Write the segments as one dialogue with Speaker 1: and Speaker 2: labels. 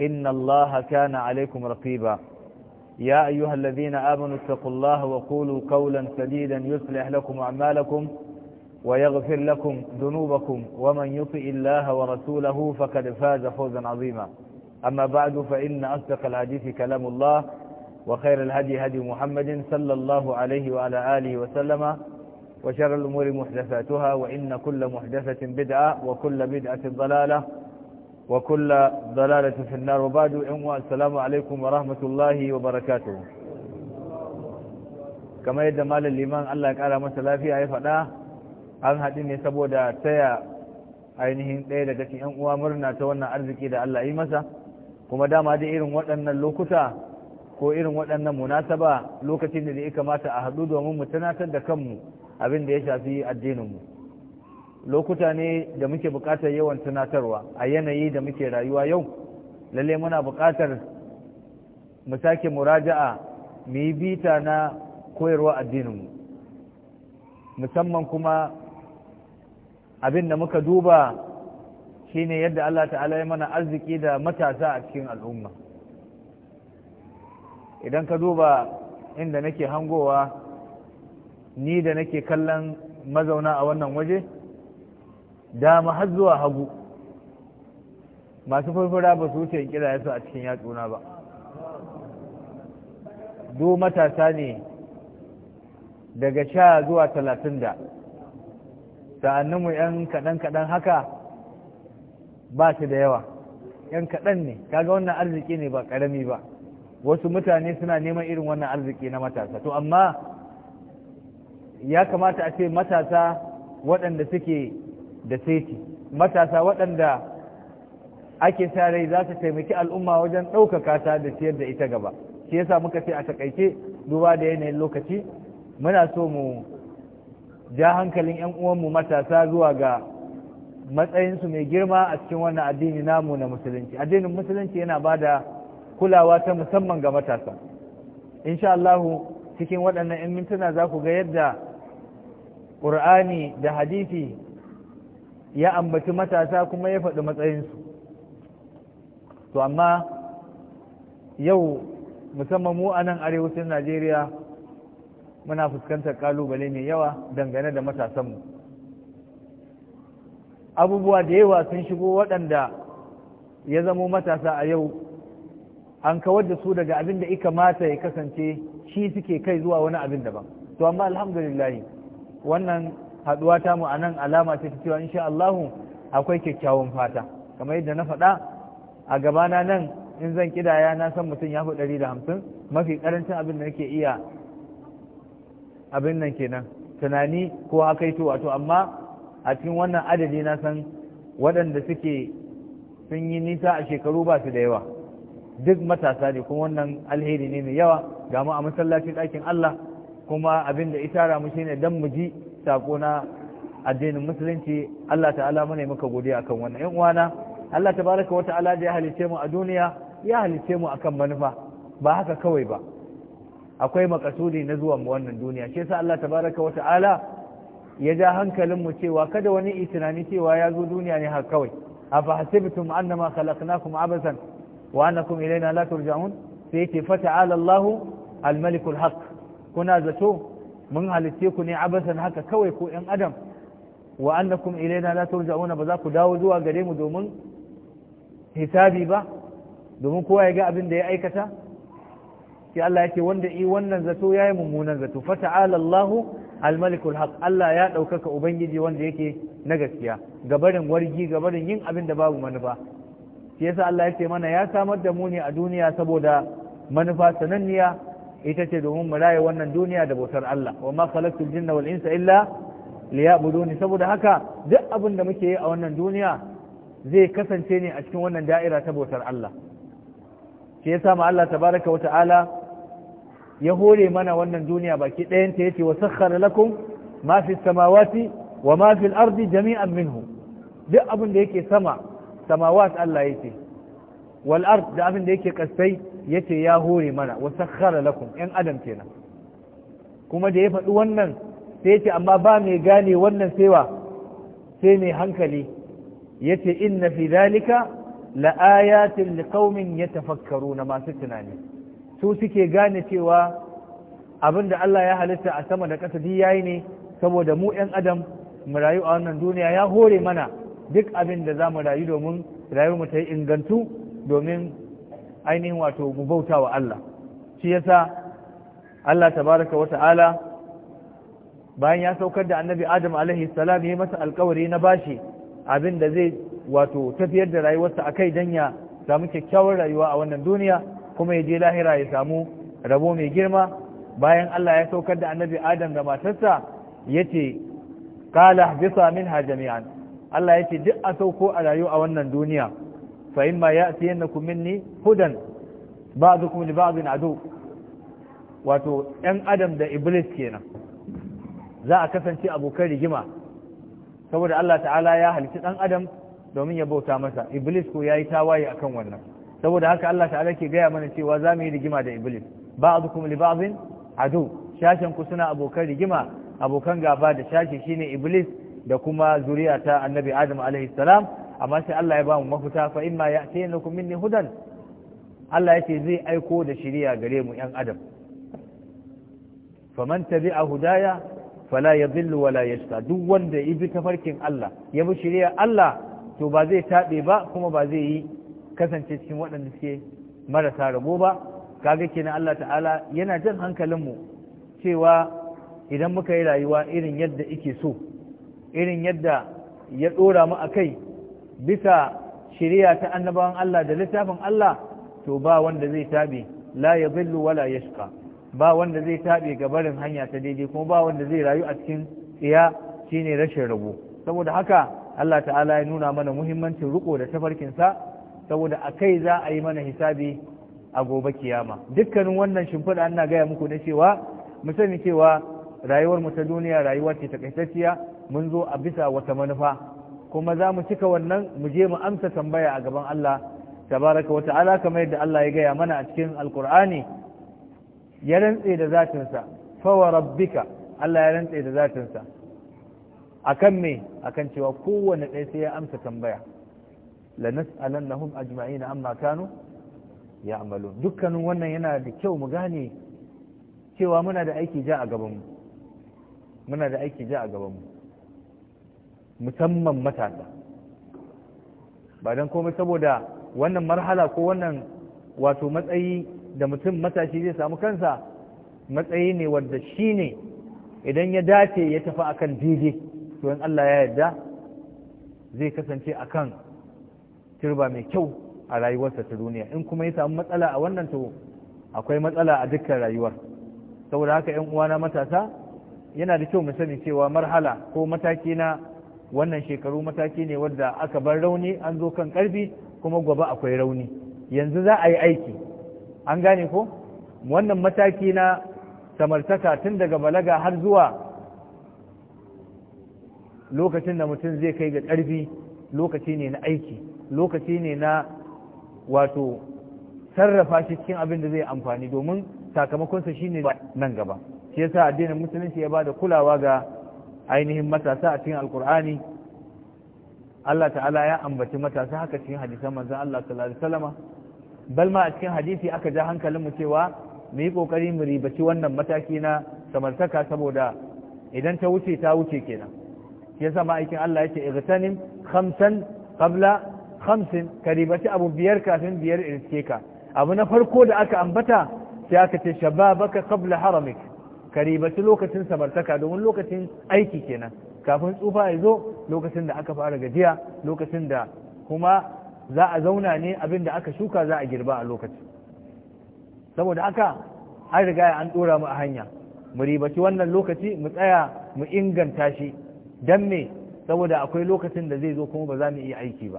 Speaker 1: إن الله كان عليكم رقيبا يا أيها الذين آمنوا اتقوا الله وقولوا قولا سديدا يصلح لكم أعمالكم ويغفر لكم ذنوبكم ومن يطئ الله ورسوله فقد فاز فوزا عظيما أما بعد فإن أصدق الحديث كلام الله وخير الهدي هدي محمد صلى الله عليه وعلى آله وسلم وشر الأمور محدثاتها وإن كل محدثة بدعة وكل بدعة ضلالة وكل ضلالة في النار وبعد السلام عليكم ورحمة الله وبركاته كما يدى مال الإيمان الله قال مثلا في أي faɗa, an haɗu ne saboda taya ainihin ɗaya daga cikin 'yan uwa murna ta wannan arziki da Allah yi masa kuma dama da irin waɗannan lokuta ko irin waɗannan munasaba lokacin da ya kamata a haɗu domin mu tunatar da kanmu abin da ya shafi addininmu lokuta ne da muke buƙatar yawan tunatarwa a yanayi da muke rayuwa yau lalle muna buƙatar mu sake muraja'a mu yi bita na koyarwa addininmu musamman kuma abin da muka duba shine yadda Allah ta'ala ya mana arziki da matasa a cikin al'umma idan ka duba inda nake hangowa ni da nake kallon mazauna a wannan waje dama har zuwa hagu masu furfura ba su wuce kira yasu a cikin yatsuna ba do matasa ne daga sha zuwa talatin da sa'annin mu yan kaɗan-kaɗan haka ba su da yawa yan kaɗan ne kaga wannan arziki ne ba ƙarami ba wasu mutane suna neman irin wannan arziki na matasa to amma ya kamata a ce matasa waɗanda suke da saiti matasa waɗanda ake sa rai za su taimaki al'umma wajen ɗaukaka ta da ciyar da ita gaba shi yasa muka ce a takaice duba da yanayin lokaci muna so mu ja hankalin 'yan uwanmu matasa zuwa ga matsayinsu mai girma a cikin wannan addini namu na musulunci addinin musulunci yana ba da kulawa ta musamman ga matasa insha Allahu cikin waɗannan 'yan mintuna za ku ga yadda ƙur'ani da hadisi ya ambaci matasa kuma ya faɗi matsayinsu to amma yau musamman mu a nan arewacin najeriya muna fuskantar kalubale mai yawa dangane da matasanmu abubuwa da yawa sun shigo waɗanda ya zamo matasa a yau an kawar da su daga abin da ika mata ya kasance shi suke kai zuwa wani abin daban to amma alhamdulillah wannan haduwa ta mu nan alama ce ta cewa insha Allah akwai kyakkyawan fata kamar yadda na faɗa a gabana nan in zan kidaya na san mutum ya fi ɗari da hamsin mafi ƙarancin abin da nake iya abin nan kenan tunani ko to, wato amma a cikin wannan adadi na san waɗanda suke sun yi nisa a shekaru ba su da yawa duk matasa ne kuma wannan alheri ne mai yawa ga mu a masallacin ɗakin Allah kuma abin da ita mu shine dan mu ji sako na addinin musulunci Allah ta'ala mu ne muka godiya akan wannan ƴan uwana Allah tabaraka wata'ala da ya halice mu a duniya ya halice mu akan manufa ba haka kawai ba akwai makasudi na zuwan mu wannan duniya shi yasa Allah tabaraka wata'ala ya ja hankalin mu cewa kada wani itinani cewa ya zo duniya ne haka kawai afa hasibtum annama khalaqnakum abasan wa annakum ilaina la turja'un sai ce fata'ala Allahu al-malikul haqq kuna zato mun halitte ku ne abasan haka kawai ko ‘yan adam wa annakum ilaina la turja'una ba za ku dawo zuwa gare mu domin hisabi ba domin kowa ya ga abin da ya aikata sai Allah yake wanda i wannan zato yayi mummunan zato ta'ala Allahu al-malikul haq Allah ya ɗaukaka ubangiji wanda yake na gaskiya gabarin wargi gabarin yin abin da babu manufa shi yasa Allah yake mana ya samar da mu ne a duniya saboda manufa sananniya ita ce domin mu raye wannan duniya da bautar Allah wa ma khalaqtul jinna wal insa illa liya'buduni saboda haka duk abin da muke yi a wannan duniya zai kasance ne a cikin wannan da'ira ta bautar Allah shi yasa ma Allah tabaraka wa ta'ala ya hore mana wannan duniya baki ɗayan ta yace wa sakhkhara lakum ma fi samawati wa ma fi al-ardi jami'an minhu duk abin da yake sama samawat Allah yake wal ard da abin da yake kasai yace ya hore mana wa sakhara lakum yan adam kenan kuma da ya faɗi wannan sai yace amma ba mai gane wannan saiwa sai mai hankali yace inna fi dhalika la ayatin liqaumin na masu tunani su suke gane cewa abin da Allah ya halitta a sama da ƙasa duk yayi ne saboda mu yan adam mu rayu a wannan duniya ya hore mana duk abin da za mu rayu domin rayu mu ta yi ingantu domin ainihin wato mu bauta wa Allah shi yasa Allah tabaraka wa ta'ala bayan ya saukar da annabi Adam alaihi salam ya masa alkawari na bashi abin da zai wato tafiyar da rayuwarsa akai dan ya samu kyakkyawar rayuwa a wannan duniya kuma ya je lahira ya samu rabo mai girma bayan Allah ya saukar da annabi Adam da matarsa yace qala bisa minha jami'an Allah yace duk a sauko a rayu a wannan duniya fa imma ya'tiyannakum minni hudan ba'dukum li ba'din adu wato ɗan adam da iblis kenan za a kasance abokan rigima saboda Allah ta'ala ya halitta ɗan adam domin ya bauta masa iblis ko yayi tawaye akan wannan saboda haka Allah ta'ala ke gaya mana cewa za mu yi rigima da iblis ba'dukum li ba'din adu shashin ku suna abokan rigima abokan gaba da shashi shine iblis da kuma zuriya ta annabi adam alaihi salam amma sai Allah ya ba mu mafita fa imma ya'tiyakum minni hudan Allah yake zai aiko da shiriya gare mu yan adam faman tabi'a hudaya fala yadhillu wala yashqa duk wanda ya bi tafarkin Allah ya bi shiriya Allah to ba zai tabe ba kuma ba zai yi kasance cikin waɗanda suke marasa rabo ba kaga kenan Allah ta'ala yana jan hankalin mu cewa idan muka yi rayuwa irin yadda ike so irin yadda ya ɗora mu akai bisa shirya ta annabawan Allah da littafin Allah to ba wanda zai tabe la yadhillu wala yashqa ba wanda zai tabe ga barin hanya ta daidai kuma ba wanda zai rayu a cikin tsiya shine rashin rabo saboda haka Allah ta'ala ya nuna mana muhimmancin ruko da tafarkin sa saboda akai za a yi mana hisabi a gobe kiyama dukkanin wannan shimfiɗa ina gaya muku na cewa mu sani cewa rayuwar mu ta duniya rayuwar ce takaitacciya mun zo a bisa wata manufa kuma za mu cika wannan mu je mu amsa tambaya a gaban Allah tabaraka wa ta'ala kamar yadda Allah ya gaya mana a cikin alkur'ani ya rantse da zatinsa wa rabbika Allah ya rantse da zatinsa akan me akan cewa kowanne ɗaya sai ya amsa tambaya la nas'alannahum ajma'in amma kanu ya'malu dukkanin wannan yana da kyau mu gane cewa muna da aiki ja a gaban mu. muna da aiki ja a gaban mu. musamman matasa ba don komai saboda wannan marhala ko wannan wato matsayi da mutum matashi zai samu kansa matsayi ne wanda shi ne idan ya dace ya tafi akan daidai to yin Allah ya yarda zai kasance a kan turba mai kyau a rayuwarsa ta duniya in kuma ya samu matsala a wannan to akwai matsala a dukkan rayuwar saboda haka yan uwana matasa yana da kyau mu sani cewa marhala ko mataki na wannan shekaru mataki ne wadda aka bar rauni an zo kan karfi kuma gaba akwai rauni yanzu za a yi aiki an gane ko wannan mataki na samartaka tun daga balaga har zuwa lokacin da mutum zai kai ga karfi lokaci ne na aiki lokaci ne na wato sarrafa shi cikin abin da zai amfani domin sakamakonsa shine nan gaba shi yasa addinin musulunci ya bada kulawa ga ainihin matasa a cikin alkur'ani Allah ta'ala ya ambaci matasa haka cikin hadisan manzon Allah sallallahu alaihi wasallama bal ma a cikin hadisi aka ja hankalin mu cewa mu yi kokari mu ribaci wannan mataki na samartaka saboda idan ta wuce ta wuce kenan ya yasa ma'aikin Allah yake igtanim khamsan qabla khamsin ka ribaci abu biyar kafin biyar irke ka abu na farko da aka ambata sai aka ce shababaka qabla haramik ka ribaci lokacin samartaka domin lokacin aiki kenan kafin tsufa ya zo lokacin da aka fara gajiya lokacin da kuma za a zauna ne abin da aka shuka za a girba a lokaci saboda aka an riga an dora mu a hanya mu ribaci wannan lokaci mu tsaya mu inganta shi don me saboda akwai lokacin da zai zo kuma ba za mu iya aiki ba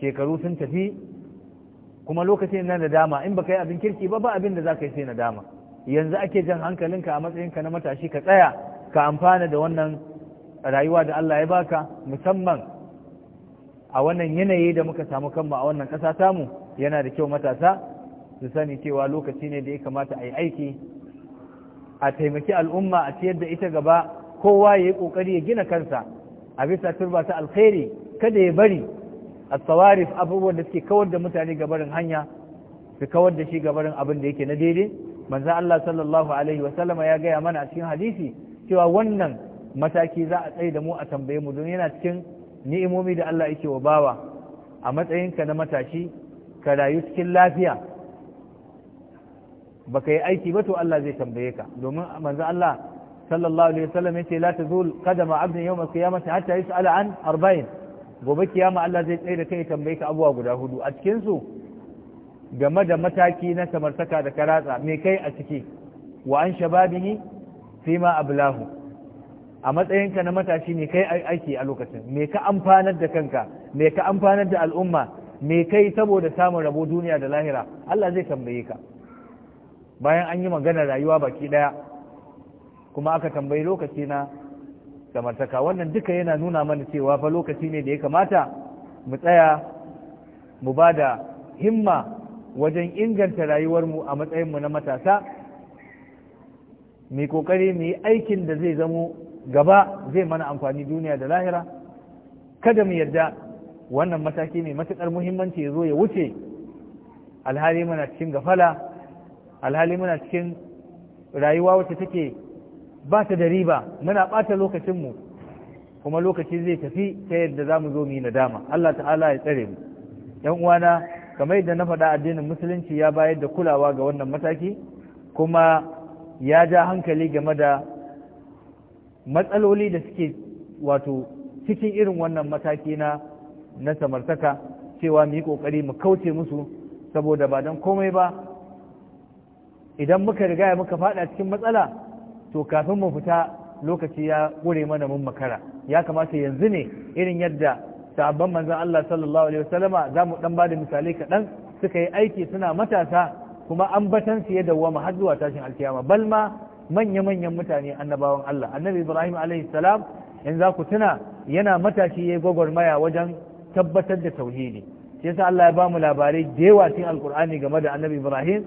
Speaker 1: shekaru sun tafi kuma lokacin nan da dama in baka yi abin kirki ba ba abin da za ka yi sai na dama yanzu ake jan hankalinka a matsayinka na matashi ka tsaya ka amfana da wannan rayuwa da Allah ya baka musamman a wannan yanayi da muka samu kanmu a wannan ƙasa tamu yana da kyau matasa su sani cewa lokaci ne da ya kamata a yi aiki a taimaki al'umma a ciyar da ita gaba kowa ya yi ƙoƙari ya gina kansa a bisa turba ta alkhairi kada ya bari a tsawarif abubuwan da suke kawar da mutane gabarin hanya su kawar da shi gabarin abin da yake na daidai manzan Allah sallallahu alaihi wasallama ya gaya mana a cikin hadisi cewa wannan mataki za a tsaye da mu a tambaye mu don yana cikin ni'imomi da Allah yake wa bawa a matsayinka na matashi ka rayu cikin lafiya baka yi aiki ba to Allah zai tambaye ka domin manzan Allah sallallahu alaihi wasallam yace la tazul qadama abdin yawm al-qiyamah hatta yus'ala an arba'in gobe kiyama Allah zai tsaye da kai tambaye ka abuwa guda hudu a cikin su game da mataki na samartaka da karatsa mai kai a ciki wa an shababihi fi ma ablahu a matsayinka na matashi ne kai aiki a lokacin me ka amfanar da kanka me ka amfanar da al'umma me kai saboda samun rabo duniya da lahira Allah zai tambaye ka bayan an yi magana rayuwa baki daya kuma aka tambayi lokaci na samartaka wannan duka yana nuna mana cewa fa lokaci ne da ya kamata mu tsaya mu ba da himma wajen inganta rayuwarmu a matsayinmu na matasa mai kokari mu yi aikin da zai zamo gaba zai mana amfani duniya da lahira kada mu yarda wannan mataki mai matuƙar muhimmanci ya zo ya wuce alhali muna cikin gafala alhali muna cikin rayuwa wacce take ba ta da riba muna ɓata lokacinmu kuma lokaci zai tafi ta yadda za mu zo mu yi nadama Allah ta'ala ya tsare mu 'yan uwana kamar yadda na faɗa addinin musulunci ya bayar da kulawa ga wannan mataki kuma ya ja hankali game da matsaloli da suke wato cikin irin wannan mataki na na samartaka cewa mu yi ƙoƙari mu kauce musu saboda ba don komai ba idan muka riga ya muka faɗa cikin matsala to kafin mu fita lokaci ya ƙure mana mun makara ya kamata yanzu ne irin yadda sabon manzan Allah sallallahu alaihi wasallama za mu dan bada misalai kaɗan suka yi aiki suna matasa kuma batan su ya dawwama har zuwa tashin alkiyama bal ma manya-manyan mutane annabawan Allah annabi Ibrahim alaihi salam in za ku tuna yana matashi ya gwagwarmaya wajen tabbatar da tauhidi shi yasa Allah ya ba mu labarai da yawa cikin alkur'ani game da annabi Ibrahim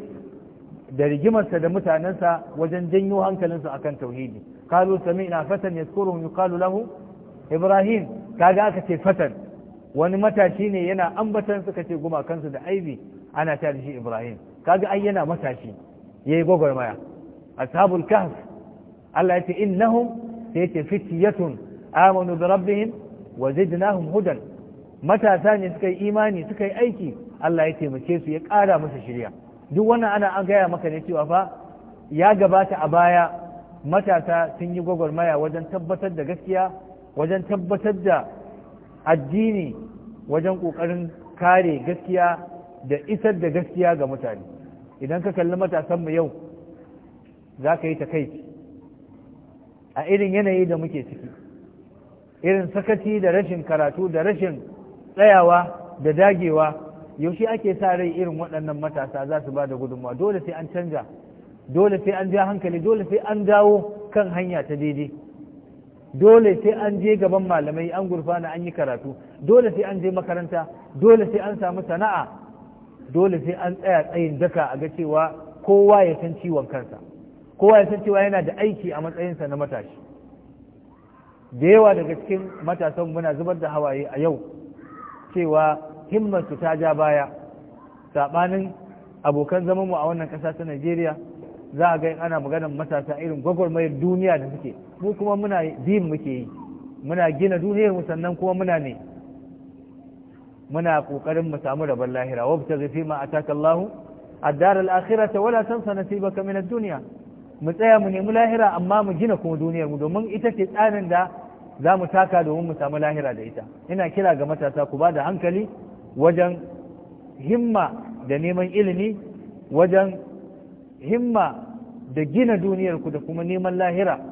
Speaker 1: da rigimarsa da mutanensa wajen janyo hankalinsu akan tauhidi qalu sami'na fatan yadhkuruhum yuqalu lahu Ibrahim kaga aka ce fatan wani matashi ne yana ambatan suka ce gumakansu da aibi ana ta shi ibrahim kaga ai yana matashi yi gwagwarmaya ashabul kahf Allah ya ce innahum sai ce fitiyatun amanu bi rabbihim wa zidnahum hudan matasa ne suka yi imani suka yi aiki Allah ya taimake su ya ƙara masa shirya duk wannan ana an gaya maka ne cewa fa ya gabata a baya matasa sun yi gwagwarmaya wajen tabbatar da gaskiya wajen tabbatar da addini wajen ƙoƙarin kare gaskiya da isar da gaskiya ga mutane idan ka kalli matasan mu yau za ka yi takaici a irin yanayi da muke ciki irin sakaci da rashin karatu da rashin tsayawa da dagewa yaushe ake sa rai irin waɗannan matasa za su ba da gudunmawa dole sai an canja dole sai an ja hankali dole sai an dawo kan hanya ta daidai dole sai an je gaban malamai an gurfana an yi karatu dole sai an je makaranta dole sai an samu sana'a dole sai an tsaya tsayin daka a ga cewa kowa ya san ciwon kansa kowa ya san cewa yana da aiki a matsayinsa na matashi da yawa daga cikin matasan muna zubar da hawaye a yau cewa himmarsu ta ja baya saɓanin abokan zamanmu a wannan ƙasa ta najeriya za a ga ana maganar matasa irin gwagwarmayar duniya da suke mu kuma muna biyun muke yi muna gina duniyar sannan kuma muna ne muna kokarin mu samu rabon lahira wa ta zafi ma ataka Allah addar al-akhirata wala tansa nasibaka min ad-dunya mu tsaya mu nemi lahira amma mu gina kuma duniyar mu domin ita ce tsarin da za mu taka domin mu samu lahira da ita ina kira ga matasa ku ba da hankali wajen himma da neman ilimi wajen himma da gina duniyarku da kuma neman lahira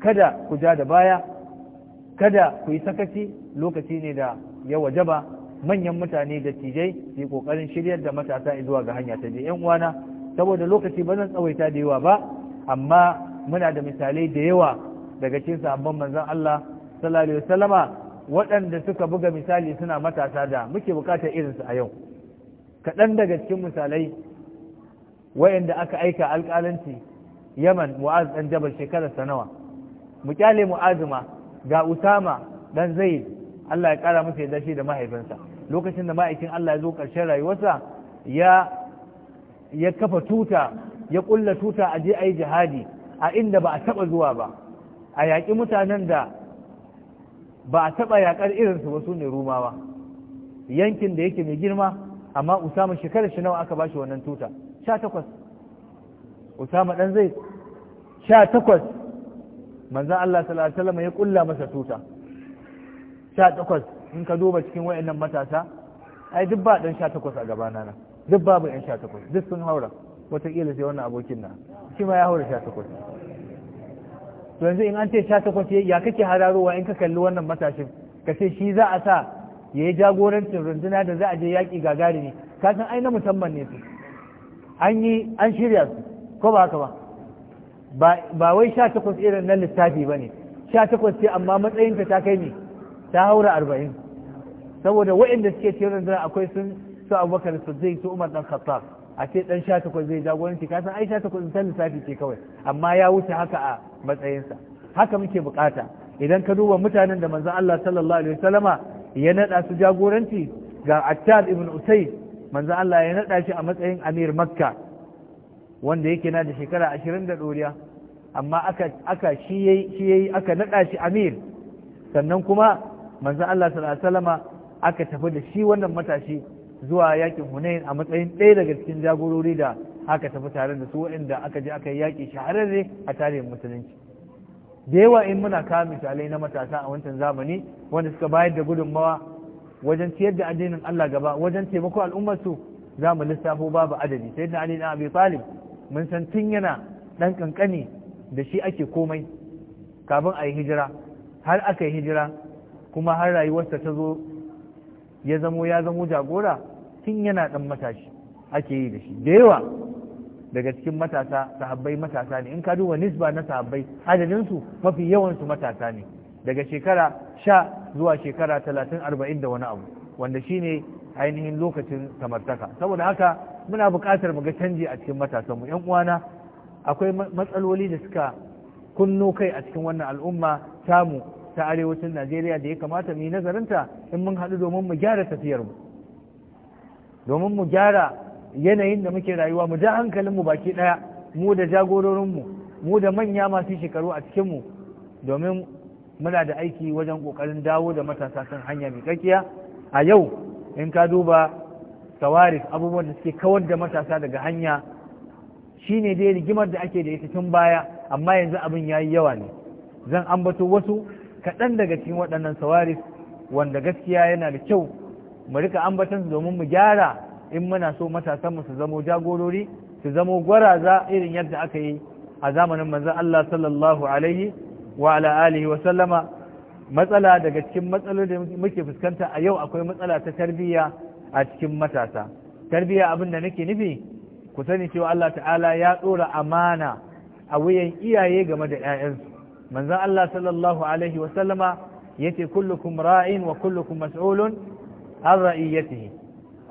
Speaker 1: kada ku ja da baya kada ku yi sakaci lokaci ne da ya wajaba manyan mutane da tijai su kokarin shiryar da matasa zuwa ga hanya ta je yan uwana saboda lokaci ba zan tsawaita da yawa ba amma muna da misalai da yawa daga cikin sahabban manzon Allah sallallahu alaihi wasallama waɗanda suka buga misali suna matasa da muke bukatar irin su a yau kaɗan daga cikin misalai wayanda aka aika alƙalanci yaman mu'az dan jabal shekarar sanawa mu kyale mu azuma, ga usama dan zai Allah ya kara masa yadda shi da mahaifinsa lokacin da ma'aikin Allah ya zo ƙarshen rayuwarsa ya ya kafa tuta ya kulla tuta a je ayi jihadi a inda ba a taba zuwa ba a yaƙi mutanen da ba a taba yaƙar irinsu ba su ne rumawa yankin da yake mai girma amma usama shekarar shi nawa aka bashi wannan tuta sha takwas usama ɗan zai sha takwas manzan Allah sallallahu alaihi wasallam ya kulla masa tuta sha takwas in ka duba cikin wayannan matasa ai duk ba dan sha takwas a gabana na duk babu yan sha takwas duk sun haura wataƙila sai wannan abokin na shi ma ya haura sha takwas to yanzu in an ce sha takwas ya kake hararowa in ka kalli wannan matashin ka ce shi za a sa ya yi jagorancin runduna da za a je yaƙi gagarumi ka san ai na musamman ne su an yi an shirya su ko ba haka ba ba wai sha takwas irin na littafi ba ne sha takwas ce amma matsayinta ta kai ne ta haura arba'in saboda waɗanda suke cikin rundunar akwai sun su abubakar zai su umar dan khattab a ce dan sha takwas zai jagoranci ka san ai sha takwas ta littafi ce kawai amma ya wuce haka a matsayinsa haka muke bukata idan ka duba mutanen da manzon Allah sallallahu alaihi wasallama ya naɗa su jagoranci ga Attab ibn Usayd manzon Allah ya nada shi a matsayin Amir Makka wanda yake na da shekara ashirin da ɗoriya amma aka shi yayi aka naɗa shi amir sannan kuma manzan Allah sallallahu aka tafi da shi wannan matashi zuwa yakin hunayen a matsayin ɗaya daga cikin jagorori da aka tafi tare da su waɗanda aka je aka yi yaƙi shahararre a tarihin musulunci da yawa in muna kawo misalai na matasa a wancan zamani wanda suka bayar da gudunmawa wajen ciyar da addinin Allah gaba wajen taimako al'ummarsu za mu lissafo babu adadi sai da Ali na Abi Talib mun san tun yana ɗan ƙanƙani da shi ake komai kafin a yi hijira har aka yi hijira kuma har rayuwarsa ta zo ya zamo ya zamo jagora tun yana ɗan matashi ake yi da shi da yawa daga cikin matasa sahabbai matasa ne in ka duba nisba na sahabbai adadinsu mafi yawansu matasa ne daga shekara sha zuwa shekara talatin arba'in da wani abu wanda shine ainihin lokacin samartaka saboda haka muna buƙatar mu ga canji a cikin matasanmu yan uwana akwai matsaloli da suka kunno kai a cikin wannan al'umma tamu ta arewacin najeriya da ya kamata mu yi nazarinta in mun haɗu domin mu gyara tafiyarmu domin mu gyara yanayin da muke rayuwa mu hankalin mu baki ɗaya mu da jagororin mu mu da manya masu shekaru a cikinmu domin muna da aiki wajen ƙoƙarin dawo da matasa kan hanya mai kakkiya a yau in ka duba tawarif abubuwan da suke kawar da matasa daga hanya shi ne dai rigimar da ake da ita tun baya amma yanzu abin ya yi yawa ne zan ambato wasu kaɗan daga cikin waɗannan tawarif wanda gaskiya yana da kyau mu rika ambatan su domin mu gyara in muna so matasan mu su zamo jagorori su zamo gwaraza irin yadda aka yi a zamanin manzon Allah sallallahu alaihi wa ala alihi wa sallama matsala daga cikin matsalar da muke fuskanta a yau akwai matsala ta tarbiyya a cikin matasa tarbiyya abin da nake nufi ku sani cewa Allah ta'ala ya ɗora amana a wuyan iyaye game da 'ya'yansu manzon Allah sallallahu alaihi wa sallama yace kullukum ra'in wa kullukum mas'ulun an ra'iyatihi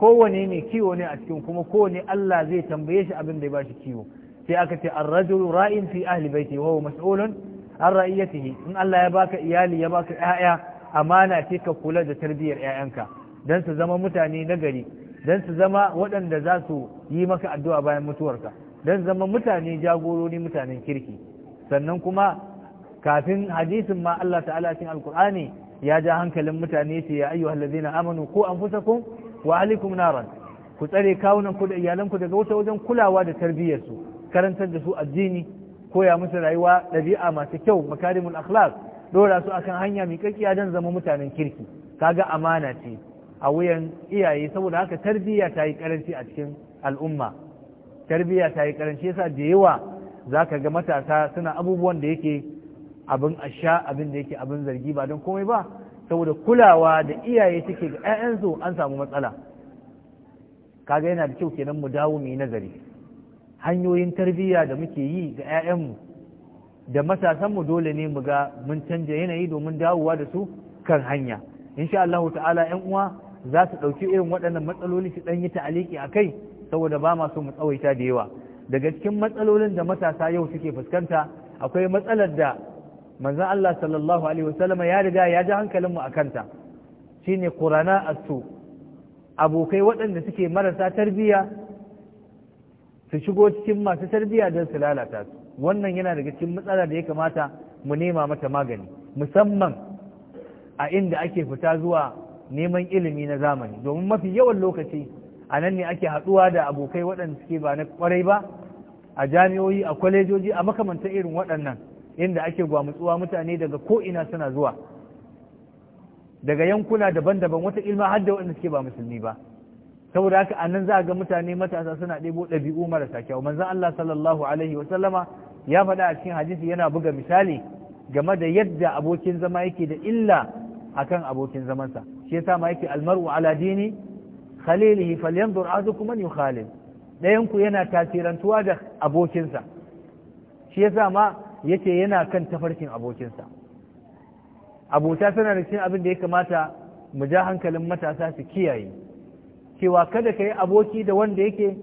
Speaker 1: kowane ne kiwo ne a cikin kuma kowane Allah zai tambaye shi abin da ya bashi kiwo sai aka ce ar-rajulu ra'in fi ahli baiti wa huwa mas'ulun an ra'iyatihi in Allah ya baka iyali ya baka ƴaƴa amana ce ka kula da tarbiyyar ƴaƴanka dan su zama mutane nagari dan su zama waɗanda za su yi maka addu'a bayan mutuwarka dan zama mutane jagorori mutanen kirki sannan kuma kafin hadisin ma Allah ta'ala cikin alkur'ani ya ja hankalin mutane ce ya ayyuhal ladzina amanu ku anfusakum wa alaikum naran ku tsare kawunan ku da iyalanku daga wata wajen kulawa da tarbiyyarsu karantar da su addini koya musu rayuwa ɗabi'a masu kyau makarimul akhlaq dora su akan hanya mai kakkiya don zama mutanen kirki kaga amana ce a wuyan iyaye saboda haka tarbiyya ta yi karanci a cikin al'umma tarbiyya ta yi karanci yasa da yawa zaka ga matasa suna abubuwan da yake abin asha abin da yake abin zargi ba don komai ba saboda kulawa da iyaye suke ga 'ya'yansu an samu matsala kaga yana da kyau kenan mu dawo mu yi nazari hanyoyin tarbiyya da muke yi ga 'ya'yanmu da matasanmu dole ne mu ga mun canja yanayi domin dawowa da su kan hanya insha Allah ta'ala 'yan uwa za su ɗauki irin waɗannan matsaloli su ɗan yi ta'aliki a kai saboda ba masu mu tsawaita da yawa daga cikin matsalolin da matasa yau suke fuskanta akwai matsalar da manzo Allah sallallahu alaihi wasallama ya riga ya ji hankalin mu akanta shine qurana asu abokai waɗanda suke marasa tarbiyya su shigo cikin masu tarbiyya don su lalata su wannan yana daga cikin matsala da ya kamata mu nema mata magani musamman a inda ake fita zuwa neman ilimi na zamani domin mafi yawan lokaci a nan ne ake haɗuwa da abokai waɗanda suke ba na kwarai ba a jami'oyi a kwalejoji a makamantar irin waɗannan inda ake gwamutsuwa mutane daga ko'ina suna zuwa daga yankuna daban-daban wata ilma har da waɗanda suke ba musulmi ba saboda haka anan za a ga mutane matasa suna ɗebo ɗabi'u marasa kyau manzon Allah sallallahu alaihi wa sallama ya faɗa a cikin hadisi yana buga misali game da yadda abokin zama yake da illa akan abokin zamansa shi yasa ma yake almar'u ala dini khalilihi falyanzur azukum man yukhalil dayan ku yana tasirantuwa da abokinsa shi yasa ma yace yana kan tafarkin abokinsa abota sana da cikin abin da ya kamata mu ja hankalin matasa su kiyaye cewa kada ka yi aboki da wanda yake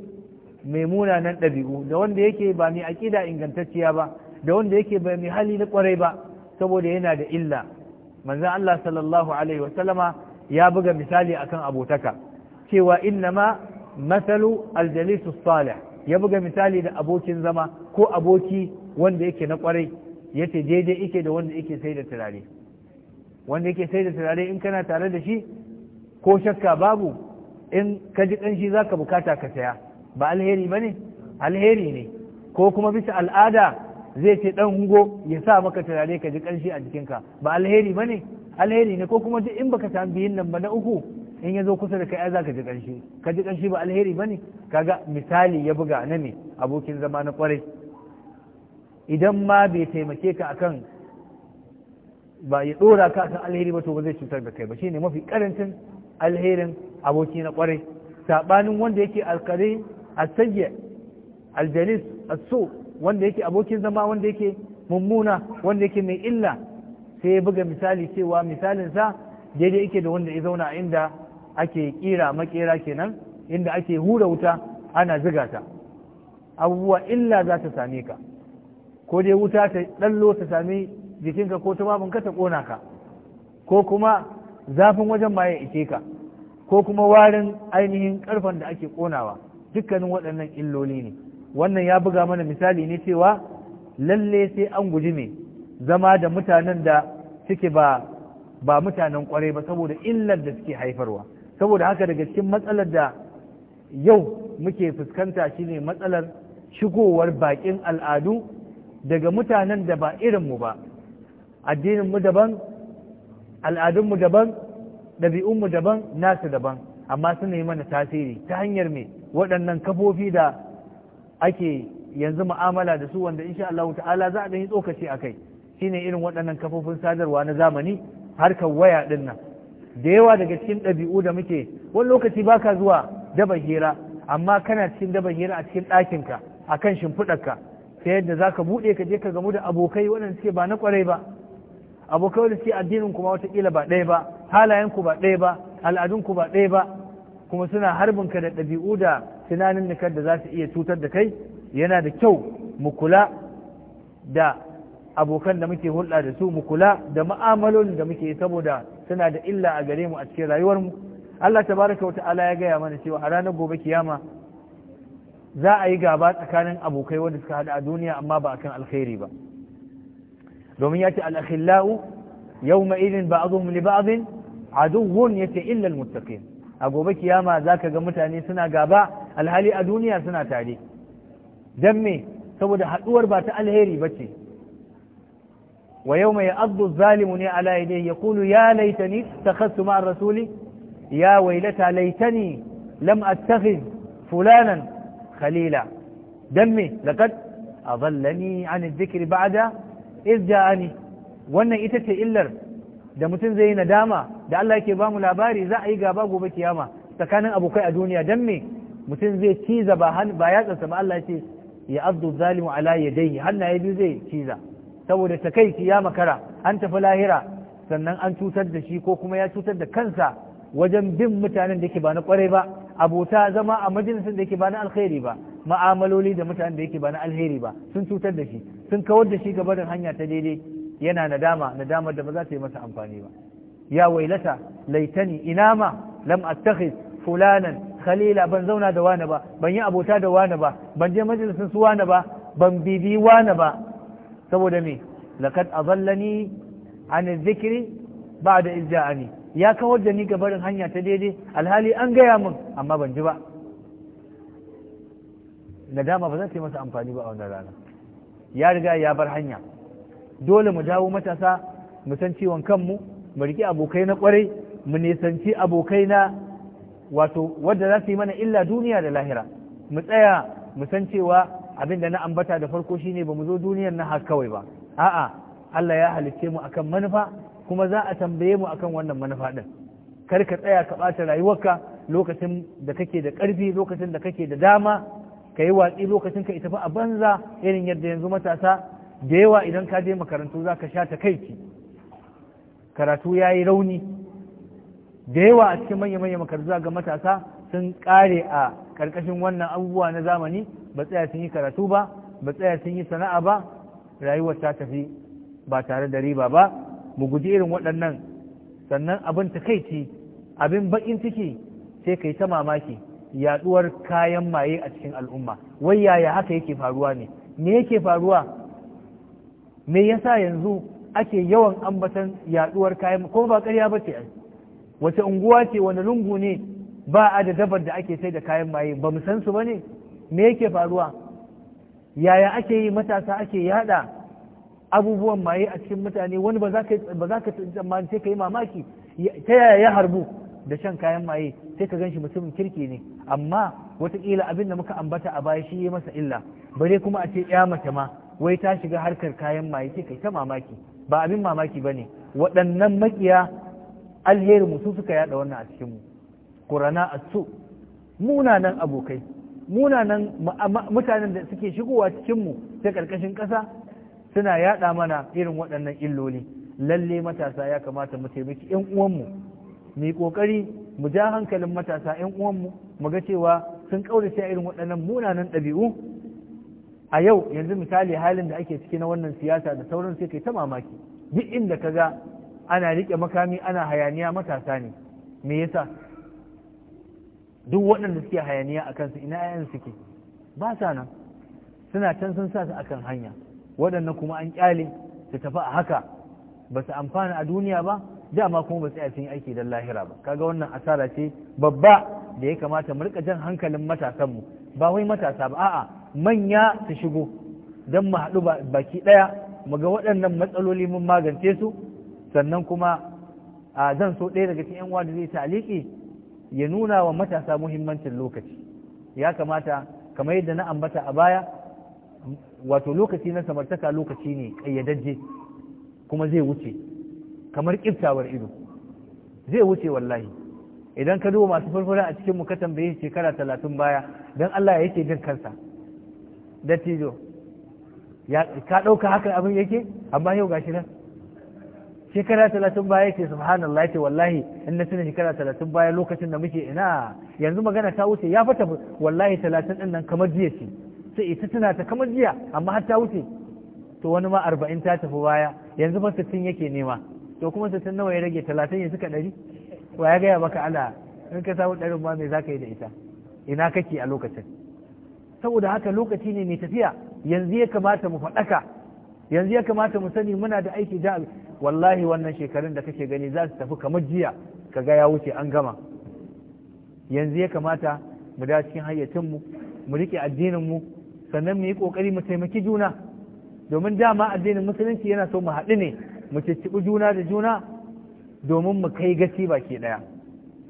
Speaker 1: mai munanan ɗabi'u da wanda yake ba mai aƙida ingantacciya ba da wanda yake ba mai hali na ƙwarai ba saboda yana da illa manzan Allah sallallahu alaihi wasallama ya buga misali akan abotaka cewa ma matsalu aljalisu salih ya buga misali da abokin zama ko aboki wanda yake na ƙwarai ya ce daidai yake da wanda yake sai da turare wanda yake sai da turare in kana tare da shi ko shakka babu in ka ji ƙanshi za ka bukata ka saya ba alheri ba ne alheri ne ko kuma bisa al'ada zai ce ɗan hungo ya sa maka turare ka ji ƙanshi a jikinka ba alheri ba ne alheri ne ko kuma in baka samu biyun nan ba na uku in ya zo kusa da kai za ka ji ƙanshi ka ji ƙanshi ba alheri ba ne ga misali ya buga na ne abokin zama na kwarai idan ma bai taimake ka akan ba ya ɗora ka akan alheri ba to ba zai cutar da kai ba shine mafi karancin alherin aboki na kwarai sabanin wanda yake alkare asayya aljalis aso wanda yake abokin zama wanda yake mummuna wanda yake mai illa sai ya buga misali cewa misalin sa daidai yake da wanda ya zauna inda ake kira makera kenan inda ake hura wuta ana ziga ta abubuwa illa za ta same ka ko dai wuta ta dallo ta sami jikinka ko ta ka ta kona ka ko kuma zafin wajen ma ya ka ko kuma warin ainihin karfen da ake konawa dukkanin waɗannan illoli ne wannan ya buga mana misali ne cewa lalle sai an guji ne zama da mutanen da suke ba ba mutanen kwarai ba saboda illar da suke haifarwa saboda haka daga cikin matsalar da yau muke fuskanta shine matsalar shigowar baƙin al'adu daga mutanen da ba irinmu ba addininmu daban al'adunmu daban ɗabi'unmu daban nasu daban amma suna yi mana tasiri ta hanyar me waɗannan kafofi da ake yanzu mu'amala da su wanda insha Allah ta'ala za a ɗan yi tsokaci a kai shine irin waɗannan kafofin sadarwa na zamani harkar waya ɗin nan da yawa daga cikin ɗabi'u da muke wani lokaci baka zuwa daba hira amma kana cikin daba hira a cikin ɗakinka a kan shimfiɗarka ta yadda za ka buɗe ka je ka gamu da abokai waɗanda suke ba na ƙwarai ba abokai wanda suke addinin kuma watakila ba ɗaya ba halayenku ba ɗaya ba al'adunku ba ɗaya ba kuma suna harbinka da ɗabi'u da tunanin nikar da za su iya cutar da kai yana da kyau mu kula da abokan da muke hulɗa da su mu kula da ma'amalon da muke saboda suna da illa a gare mu a cikin rayuwarmu Allah Ta wata wata'ala ya gaya mana cewa a ranar gobe kiyama za a yi gaba tsakanin abokai wanda suka hada a duniya amma ba akan alkhairi ba domin ya ce yau akhillau yawma idin ba'dhum li ya yace illar almuttaqin a gobe kiyama zaka ga mutane suna gaba alhali a duniya suna tare dan me saboda haduwar ba ta alheri bace wa yawma ya'addu zalimu dhalimu ala yadayhi yaqulu ya laitani takhassu rasuli ya waylata laitani lam attakhidh fulanan khalila dan me laqad adallani an adh-dhikri ba'da idh ja'ani wannan ita ce illar da mutum zai yi nadama da Allah yake ba mu labari za a yi gaba gobe kiyama tsakanin abokai a duniya dan me mutum zai ciza ba han ba yatsa ba Allah ce ya abdu zalimu ala yadayhi hannaye biyu zai ciza saboda takaici kiyama kara an tafi lahira sannan an cutar da shi ko kuma ya cutar da kansa wajen bin mutanen da yake ba na kwarai ba abota zama a majalisin da yake ba na alkhairi ba ma'amaloli da mutanen da yake ba na alheri ba sun cutar da shi sun kawar da shi da hanya ta daidai yana nadama nadamar da ba za ta yi masa amfani ba ya wailata laitani ina ma lam attakhiz fulanan khalila ban zauna da wani ba ban yi abota da wani ba ban je majalisin su wani ba ban bibi wani ba saboda me laqad azallani an zikri ba'da izja'ani ya kawar da ni ga barin hanya ta daidai alhali an gaya min amma ban ji ba nadama ba za ta yi masa amfani ba a wannan rana ya riga ya bar hanya dole mu dawo matasa mu san ciwon kanmu mu riƙi abokai na ƙwarai mu nisanci abokai na wato wadda za su yi mana illa duniya da lahira mu tsaya mu san cewa abin da na ambata da farko shine ba mu zo duniyar na haka kawai ba a'a Allah ya halicce mu akan manufa kuma za a tambaye mu akan wannan manufa din kar ka tsaya ka ɓata rayuwarka lokacin da kake da ƙarfi lokacin da kake da dama ka yi watsi lokacin ka ita fa a banza irin yadda yanzu matasa da yawa idan ka je makarantu za ka sha ta kai karatu ya yi rauni da yawa a cikin manya-manya makarantu za ga matasa sun kare a karkashin wannan abubuwa na zamani ba tsaya sun yi karatu ba ba tsaya sun yi sana'a ba rayuwar ta tafi ba tare da riba ba mu guji irin waɗannan sannan abin takaici abin baƙin ciki sai kai ta mamaki yaɗuwar kayan maye a cikin al'umma wai yaya haka yake faruwa ne me yake faruwa me yasa yanzu ake yawan ambatan yaduwar kayan ko ba ƙarya ba ce ai wace unguwa ce wani lungu ne ba a da dabar da ake sai da kayan maye ba mu san su ba ne me yake faruwa yaya ake yi matasa ake yada abubuwan maye a cikin mutane wani ba za ka ba za ka ka yi mamaki ta yaya ya harbu da shan kayan maye sai ka ganshi mutumin kirki ne amma wataƙila abin da muka ambata a baya shi ya masa illa bare kuma a ce ya mace ma wai ta shiga harkar kayan maye ce kai ta mamaki ba abin mamaki ba ne waɗannan makiya alheri musu suka yada wannan a cikinmu ƙurana a su munanan abokai munanan mutanen da suke shigowa cikinmu ta ƙarƙashin ƙasa suna yada mana irin waɗannan illoli lalle matasa ya kamata mu taimaki 'yan uwanmu mu ƙoƙari mu ja hankalin matasa 'yan uwanmu mu ga cewa sun kaurace irin waɗannan munanan ɗabi'u a yau yanzu misali halin da ake ciki na wannan siyasa da sauran sai kai ta mamaki duk inda ka ga ana riƙe makami ana hayaniya matasa ne me yasa duk waɗanda suke hayaniya a kansu ina yayan suke ba sa nan suna can sun sa su akan hanya waɗannan kuma an kyale su tafi a haka ba su amfana a duniya ba dama kuma ba su iya sun aiki don lahira ba kaga wannan asara ce babba da ya kamata mu rika jan hankalin matasanmu ba wai matasa ba a'a manya su shigo don mu haɗu baki ɗaya mu ga waɗannan matsaloli mun magance su sannan kuma a zan so ɗaya daga cikin 'yan uwa da zai taliki ya nuna wa matasa muhimmancin lokaci ya kamata kamar yadda na ambata a baya wato lokaci na samartaka lokaci ne ƙayyadajje kuma zai wuce kamar ƙiftawar ido zai wuce wallahi idan ka duba masu farfara a cikin mu ka tambaye shekara talatin baya don Allah ya yake jin kansa dattijo ka ɗauka haka abin yake amma yau gashi nan shekara talatin baya ce subhanallah ce wallahi in na tuna shekara talatin baya lokacin da muke ina yanzu magana ta wuce ya fata wallahi talatin ɗin nan kamar jiya ce sai ita tuna ta kamar jiya amma har ta wuce to wani ma arba'in ta tafi baya yanzu fa sittin yake nema to kuma sittin nawa ya rage talatin yanzu ka ɗari wa ya gaya maka ala in ka samu ɗarin ma me za ka yi da ita ina kake a lokacin saboda haka lokaci ne mai tafiya yanzu ya kamata mu faɗaka yanzu ya kamata mu sani muna da aiki da wallahi wannan shekarun da kake gani za su tafi kamar jiya ka ga ya wuce an gama yanzu ya kamata mu da cikin hayyacinmu mu riƙe addininmu sannan mu yi ƙoƙari mu taimaki juna domin dama addinin musulunci yana so mu haɗu ne mu cicciɓi juna da juna domin mu kai gaci baki ɗaya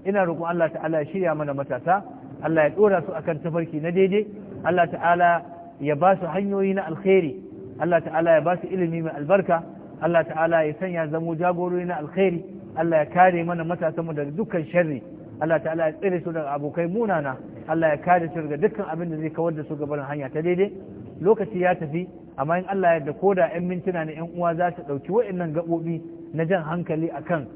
Speaker 1: ina roƙon Allah ta'ala ya shirya mana matasa Allah ya ɗora su akan tafarki na daidai Allah ta'ala ya ba su hanyoyi na alkhairi Allah ta'ala ya ba su ilimi mai albarka Allah ta'ala ya sanya zamo jagorori na alkhairi Allah ya kare mana matasanmu daga dukkan sharri Allah ta'ala ya tsire su daga abokai munana Allah ya kare su daga dukkan abin da zai kawar da su ga barin hanya ta daidai lokaci ya tafi amma in Allah ya yarda ko da 'yan mintuna na 'yan uwa za su ɗauki wa'annan gaɓoɓi na jan hankali akan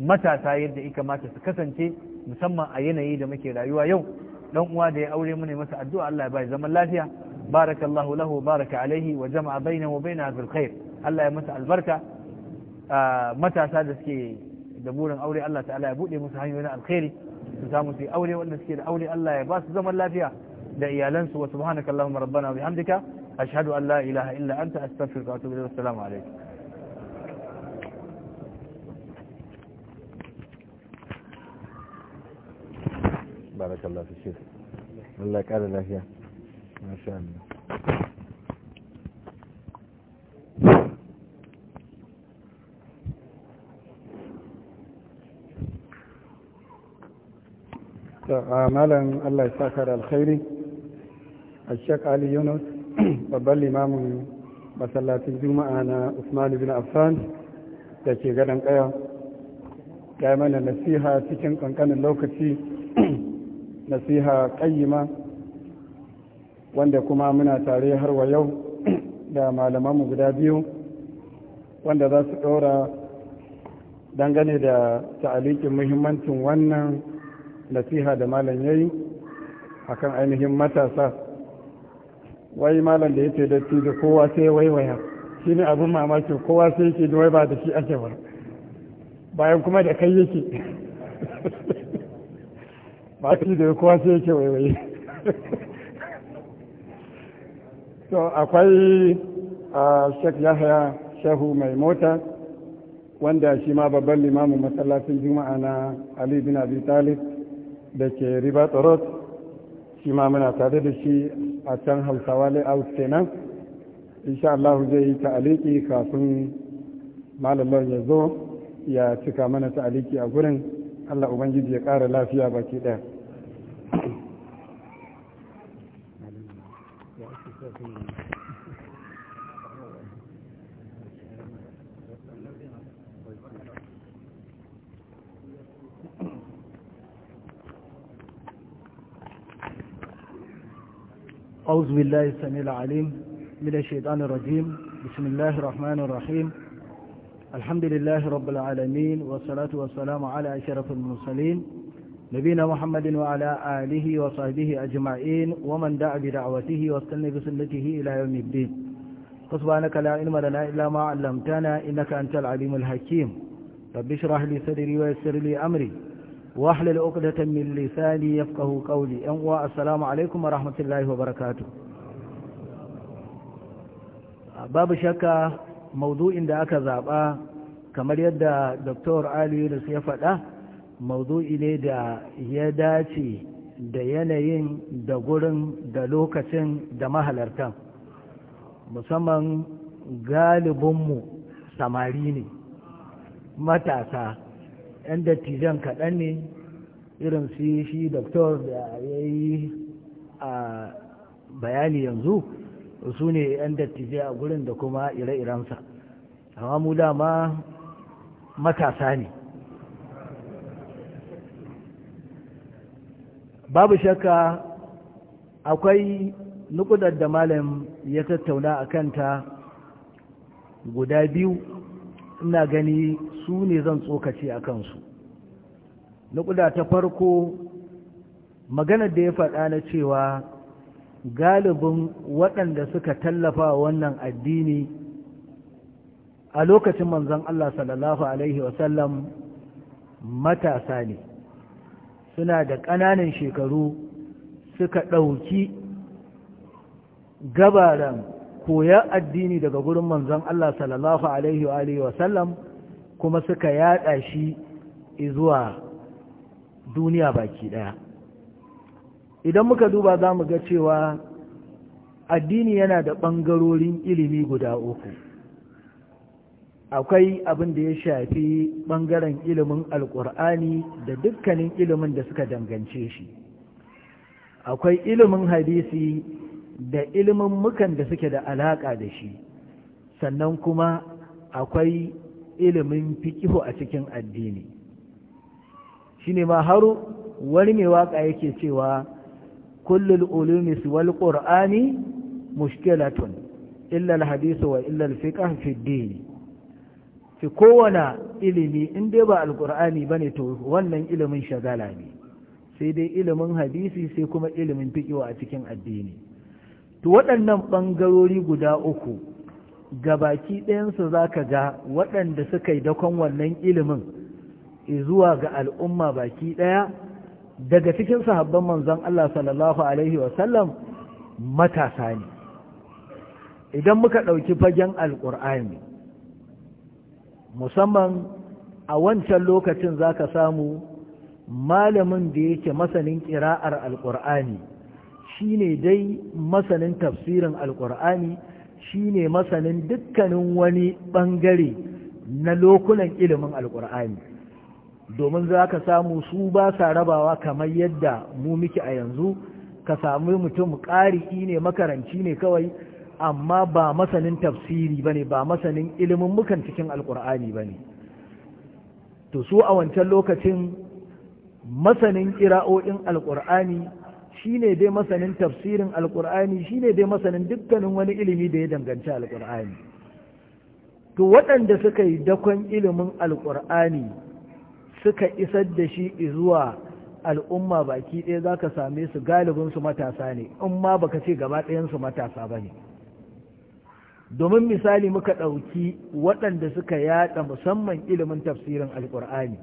Speaker 1: matasa yadda ya kamata su kasance musamman a yanayi da muke rayuwa yau dan uwa da ya aure mu ne masa addu'a Allah ya bai zaman lafiya barakallahu lahu baraka alaihi wa jama'a bainahu wa bainaha khair Allah ya masa albarka matasa da suke da burin aure Allah ta'ala ya bude musu hanyoyin alkhairi su samu su aure wanda suke da aure Allah ya ba su zaman lafiya da iyalansu wa subhanakallahumma rabbana wa bihamdika ashhadu an la ilaha illa anta astaghfiruka wa atubu ilayk assalamu alaikum
Speaker 2: barakallahu Allah ƙara lafiya masha malam Allah ya saka da alkhairi a shek Ali Yunus babban limamin masallacin juma'a na Usman bin Affan da ke gadon kaya ya mana nasiha cikin kankanin lokaci nasiha ƙayyima wanda kuma muna tare har wa yau da malamanmu guda biyu wanda za su ɗora dangane da ta'alikin muhimmancin wannan nasiha da malam ya yi a kan ainihin matasa wai malam da ya ce datti da kowa sai waiwaya shi ne abin mamaki kowa sai yake da wai ba da shi ake ba bayan kuma da kai yake ba shi da ya sai yake waiwai to akwai a shek haya shehu mai mota wanda shi ma babban limamin masallacin juma'a na ali bin abi talib da ke riba tsarot shi ma muna tare da shi a can hausawa layout kenan insha Allah zai yi ta'aliki kafin malamar ya zo ya cika mana ta'aliki a gurin Allah Ubangiji ya ƙara lafiya baki ɗaya
Speaker 3: أعوذ
Speaker 1: بالله السميع العليم من الشيطان الرجيم بسم الله الرحمن الرحيم الحمد لله رب العالمين والصلاة والسلام على أشرف المرسلين نبينا محمد وعلى آله وصحبه أجمعين ومن دعا بدعوته واستنى بسنته إلى يوم الدين سبحانك لا علم لنا إلا ما علمتنا إنك أنت العليم الحكيم رب اشرح لي صدري ويسر لي أمري واحلل عقدة من لساني يفقه قولي أنواع السلام عليكم ورحمة الله وبركاته babu shakka maudu'in da aka zaba kamar yadda Dr. Ali Yunus ya faɗa mawdu'i ne da ya dace da yanayin da gurin da lokacin da mahalartan musamman galibinmu samari ne matasa 'yan dattijan kaɗan ne irin su shi doktor da ya yi a bayani yanzu su ne 'yan dattijai a gurin da kuma ire-irensa amma mu dama matasa ne babu shakka akwai nukudar da malam ya tattauna a kanta guda biyu ina gani su ne zan tsokaci a kansu nukuda ta farko maganar da ya faɗa na cewa galibin waɗanda suka tallafa wannan addini a lokacin manzan Allah sallallahu Alaihi wasallam matasa ne suna da ƙananan shekaru suka ɗauki gabaran koyar addini daga gurin manzon Allah sallallahu alaihi wa alihi wasallam kuma suka yada shi zuwa duniya baki ɗaya. idan muka duba za mu ga cewa addini yana da ɓangarorin ilimi guda uku akwai abin da ya shafi ɓangaren ilimin alƙur'ani da dukkanin ilimin da suka dangance shi akwai ilimin hadisi da ilimin mukan da suke da alaƙa da shi sannan kuma akwai ilimin fikihu a cikin addini shi ne ma haru wani mai waƙa yake cewa kullul ulumis wal qur'ani mushkilatun illa al hadisu wa illa al fiqh fi ad fi kowane ilimi in dai ba alkur'ani ba ne to wannan ilimin shagala ne sai dai ilimin hadisi sai kuma ilimin fikiwa a cikin addini to waɗannan ɓangarori guda uku gabaki ɗayansu za ka ga waɗanda suka yi dakon wannan ilimin zuwa ga al'umma baki ɗaya daga cikin sahabban manzon Allah sallallahu alaihi wasallam matasa ne idan muka ɗauki fagen alƙur'ani musamman a wancan lokacin za ka samu malamin da yake masanin ƙira'ar alƙur'ani shi ne dai masanin tafsirin alƙur'ani shi ne masanin dukkanin wani ɓangare na lokunan ilimin alƙur'ani domin za ka samu su ba sa rabawa kamar yadda mu muke a yanzu ka sami mutum ƙari'i ne makaranci ne kawai amma ba masanin tafsiri ba ne ba masanin ilimin mukan cikin alkur'ani ba ne to su a wancan lokacin masanin kira'o'in alkur'ani ne dai masanin tafsirin alkur'ani ne dai masanin dukkanin wani ilimi da ya danganci alkur'ani to waɗanda suka yi dakon ilimin alkur'ani suka isar da shi zuwa al'umma baki ɗaya za ka same su galibinsu matasa ne in ma baka ce gaba ɗayansu matasa ba ne domin misali muka ɗauki waɗanda suka yaɗa musamman ilimin tafsirin alƙur'ani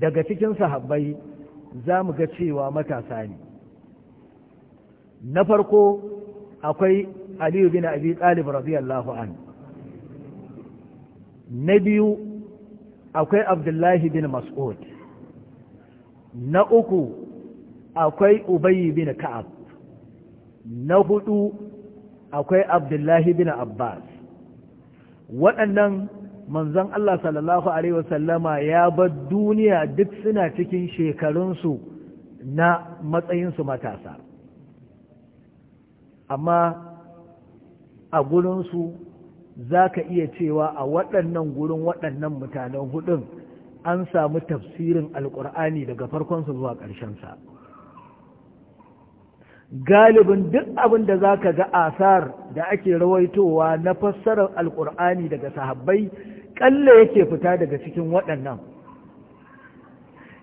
Speaker 1: daga cikin sahabbai za mu ga cewa matasa ne na farko akwai aliyu bin abi ɗalib radiyallahu an na biyu akwai abdullahi bin mas'ud na uku akwai ubayi bin ka'ab na hudu akwai abdullahi bin abbas waɗannan manzon Allah sallallahu Alaihi wasallama ya bar duniya duk suna cikin shekarunsu na matsayinsu matasa amma a gurinsu za ka iya cewa a waɗannan gurin waɗannan mutanen hudun an samu tafsirin alƙur'ani daga farkonsu zuwa ƙarshen sa galibin duk abin da za ka ga asar da ake rawaitowa na fassarar alkur'ani daga sahabbai ƙalla yake fita daga cikin waɗannan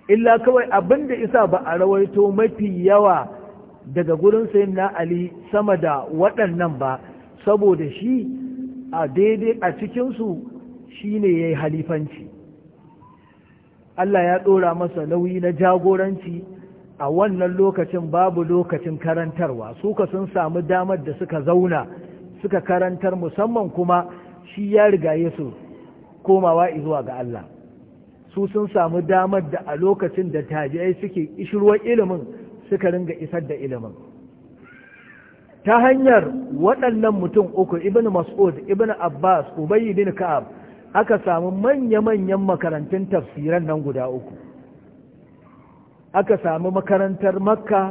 Speaker 1: illa kawai abin da isa ba a rawaito mafi yawa daga gurin sayin na ali sama da waɗannan ba saboda shi a daidai a cikinsu shi ne ya yi halifanci Allah ya ɗora masa nauyi na jagoranci a wannan lokacin babu lokacin karantarwa suka sun samu damar da suka zauna suka karantar musamman kuma shi ya riga yesu komawa zuwa ga Allah su sun samu damar da a lokacin da tajiyai suke ishirwa ilimin suka ringa isar da ilimin ta hanyar waɗannan mutum uku ibn mas'ud ibn abbas ubayy bin ka'ab aka samu manya-manyan makarantun tafsiran nan guda uku aka samu makarantar makka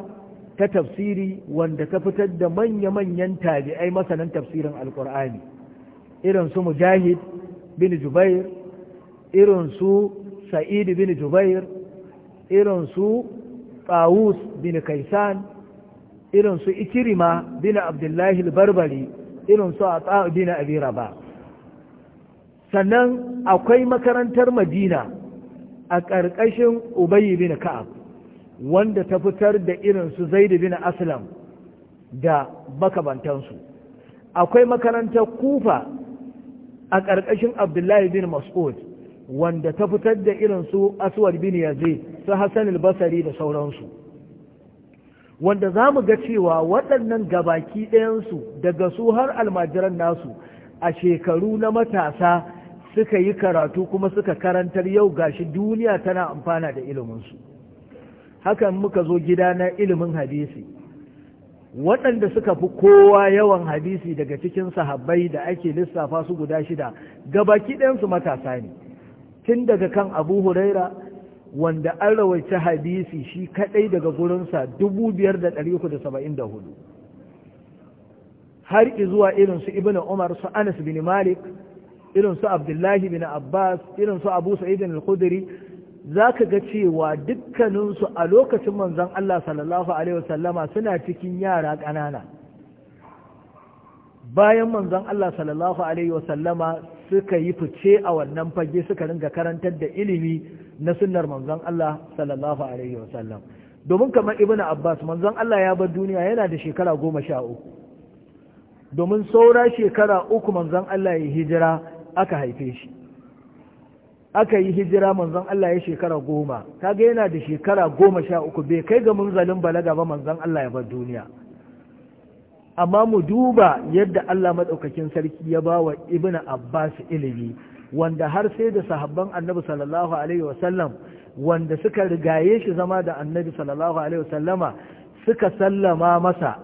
Speaker 1: ta tafsiri wanda ta fitar da manya-manyan tabi'ai masanan tafsirin alkur'ani irin su mujahid bin jubair irin su sa'id bin jubair irin su tsawus bin kaisan irin su ikirima bin abdullahi barbari irin su a bin abi raba sannan akwai makarantar madina a ƙarƙashin ubayi bin ka'ab wanda ta fitar da irin su zaid bin aslam da makamantansu akwai makarantar kufa a ƙarƙashin abdullahi bin mas'ud wanda ta fitar da irin su aswad bin yazid su hassan Basri da sauransu wanda za mu ga cewa waɗannan gabaki ɗayansu daga su har almajiran nasu a shekaru na matasa suka yi karatu kuma suka karantar yau gashi duniya tana amfana da iliminsu hakan muka zo gida na ilimin hadisi waɗanda suka fi kowa yawan hadisi daga cikin sahabbai da ake lissafa su guda shida gabaki ɗansu matasa ne tun daga kan abu huraira wanda an rawaice hadisi shi kaɗai daga gurinsa hudu. har zuwa irinsu ibn umar su anas bin malik irinsu abdullahi bin abbas irinsu abu sa'idin al-khudri za ka ga cewa dukkaninsu a lokacin manzon Allah sallallahu Alaihi wasallama suna cikin yara ƙanana bayan manzon Allah sallallahu Alaihi wasallama suka yi fice a wannan fage suka ringa karantar da ilimi na sunnar manzon Allah sallallahu Alaihi wasallam domin kamar ibn Abbas manzon Allah ya bar duniya yana da shekara goma sha uku domin saura shekara uku manzon Allah ya hijira aka haife shi aka yi hijira manzon Allah ya shekara goma kaga yana da shekara goma sha uku bai kai ga munzalin balaga ba manzon Allah ya bar duniya amma mu duba yadda Allah maɗaukakin sarki ya ba wa ibn Abbas ilimi wanda har sai da sahabban annabi sallallahu alaihi wasallam wanda suka rigaye shi zama da annabi sallallahu alaihi wasallama suka sallama masa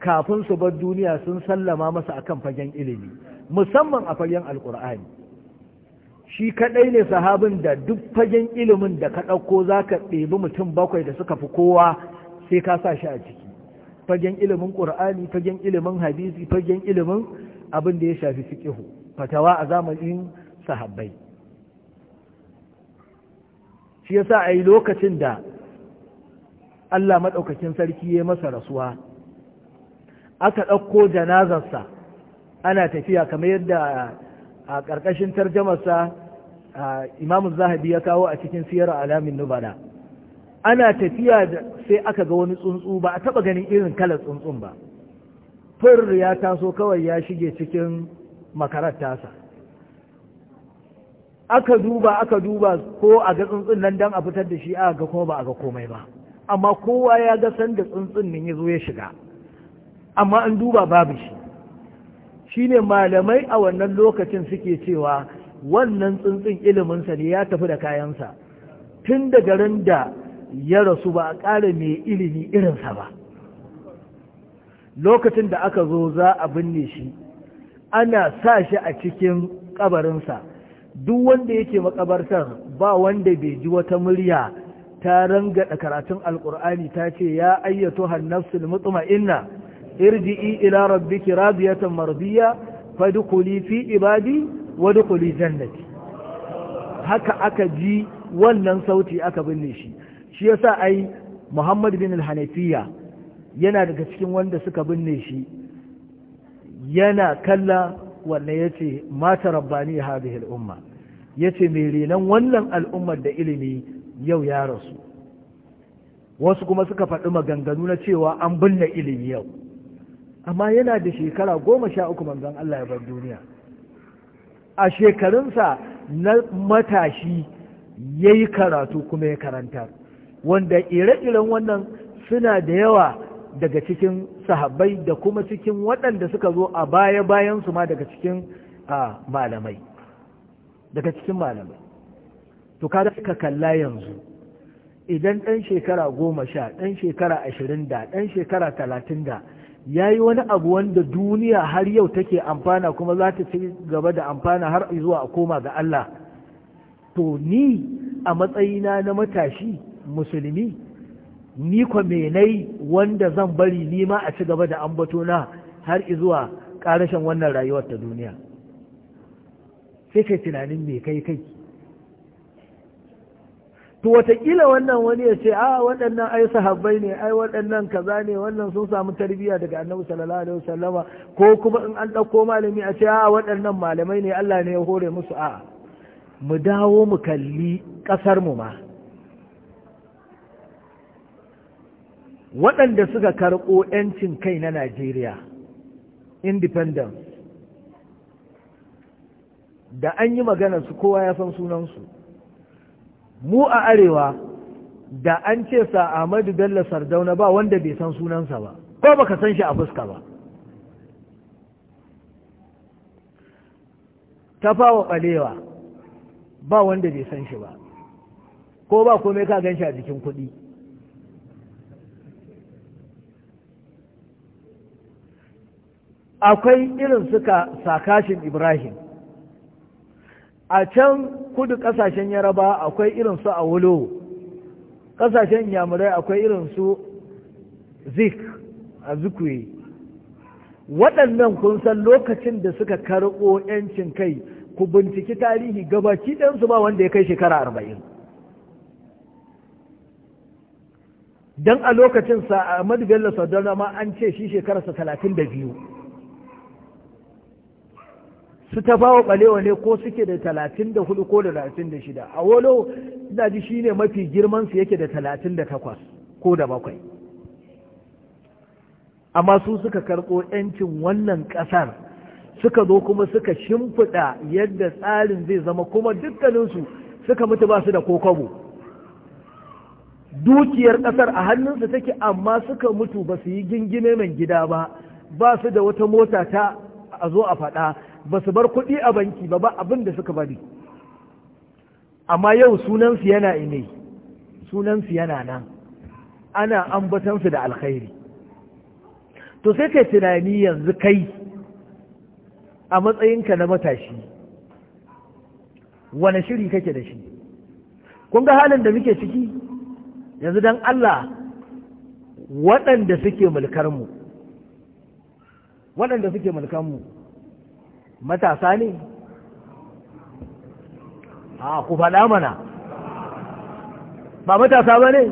Speaker 1: kafin su bar duniya sun sallama masa akan fagen ilimi musamman a fagen alkur'ani shi kaɗai ne sahabin da duk fagen ilimin da ka ɗauko za ka ɗebi mutum bakwai da suka fi kowa sai ka sa shi a ciki fagen ilimin ƙur'ani fagen ilimin hadisi fagen ilimin abin da ya shafi fiƙihu fatawa a zamanin sahabbai shi yasa a yi lokacin da Allah maɗaukakin sarki ya masa rasuwa aka ɗauko janazarsa ana tafiya kamar yadda a ƙarƙashin tarjamarsa imam zahabi ya kawo a cikin siyar alamin nubala ana tafiya sai aka ga wani tsuntsu ba a taba ganin irin kalar tsuntsun ba fir ya taso kawai ya shige cikin makarar tasa aka duba aka duba ko a ga tsuntsun nan dan a fitar da shi a ga kuma ba a ga komai ba amma kowa ya ga san da tsuntsun nan ya zo ya shiga amma an duba babu shi shine malamai a wannan lokacin suke cewa wannan tsuntsun iliminsa ne ya tafi da kayansa tun da garin da ya rasu ba a ƙara mai ilimi irinsa ba lokacin da aka zo za a binne shi ana sa shi a cikin kabarinsa duk wanda yake makabartar ba wanda bai ji wata murya ta da karatun alkur'ani ta ce ya ayyato hannafsul mutma'inna irji'i ila rabbiki radiyatan mardiya fadkhuli fi ibadi wani kuli jannati haka aka ji wannan sauti aka binne shi shi yasa ai muhammad bin al-hanafiya yana daga cikin wanda suka binne shi yana kalla wanda ya ce mata rabbani hadhihi al-umma ya ce mai renon wannan al'ummar da ilimi yau ya rasu wasu kuma suka faɗi maganganu na cewa an binne ilimi yau amma yana da shekara goma sha uku manzon Allah ya bar duniya a shekarunsa na matashi ya yi karatu kuma ya karanta wanda ire-iren wannan suna da yawa daga cikin sahabbai da kuma cikin waɗanda suka zo a baya-bayan su ma daga cikin malamai daga cikin malamai to kada ka kalla yanzu idan ɗan shekara goma sha ɗan shekara ashirin da ɗan shekara talatin da ya yi wani abu wanda duniya har yau take amfana kuma za ta ci gaba da amfana har zuwa a koma ga Allah to ni a matsayina na matashi musulmi ni kwa menai wanda zan bari ni ma a ci gaba da ambatona har zuwa karashen wannan rayuwar ta duniya sai kai tunanin me kai kai to watakila wannan wani ya ce a waɗannan ai sahabbai ne ai waɗannan kaza ne wannan sun samu tarbiyya daga annabi sallallahu alaihi wasallama ko kuma in an ɗauko malami a ce a waɗannan malamai ne Allah ne ya hore musu a mu dawo mu kalli ƙasar mu ma waɗanda suka karɓo 'yancin kai na Najeriya independence da an yi magana su kowa ya san sunansu mu a arewa da an ce sa Ahmadu Bello Sardauna ba wanda bai san sunansa ba ko baka san shi a fuska ba tafawa balewa ba wanda bai san shi ba ko ba komai ka gan shi a jikin kuɗi akwai irin suka sakashin Ibrahim a can kudu kasashen yaraba akwai irin su a wulo kasashen yamurai akwai irin su zik a zukwe waɗannan kun san lokacin da suka karɓo 'yancin kai ku binciki tarihi gabaki ɗansu ba wanda ya kai shekara arba'in don a lokacin sa a bello saudana ma an ce shi shekararsa talatin da biyu su ta bawa balewa ne ko suke da talatin da hudu ko da talatin da shida a wolo ina ji shi ne mafi girman su yake da talatin da takwas ko da bakwai amma su suka karɓo 'yancin wannan ƙasar suka zo kuma suka shimfiɗa yadda tsarin zai zama kuma dukkaninsu suka mutu ba su da kokobo dukiyar ƙasar a hannunsu take amma suka mutu ba su yi gingime mai gida ba ba su da wata mota ta a zo a faɗa ba su bar kuɗi a banki ba ba abin da suka bari amma yau sunansu yana ine sunansu yana nan ana ambatansu da alkhairi to sai kai tunani yanzu kai a matsayinka na matashi wane shiri kake da shi kun ga halin da muke ciki yanzu don Allah waɗanda suke mulkarmu waɗanda suke mulkarmu matasa ne a ku faɗa mana ba matasa ba ne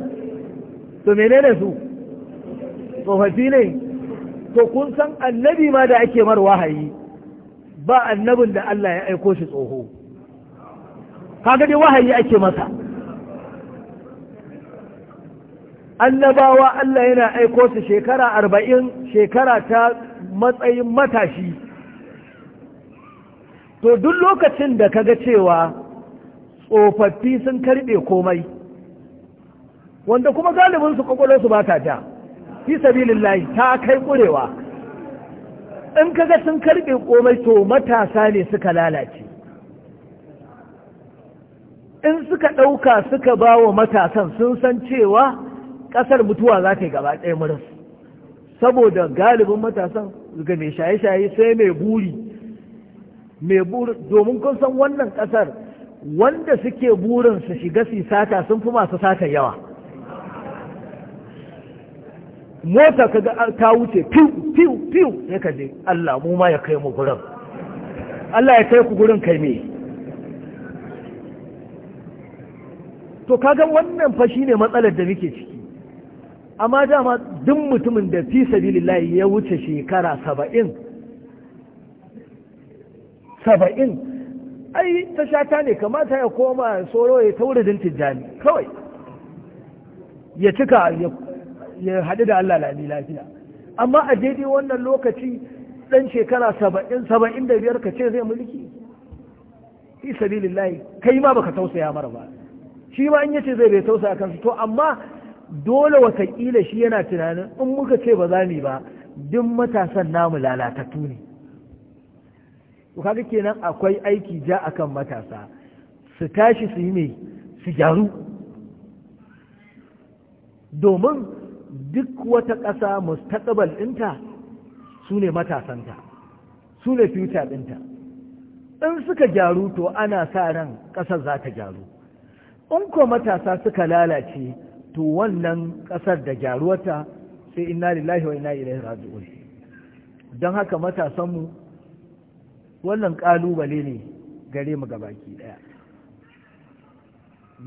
Speaker 1: to menene su tsofaffi ne to kun san annabi ma da ake mar wahayi ba annabin da Allah ya aiko shi tsoho kaga dai wahayi ake masa annabawa Allah yana aiko su shekara arba'in shekara ta matsayin matashi to duk lokacin da kaga cewa tsofaffi sun karɓe komai wanda kuma galibin su kwakwalwarsu ba ta ja fi layi ta kai ƙurewa in kaga sun karɓe komai to matasa ne suka lalace in suka ɗauka suka ba wa matasan sun san cewa ƙasar mutuwa za ta yi gaba ɗaya saboda galibin matasan ga mai shaye-shaye sai mai buri mai burin domin kun san wannan ƙasar wanda suke burin su shiga su sata sun fi masu sata yawa mota ka ta wuce piu piu fiw ya je Allah mu ma ya kai mu gurin Allah ya kai ku gurin kai me to kaga wannan fa ne matsalar da muke ciki amma dama duk mutumin da fi sabilillahi ya wuce shekara saba'in saba'in ai ta shata ne kamata ya koma tsoro ya tauridin tijjani kawai ya cika ya haɗu da Allah lami lafiya amma a daidai wannan lokaci ɗan shekara saba'in saba'in da biyar ka ce zai mulki fi ka kai ma baka tausaya mara ba shi ma in ce zai bai tausaya kansu to amma dole watakila shi yana tunanin in muka ce ba za ni ba duk matasan namu lalatattu ne to kaga kenan akwai aiki ja akan matasa su tashi su yi mai su gyaru domin duk wata ƙasa mustaqbal ɗinta su ne matasanta su ne future ɗinta in suka gyaru to ana sa ran ƙasar za ta gyaru in ko matasa suka lalace to wannan ƙasar da gyaruwarta sai inna lillahi wa inna ilaihi raji'un don haka matasanmu wannan ƙalubale ne gare mu gabaki ɗaya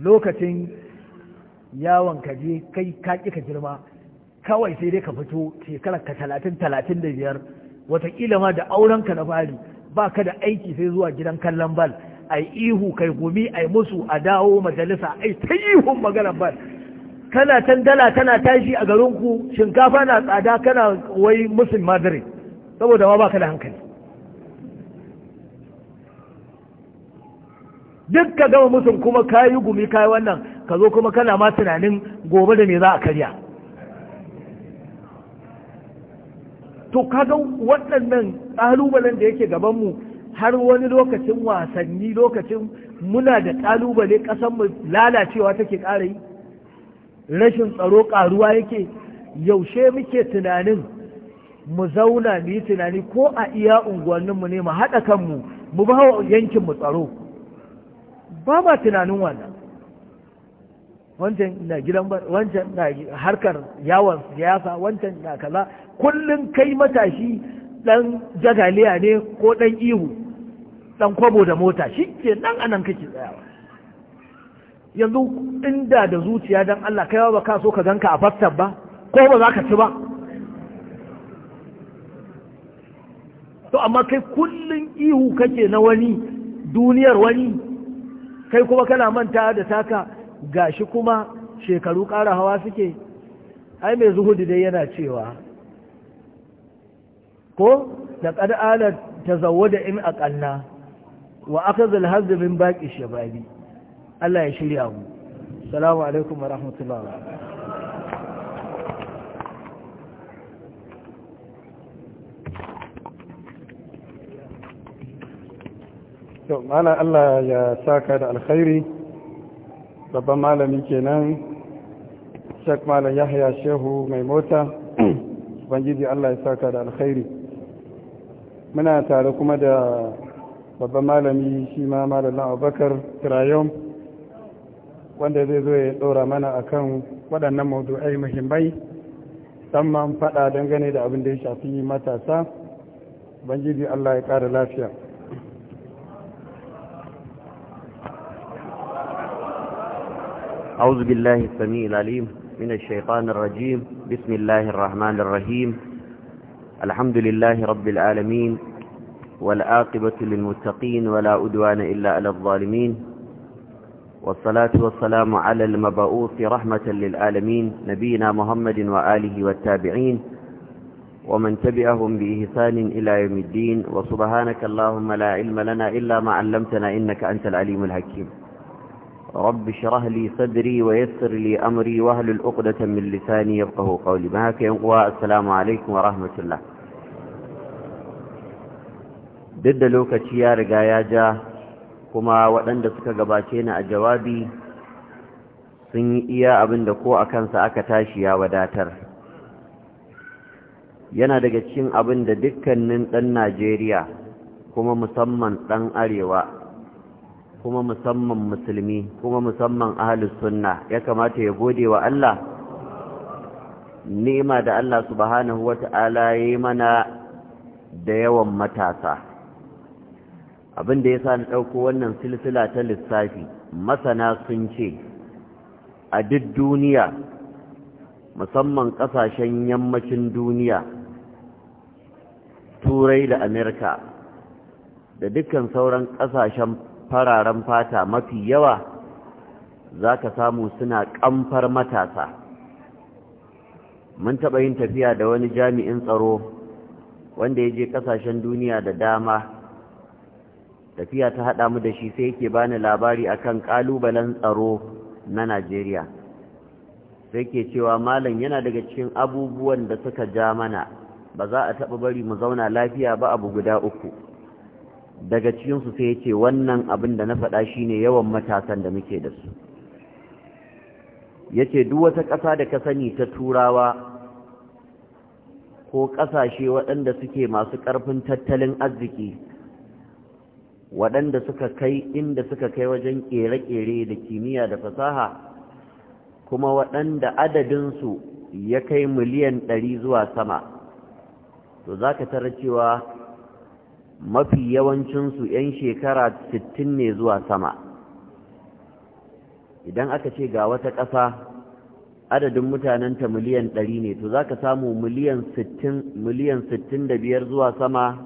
Speaker 1: lokacin yawon kaje kai ka ƙi ka girma kawai sai dai ka fito shekarar ka talatin talatin da biyar watakila ma da aurenka na fari ba ka da aiki sai zuwa gidan kallon bal a ihu kai gumi a musu a dawo majalisa a ta ihun maganar bal kana can dala tana tashi a garinku shinkafa na tsada kana wai musul madrid saboda ma ba ka da hankali duk ka gama mutum kuma ka yi gumi yi wannan ka zo kuma kana ma tunanin gobe da me za a karya to kaga waɗannan ƙalubalen da yake gabanmu har wani lokacin wasanni lokacin muna da ƙalubale mu lalacewa take ƙara yi rashin tsaro ƙaruwa yake yaushe muke tunanin mu zauna mu yi tunani ko a iya unguwanninmu ne mu haɗa kanmu mu ba wa yankinmu tsaro ba ma tunanin wannan wancan na gidan wancan na harkar yawon siyasa wancan na kaza kullum kai matashi dan jagaliya ne ko dan ihu dan kwabo da mota shi ke nan anan kake tsayawa yanzu inda da zuciya dan Allah kai ba ka so ka ganka a fastar ba ko ba za ka ci ba to amma kai kullum ihu kake na wani duniyar wani kai kuma kana manta da taka gashi kuma shekaru ƙara hawa suke ai mai zuhudu dai yana cewa ko da ƙad'ala ta zawo da in aƙalla wa aka zalhazda min baƙi shababi Allah ya shirya mu salamu alaikum wa rahmatullahi
Speaker 2: to mana Allah ya saka da alkhairi babban malami kenan shek malam yahya shehu mai mota ubangiji Allah ya saka da alkhairi muna tare kuma da babban malami shi ma malam abubakar kirayom wanda zai zo ya dora mana akan waɗannan maudu'ai muhimmai musamman faɗa dangane da abin da ya shafi matasa ubangiji Allah ya ƙara lafiya
Speaker 4: أعوذ بالله السميع العليم من الشيطان الرجيم بسم الله الرحمن الرحيم الحمد لله رب العالمين والعاقبة للمتقين ولا أدوان إلا على الظالمين والصلاة والسلام على المبعوث رحمة للعالمين نبينا محمد وآله والتابعين ومن تبعهم بإحسان إلى يوم الدين وسبحانك اللهم لا علم لنا إلا ما علمتنا إنك أنت العليم الحكيم رب اشرح لي صدري ويسر لي أمري وهل الأقدة من لساني يبقه قولي بهاك ينقوى السلام عليكم ورحمة الله duk da lokaci ya riga ya ja kuma waɗanda suka gabace ni a jawabi sun yi iya abinda ko a kansa aka tashi ya wadatar yana daga cikin abin da dukkanin ɗan najeriya kuma musamman ɗan arewa kuma musamman musulmi kuma musamman ahalus sunna ya kamata ya gode wa Allah ni'ima da Allah subhanahu wata'ala ya yi mana da yawan matasa abin da ya sa na ɗauko wannan silsila ta lissafi masana sun ce a duk duniya musamman ƙasashen yammacin duniya turai da amerika da dukkan sauran ƙasashen fararen fata mafi yawa za ka samu suna ƙamfar matasa mun taɓa yin tafiya da wani jami'in tsaro wanda ya je ƙasashen duniya da dama tafiya ta haɗa mu da shi sai yake bani labari akan ƙalubalen tsaro na najeriya sai ke cewa malam yana daga cikin abubuwan da suka ja mana ba za a taɓa bari mu zauna lafiya ba abu guda uku daga cikinsu sai ya ce wannan abin da na faɗa shi ne yawan matasan da muke da su ya ce duk wata ƙasa da ka sani ta turawa ko ƙasashe waɗanda suke masu ƙarfin tattalin arziki waɗanda suka kai inda suka kai wajen ƙere-ƙere da kimiyya da fasaha kuma waɗanda adadinsu ya kai miliyan ɗari zuwa sama to za ka tara cewa mafi yawancinsu 'yan shekara sittin ne zuwa sama idan aka ce ga wata ƙasa adadin mutanenta miliyan ɗari ne to za ka samu miliyan 60 miliyan biyar zuwa sama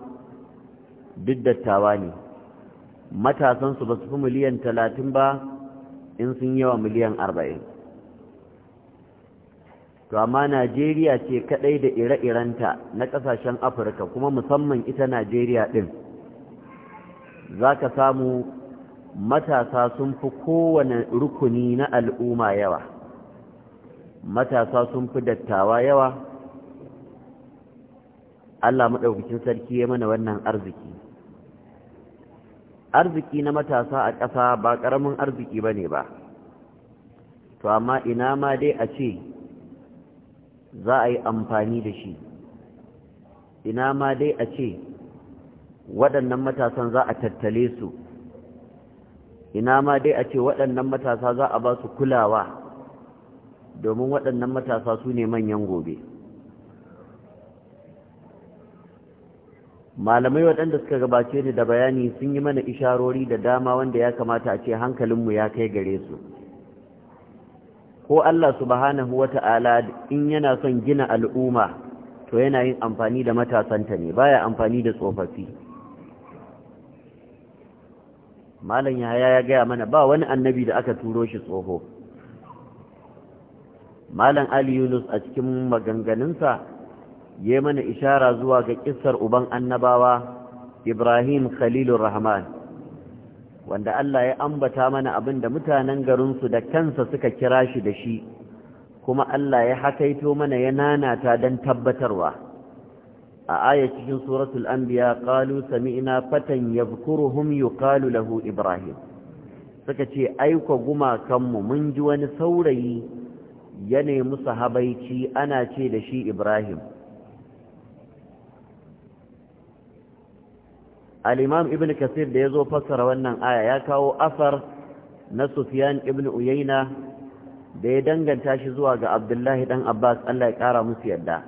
Speaker 4: duk dattawa ne matasansu ba su fi miliyan talatin ba in sun yawa miliyan arba'in. to amma najeriya ce kadai da ire iren ta na kasashen afirka kuma musamman ita najeriya din za samu matasa sun fi kowane rukuni na al'umma yawa matasa sun fi dattawa yawa allah maɗaukacin sarki ya mana wannan arziki arziki na matasa a ƙasa ba ƙaramin arziki ba ne ba to amma ina ma dai a ce za a yi amfani da shi ina ma dai a ce waɗannan matasan za a tattale su ina ma dai a ce waɗannan matasa za a ba su kulawa domin waɗannan matasa su ne manyan gobe malamai waɗanda suka gabace ni da bayani sun yi mana isharori da dama wanda ya kamata a ce hankalinmu ya kai gare su ko Allah subhanahu ta'ala in yana son gina al'umma to yana yin amfani da matasanta ne baya amfani da tsofaffi malam yahaya ya gaya mana ba wani annabi da aka turo shi tsoho malam ali yunus a cikin maganganunsa ya mana ishara zuwa ga kissar uban annabawa ibrahim khalilur rahman wanda Allah ya ambata mana abin da mutanen garinsu da kansa suka kira shi da shi kuma Allah ya hakaito mana ya nanata don tabbatarwa a aya cikin suratul anbiya qalu sami'na fatan yadhkuruhum yuqalu lahu ibrahim suka ce aiko kanmu mun ji wani saurayi ya nemi sahabaici ana ce da shi ibrahim al ibn kasir da ya zo fassara wannan aya ya kawo asar na Sufiyan ibn Uyaina da ya danganta shi zuwa ga abdullahi ɗan abbas Allah ya kara musu yadda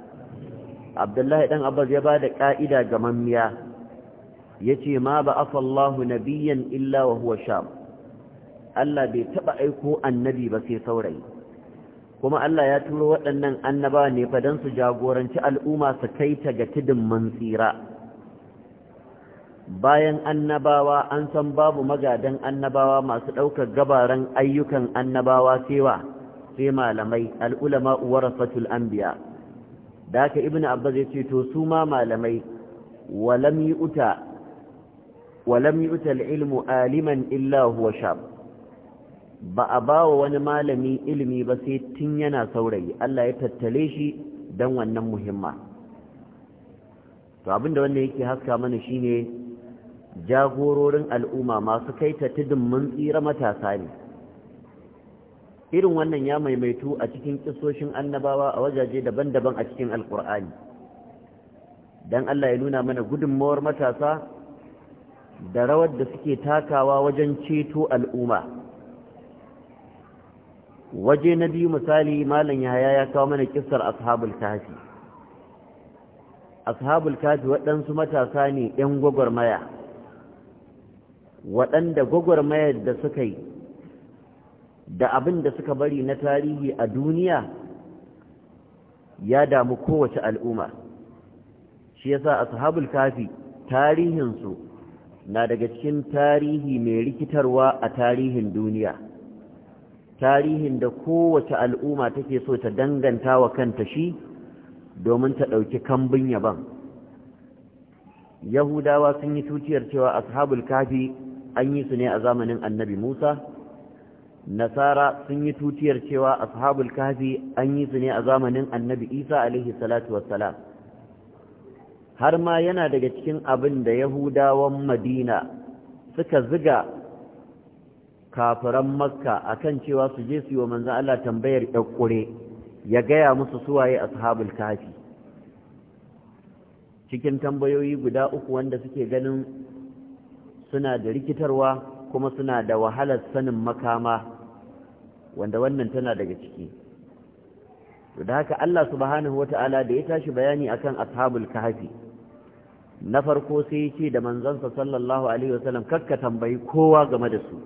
Speaker 4: abdullahi ɗan abbas ya ba da ƙa'ida ga mamiya yace ma ba afallahu nabiyyan illa wa huwa Allah bai taba aiko annabi ba sai saurayi kuma Allah ya turo waɗannan annabawa ne fa don su jagoranci al'umma su kai ta ga tudun mansira bayan annabawa an san babu magadan annabawa masu ɗaukar gabaran ayyukan annabawa sewa sai malamai al'ulama warasatul anbiya da haka ibn abbas ya ce to su ma malamai walam yi uta aliman illa huwa shab ba a ba wa wani malami ilimi ba sai tun yana saurayi Allah ya tattale shi don wannan muhimma to abinda wanda yake haska mana shine jagororin al'umma masu kai ta tudun mun tsira matasa ne irin wannan ya maimaitu a cikin kisoshin annabawa a wajaje daban-daban a cikin alkur'ani don allah ya nuna mana gudunmawar matasa da rawar da suke takawa wajen ceto al'umma waje na biyu misali malam yahaya ya kawo mana kisar ashabul kafi ashabul kafi waɗansu matasa ne 'yan gwagwarmaya waɗanda gwagwarmayar da suka yi da abin da suka bari na tarihi a duniya ya damu kowace al'umma shi yasa ashabul kafi tarihinsu na daga cikin tarihi mai rikitarwa a tarihin duniya tarihin da kowace al'umma take so ta danganta wa kanta shi domin ta ɗauki kambun yaban yahudawa sun yi tuciyar cewa ashabul kafi an yi su ne a zamanin annabi Musa nasara sun yi tutiyar cewa ashabul kahfi an yi su ne a zamanin annabi Isa alaihi salatu wassalam har ma yana daga cikin abin da yahudawan madina suka ziga kafiran makka akan cewa su je su yi wa manzan Allah tambayar ɗaukure ya gaya musu suwaye ashabul kahfi cikin tambayoyi guda uku wanda suke ganin suna da rikitarwa kuma suna da wahalar sanin makama wanda wannan tana daga ciki to da haka Allah subhanahu wata'ala da ya tashi bayani akan ashabul kahfi na farko sai ya ce da manzansa sallallahu alaihi wasallam karka tambayi kowa game da su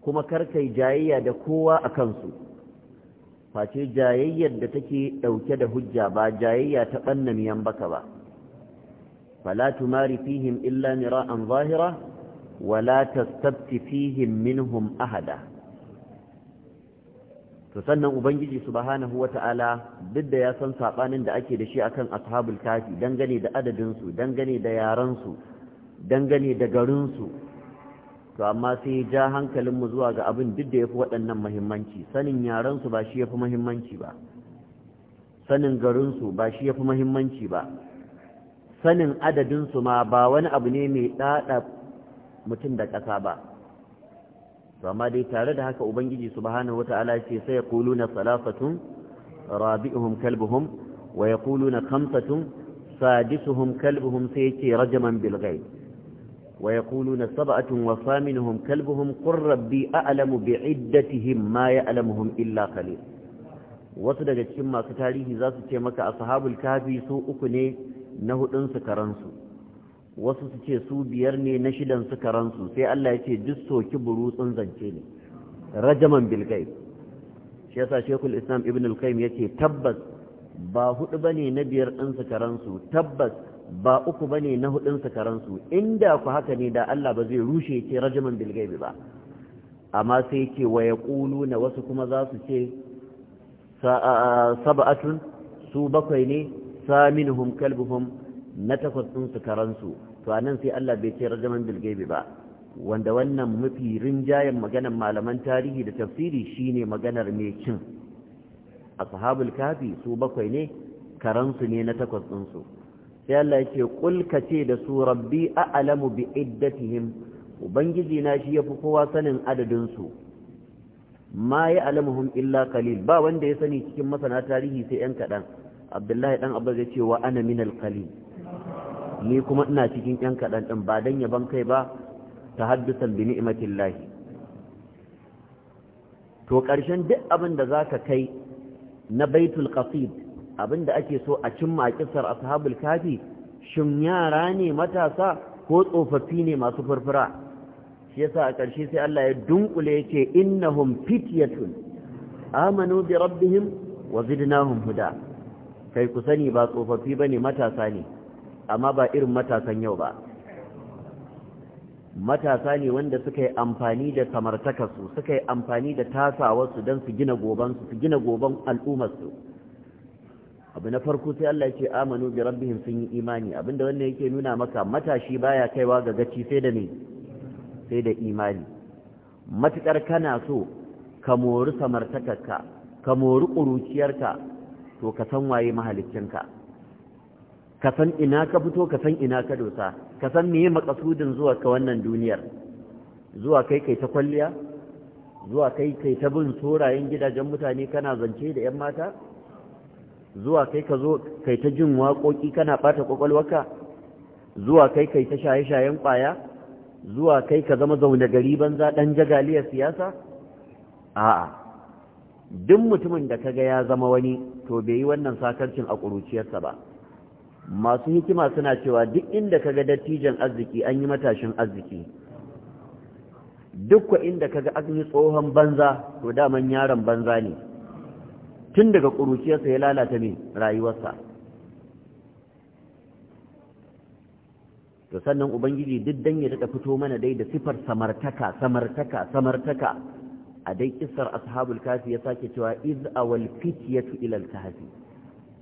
Speaker 4: kuma karka yi jayayya da kowa a kansu face jayayyar da take ɗauke da hujja ba jayayya ta ɓanna miyan baka ba فلا تمار فيهم إلا مراء ظاهرة ولا تستبت minhum ahada. أهدا sannan ubangiji subhanahu wata'ala duk da ya san sabanin da ake da shi a kan ashabul kafi dangane da adadin su dangane da yaran su dangane da garin to amma sai ja hankalinmu zuwa ga abin duk da yafi waɗannan muhimmanci sanin yaran su ba shi yafi muhimmanci ba sanin garin ba shi yafi muhimmanci ba sanin adadinsu ma ba wani abu ne mai ɗaɗa mutum da ƙasa ba amma dai tare da haka ubangiji subhanahu wata'ala ce sai yaquluna salasatun rabi'uhum kalbuhum wa yaquluna khamsatun sadisuhum kalbuhum sai yake rajaman bil ghaib wa yaquluna sab'atun wa thaminuhum kalbuhum qur rabbi a'lamu bi'iddatihim ma ya'lamuhum illa qalil wasu daga cikin masu tarihi za su ce maka ashabul kafi su uku ne na hudun su wasu su ce su biyar ne na shidan su karansu sai Allah ya ce duk soki burutsun zance ne rajaman bilgai shi yasa shekul islam ibn al-qayyim yace tabbas ba hudu bane na biyar din su karansu tabbas ba uku bane na hudun su inda ku haka ne da Allah ba zai rushe ce rajaman bilgai ba amma sai waya wa na wasu kuma za su ce sab'atun su bakwai ne saminuhum kalbuhum na takwas ɗin su karansu to a nan sai Allah bai ce rajaman bilgaibi ba wanda wannan mafi rinjayen maganar malaman tarihi da tafsiri shine maganar mai cin ashabul kafi su bakwai ne karansu ne na takwas ɗin su sai Allah ya ce kul ce da su rabbi a'lamu bi iddatihim ubangiji na shi yafi kowa sanin adadin su ma ya alamuhum illa qalil ba wanda ya sani cikin masana tarihi sai yan kadan abdullahi dan abbas ya ce wa ana min alqalil ni kuma ina cikin yan kadan din ba dan yaban kai ba tahaddusan bi ni'matillahi to karshen duk abin da zaka kai na baitul qasid abin da ake so a cimma a kisar ashabul kafi shin yara ne matasa ko tsofaffi ne masu furfura shi yasa a ƙarshe sai Allah ya dunkule ya ce innahum fityatun amanu bi rabbihim wa zidnahum huda kai ku sani ba tsofaffi ba ne matasa ne amma ba irin matasan yau ba matasa ne wanda suka yi amfani da su, suka yi amfani da tasawarsu don su gina gobansu su gina goban al'ummarsu abu na farko sai Allah ce amanu bi rabbihim sun yi imani abinda wannan yake nuna maka matashi baya kaiwa ga gaci sai da ne sai da imani matukar kana so ka mori samartakarka ka mori ƙuruciyarka to ka san waye mahalikinka? ka san ina ka fito ka san ina ka dosa ka san meye makasudin zuwa ka wannan duniyar zuwa kai kai ta kwalliya zuwa kai kai ta bin sorayen gidajen mutane kana zance da 'yan mata zuwa kai ka zo kai ta jin waƙoƙi kana ɓata ƙwaƙwalwaka? zuwa kai kai ta shaye-shayen ƙwaya zuwa kai ka zama zaune gari banza ɗan jagaliyar siyasa a'a duk mutumin da kaga ya zama wani to bai yi wannan sakarcin a ƙuruciyarsa ba masu hikima suna cewa duk inda kaga dattijan arziki an yi matashin arziki duk wa inda kaga an yi tsohon banza to daman yaron banza ne tun daga ƙuruciyarsa ya lalata ne rayuwarsa to sannan ubangiji duk dan ya daɗa fito mana dai da sifar samartaka samartaka samartaka a dai kisar ashabul kafi ya sake cewa iz awal fityatu ila al kahfi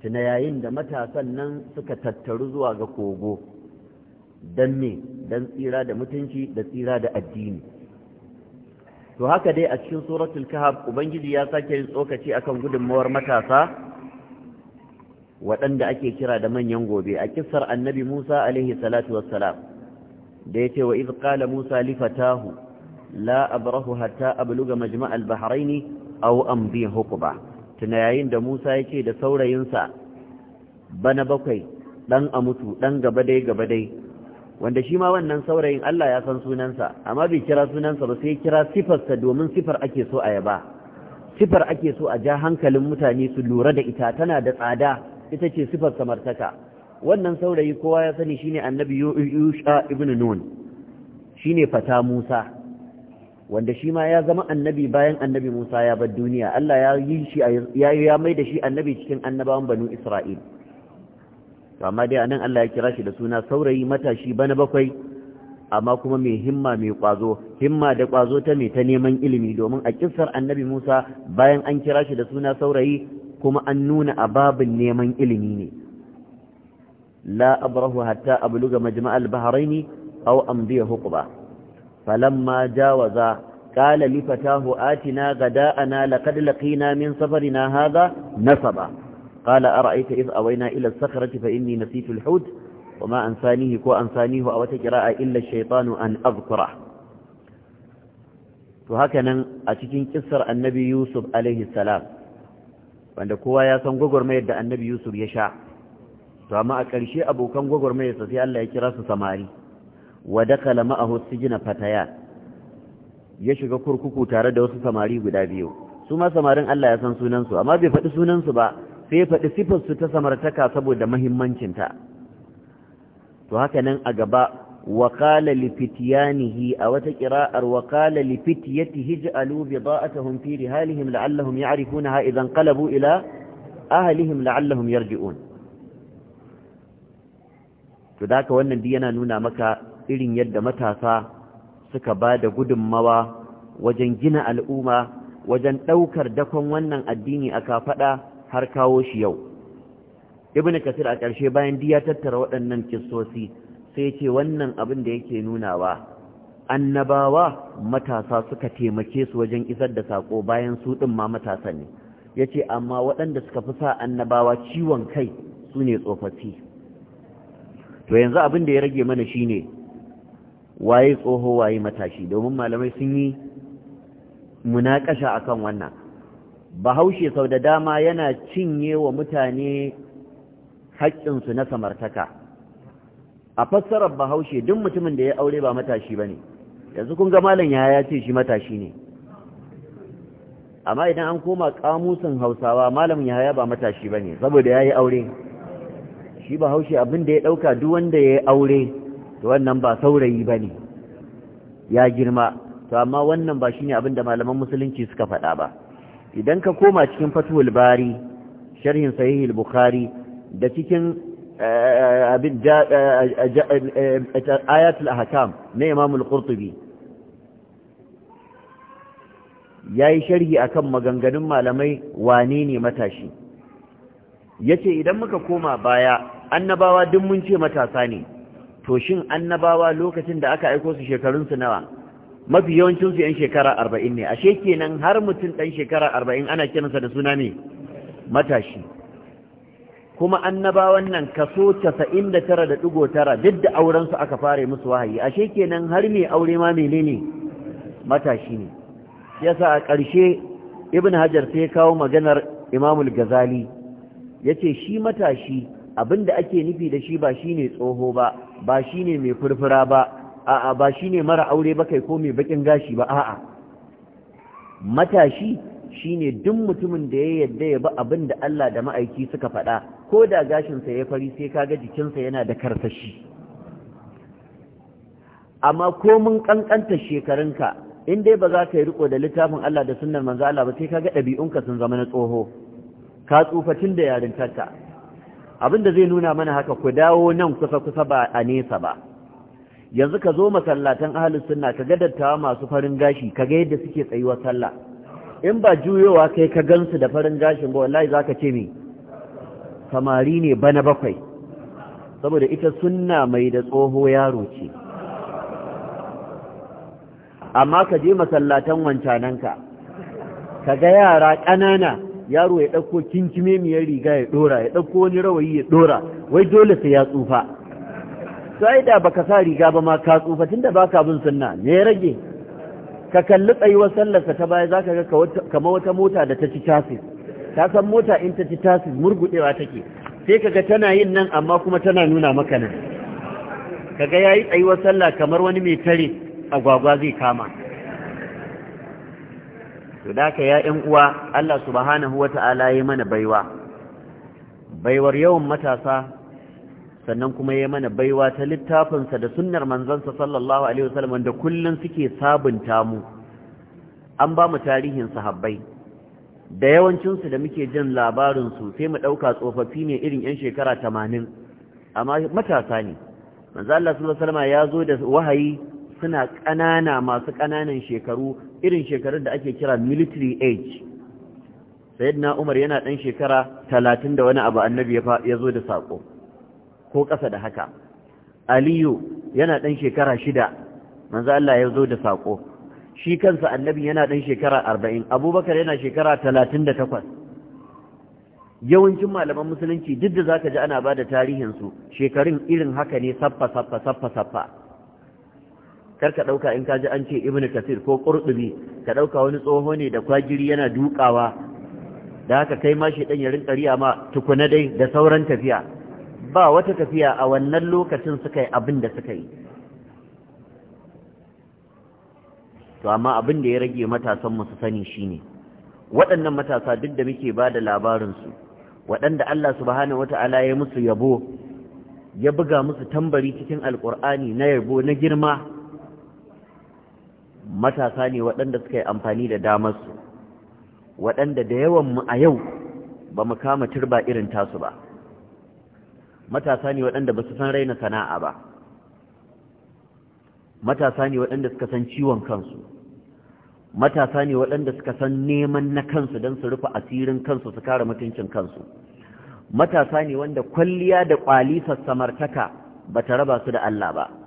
Speaker 4: tuna yayin da matasan nan suka tattaru zuwa ga kogo dan me dan tsira da mutunci da tsira da addini to haka dai a cikin suratul kahf ubangiji ya sake yin tsokaci akan gudunmawar matasa waɗanda ake kira da manyan gobe a kisar annabi Musa alaihi salatu wassalam da yace wa iz qala Musa li fatahu la abrahu hatta abluga majma' al-bahrain aw amdi huquba tuna yayin da Musa yake da saurayinsa bana bakwai dan amutu dan gaba dai gaba dai wanda shi ma wannan saurayin Allah ya san sunansa amma bai kira sunansa ba sai kira sifarsa domin sifar ake so a yaba sifar ake so a ja hankalin mutane su lura da ita tana da tsada ita ce sifar samartaka wannan saurayi kowa ya sani shine annabi Yusha ibn Nun shine fata Musa wanda shi ma ya zama annabi bayan annabi Musa ya bar duniya Allah ya yi shi ya ya mai da shi annabi cikin annabawan banu Isra'il to amma dai anan Allah ya kira shi da suna saurayi matashi bana bakwai amma kuma mai himma mai kwazo himma da kwazo ta mai ta neman ilimi domin a kissar annabi Musa bayan an kira shi da suna saurayi kuma an nuna ababin neman ilimi ne la abrahu hatta abluga majma'al bahraini aw amdiya huqba falamma jawaza kala li fatahu atina gada'ana laqad laqina min safarina hadha nasaba qala ara'aita idh awayna ila as-sakhrati fa inni nasitu al-hut wama ansanihi ko ansanihu aw taqra'a illa ash-shaytanu an adhkura to hakanan a cikin kissar annabi yusuf alaihi salam wanda kowa ya san gwagwarmayar da annabi yusuf ya sha to amma a ƙarshe abokan gwagwarmayarsa sai Allah ya kira su samari wa a ma'ahu sijina fatayat ya shiga kurkuku tare da wasu samari guda biyu su ma samarin Allah ya san sunansu amma bai faɗi sunansu ba sai ya faɗi sifar su ta samartaka saboda mahimmancinta. ta to haka nan a gaba wa qala li a wata qira'ar wa qala li fityatihi ij'alu bida'atuhum fi rihalihim la'allahum ya'rifunaha idan qalabu ila ahlihim la'allahum yarji'un to da ka wannan duk yana nuna maka irin yadda matasa suka ba da gudunmawa wajen gina al'umma wajen ɗaukar dakon wannan addini a kafaɗa har kawo shi yau ibn kasir a ƙarshe bayan diya tattara waɗannan kistosi sai ce wannan abin da yake nunawa annabawa matasa suka taimake su wajen isar da saƙo bayan su ɗin ma matasa ne ya ce amma waɗanda suka fi sa annabawa ciwon kai su ne tsofaffi to yanzu abin da ya rage mana shine waye tsoho waye matashi domin malamai sun yi munakasha akan wannan bahaushe sau da dama yana cinye wa mutane haƙƙinsu na samartaka a fassarar bahaushe duk mutumin da ya aure ba matashi ba ne yanzu kun ga malam ya ya ce shi matashi ne amma idan an koma kamusin hausawa malamin yahaya ba matashi ba ne saboda ya yi aure shi bahaushe abin da ya ɗauka duk wanda ya yi aure to wannan ba saurayi ba ne ya girma to amma wannan ba shi ne abinda malaman musulunci suka faɗa ba idan ka koma cikin fatuwul bari sharhin sahihul bukhari da cikin eh, eh, eh, ayatul ahkam na imamul qurtubi yayi sharhi akan maganganun malamai wane ne matashi yace idan muka koma baya annabawa duk mun ce matasa ne to shin annabawa lokacin da aka aiko su shekarunsu nawa mafi yawancinsu yan shekara arba'in ne ashe kenan har mutum ɗan shekara arba'in ana kiransa da suna ne matashi kuma annabawan nan kaso casa'in da tara da ɗigo tara duk da aurensu aka fare musu wahayi ashe kenan har mai aure ma menene matashi ne yasa a ƙarshe ibn hajar sai kawo maganar imamul gazali ya ce shi matashi abin da ake nufi da shi ba shine tsoho ba ba shi mai furfura ba a'a ba shi mara aure ba kai ko mai bakin gashi ba a'a matashi shine duk mutumin da ya yadda ya bi abin da Allah da ma'aiki suka faɗa ko da gashinsa ya fari sai ka ga jikinsa yana da karsashi amma ko mun kankanta shekarunka in dai ba za ka yi riko da littafin Allah da sunnar manzo Allah ba sai kaga ɗabi'unka sun zama na tsoho ka tsufa tun da yarintarka Abin da zai nuna mana haka ku dawo nan kusa-kusa ba a nesa ba yanzu ka zo masallatan ahlus sunna ka ga dattawa masu farin gashi ka ga yadda suke tsayuwar sallah in ba juyowa kai ka gansu da farin gashin ba wallahi zaka ce me samari ne bana bakwai saboda ita sunna mai da tsoho yaro ce amma ka je masallatan wancananka ka ga yara ƙanana yaro ya ɗauko kinkimemiyar riga ya ɗora ya ɗauko wani rawayi ya ɗora wai dole sai ya tsufa sai da baka sa riga ba ma ka tsufa tunda baka bin sunna ya rage ka kalli tsayuwar sallarsa ta baya zaka ga kamar wata mota da ta ci tasis ta san mota in ta ci tasis murgudewa take sai kaga tana yin nan amma kuma tana nuna maka nan kaga yayi tsayuwar sallah kamar wani mai tare agwagwa zai kama to da ka ya ‘yan uwa Allah subhanahu wa ta'ala ya mana baiwa baiwar yawan matasa sannan kuma ya mana baiwa ta littafinsa da sunnar manzansa sallallahu alaihi wasallam da kullum suke sabunta mu an ba mu tarihin sahabbai da yawancinsu da muke jin labarinsu sai mu ɗauka tsofaffi ne irin 'yan shekara tamanin amma matasa ne manzo Allah sallallahu alaihi wasallam ya zo da wahayi suna ƙanana masu ƙananan shekaru irin shekarun da ake kira military age sayyidina umar yana ɗan shekara talatin da wani abu annabi ya zo da saƙo ko ƙasa da haka aliyu yana ɗan shekara shida manzo Allah ya zo da saƙo shi kansa annabi yana ɗan shekara arba'in abubakar yana shekara talatin da takwas yawancin malaman musulunci duk da za ka ji ana ba da tarihinsu shekarun irin haka ne saffa saffa saffa saffa Kar ka ɗauka in ka an ce ibn kasir ko ƙurɗubi ka ɗauka wani tsoho ne da kwagiri yana dukawa da haka kai ma shi ɗan yarin riya ma tukuna dai da sauran tafiya ba wata tafiya a wannan lokacin suka yi abin da suka yi to amma abin da ya rage matasan mu su sani shine waɗannan matasa duk da muke ba da labarinsu waɗanda Allah subhanahu wata'ala ya musu yabo ya buga musu tambari cikin alƙur'ani na yabo na girma matasa ne waɗanda suka yi amfani da damarsu waɗanda da yawanmu a yau ba mu kama turba irin tasu ba matasa ne waɗanda ba su san raina sana'a ba matasa ne waɗanda suka san ciwon kansu matasa ne waɗanda suka san neman na kansu don su rufe asirin kansu su kare mutuncin kansu matasa ne wanda kwalliya da ƙwali sassamartaka ba ta raba su da Allah ba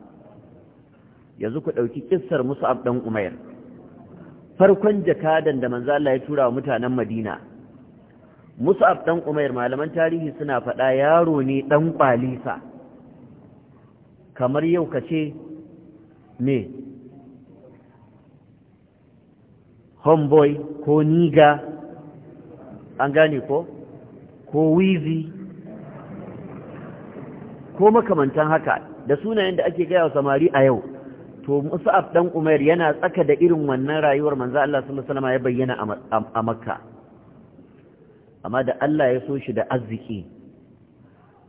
Speaker 4: yanzu ku ɗauki ƙissar musab ɗan umair farkon jakadan da manzo Allah ya tura wa mutanen madina musab ɗan umair malaman tarihi suna faɗa yaro ne ɗan ƙwalisa kamar yau ka ce me homeboy ko niga an gane ko ko wizi ko makamantan haka da sunayen da ake gaya wa samari a yau to musa'ab dan umair yana tsaka da irin wannan rayuwar manzo Allah sallallahu alaihi wasallam ya bayyana a makka amma da Allah ya so shi da arziki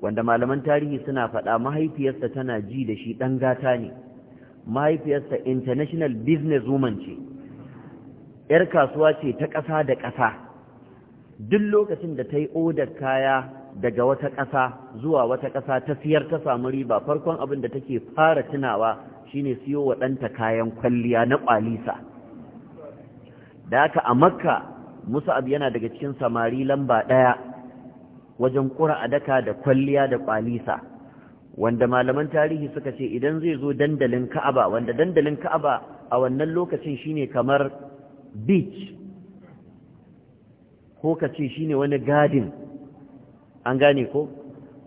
Speaker 4: wanda malaman tarihi suna faɗa mahaifiyarsa tana ji da shi dan gata ne mahaifiyarsa international business woman ce yar kasuwa ce ta ƙasa da ƙasa duk lokacin da ta yi odar kaya daga wata ƙasa zuwa wata ƙasa ta siyar ta samu riba farkon abin da take fara tunawa shine siyo wa ɗanta kayan kwalliya na Kwalisa. da haka a makka musa'ab yana daga cikin samari lamba ɗaya wajen ƙura a daka da kwalliya da ƙwalisa wanda malaman tarihi suka ce idan zai zo dandalin ka'aba wanda dandalin ka'aba a wannan lokacin shine kamar beach ko ka ce shine wani gadin an gane ko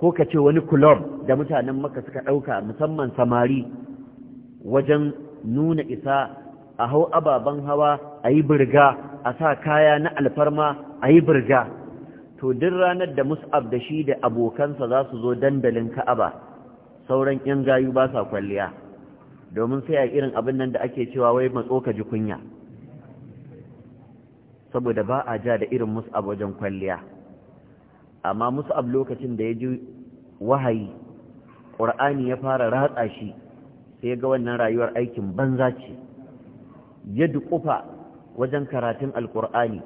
Speaker 4: ko ka ce wani kulob da mutanen maka suka ɗauka musamman samari wajen nuna isa a hau ababen hawa a yi birga a sa kaya na alfarma a yi birga to duk ranar da mus'ab da shi da abokansa za su zo dandalin ka'aba sauran yan gayu ba sa kwalliya domin sai a irin abin nan da ake cewa wai matso ka ji kunya saboda ba a ja da irin mus'ab wajen kwalliya amma mus'ab lokacin da ya ji wahayi ƙur'ani ya fara ratsa shi sai ga wannan rayuwar aikin banza ce ya duƙufa wajen karatun alƙur'ani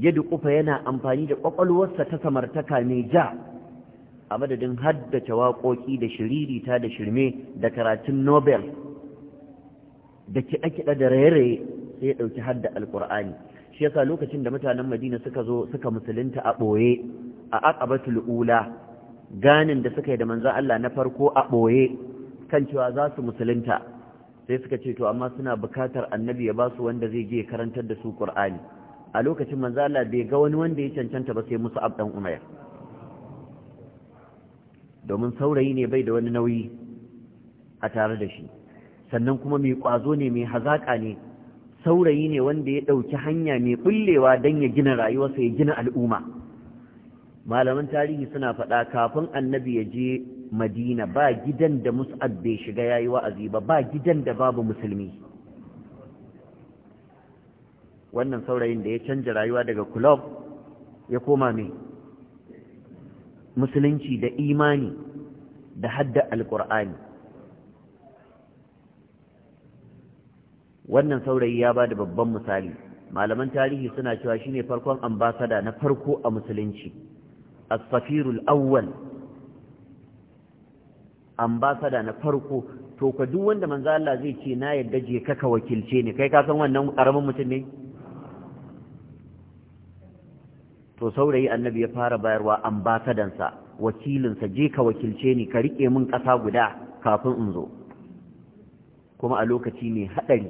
Speaker 4: ya duƙufa yana amfani da ƙwaƙwalwarsa ta samartaka mai ja a madadin haddace waƙoƙi da shiririta da shirme da karatun nobel da kiɗa-kiɗa da raye-raye sai ya ɗauki hadda alƙur'ani shi yasa lokacin da mutanen madina suka zo suka musulunta a ɓoye a aqabatul ula ganin da suka yi da manzon Allah na farko a ɓoye kan cewa za su musulunta sai suka ce to amma suna bukatar annabi ya ba su wanda zai je karantar da su qur'ani a lokacin manzo Allah bai ga wani wanda ya cancanta ba sai musu abdan umayr domin saurayi ne bai da wani nauyi a tare da shi sannan kuma mai kwazo ne mai hazaka ne saurayi ne wanda ya ɗauki hanya mai bullewa dan ya gina rayuwarsa ya gina al'umma malaman tarihi suna faɗa kafin annabi ya je madina ba gidan da mus'ab bai shiga yayi wa'azi ba ba gidan da babu musulmi wannan saurayin da ya canja rayuwa daga club ya koma mai musulunci da imani da hadda alkur'ani wannan saurayi ya ba da babban misali malaman tarihi suna cewa shine farkon ambasada na farko a musulunci as-safirul awwal ambasada na farko to ka duk wanda manzo Allah zai ce na yadda je ka ka wakilce ni kai ka san wannan karamin mutum ne to saurayi annabi ya fara bayarwa ambasadansa wakilinsa je ka wakilce ni ka rike min ƙasa guda kafin in zo kuma a lokaci ne haɗari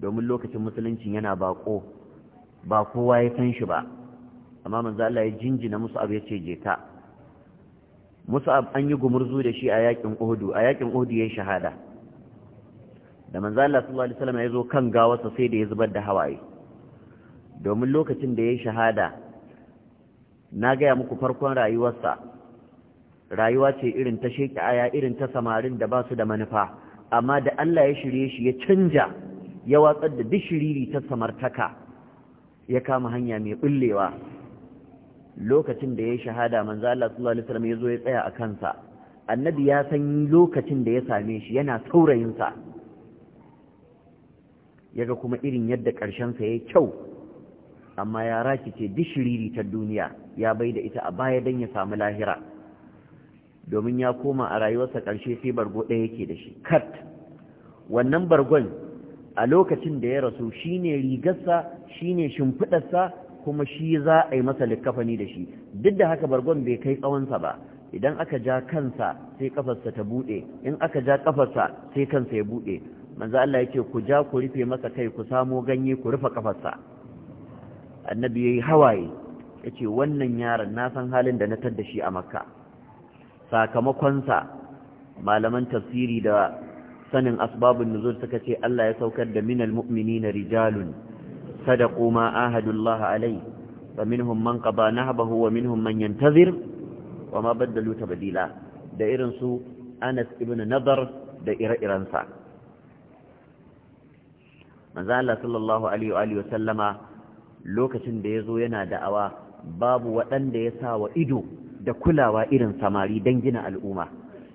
Speaker 4: domin lokacin musuluncin yana baƙo ba kowa ya san shi ba amma manzo Allah ya jinjina musu abu ya ce je ka mus'ab an yi gumurzu da shi a yakin uhudu a yakin uhudu yayin shahada da manzo Allah sallallahu alaihi wasallam ya zo kan gawarsa sai da ya zubar da hawaye domin lokacin da yayin shahada na gaya muku farkon rayuwarsa rayuwa ce irin ta sheki aya irin ta samarin da ba su da manufa amma da Allah ya shirye shi ya canja ya watsar da duk shiriri ta samartaka ya kama hanya mai bullewa lokacin da ya shahada manzo Allah sallallahu alaihi wasallam yazo ya tsaya a kansa annabi ya san lokacin da ya same shi yana saurayin sa yaga kuma irin yadda karshen sa yayi kyau amma ya raki ce, dishiriri ta duniya ya bai da ita a baya dan ya samu lahira domin ya koma a rayuwarsa karshe sai bargo ɗaya yake da shi kat wannan bargon a lokacin da ya rasu shine rigarsa shine shimfidarsa kuma shi za a yi masa likafani da shi duk da haka bargon bai kai tsawonsa ba idan aka ja kansa sai kafarsa ta buɗe in aka ja kafarsa sai kansa ya buɗe manzo Allah yake ku ja ku rufe masa kai ku samo ganye ku rufe kafarsa annabi yayi hawaye yace wannan yaron na san halin da na tadda shi a makka sakamakon sa malaman tafsiri da sanin asbabun nuzul suka ce Allah ya saukar da minal mu'minina rijalun صدقوا ما آهدوا الله عليه فمنهم من قضى نهبه ومنهم من ينتظر وما بدلوا تبديلا da irinsu Anas ibn Nadar da ire-irensa manzo Allah sallallahu alaihi wa sallama lokacin da yazo yana da'awa babu waɗanda ya sa wa ido da kulawa irin samari dan gina al'umma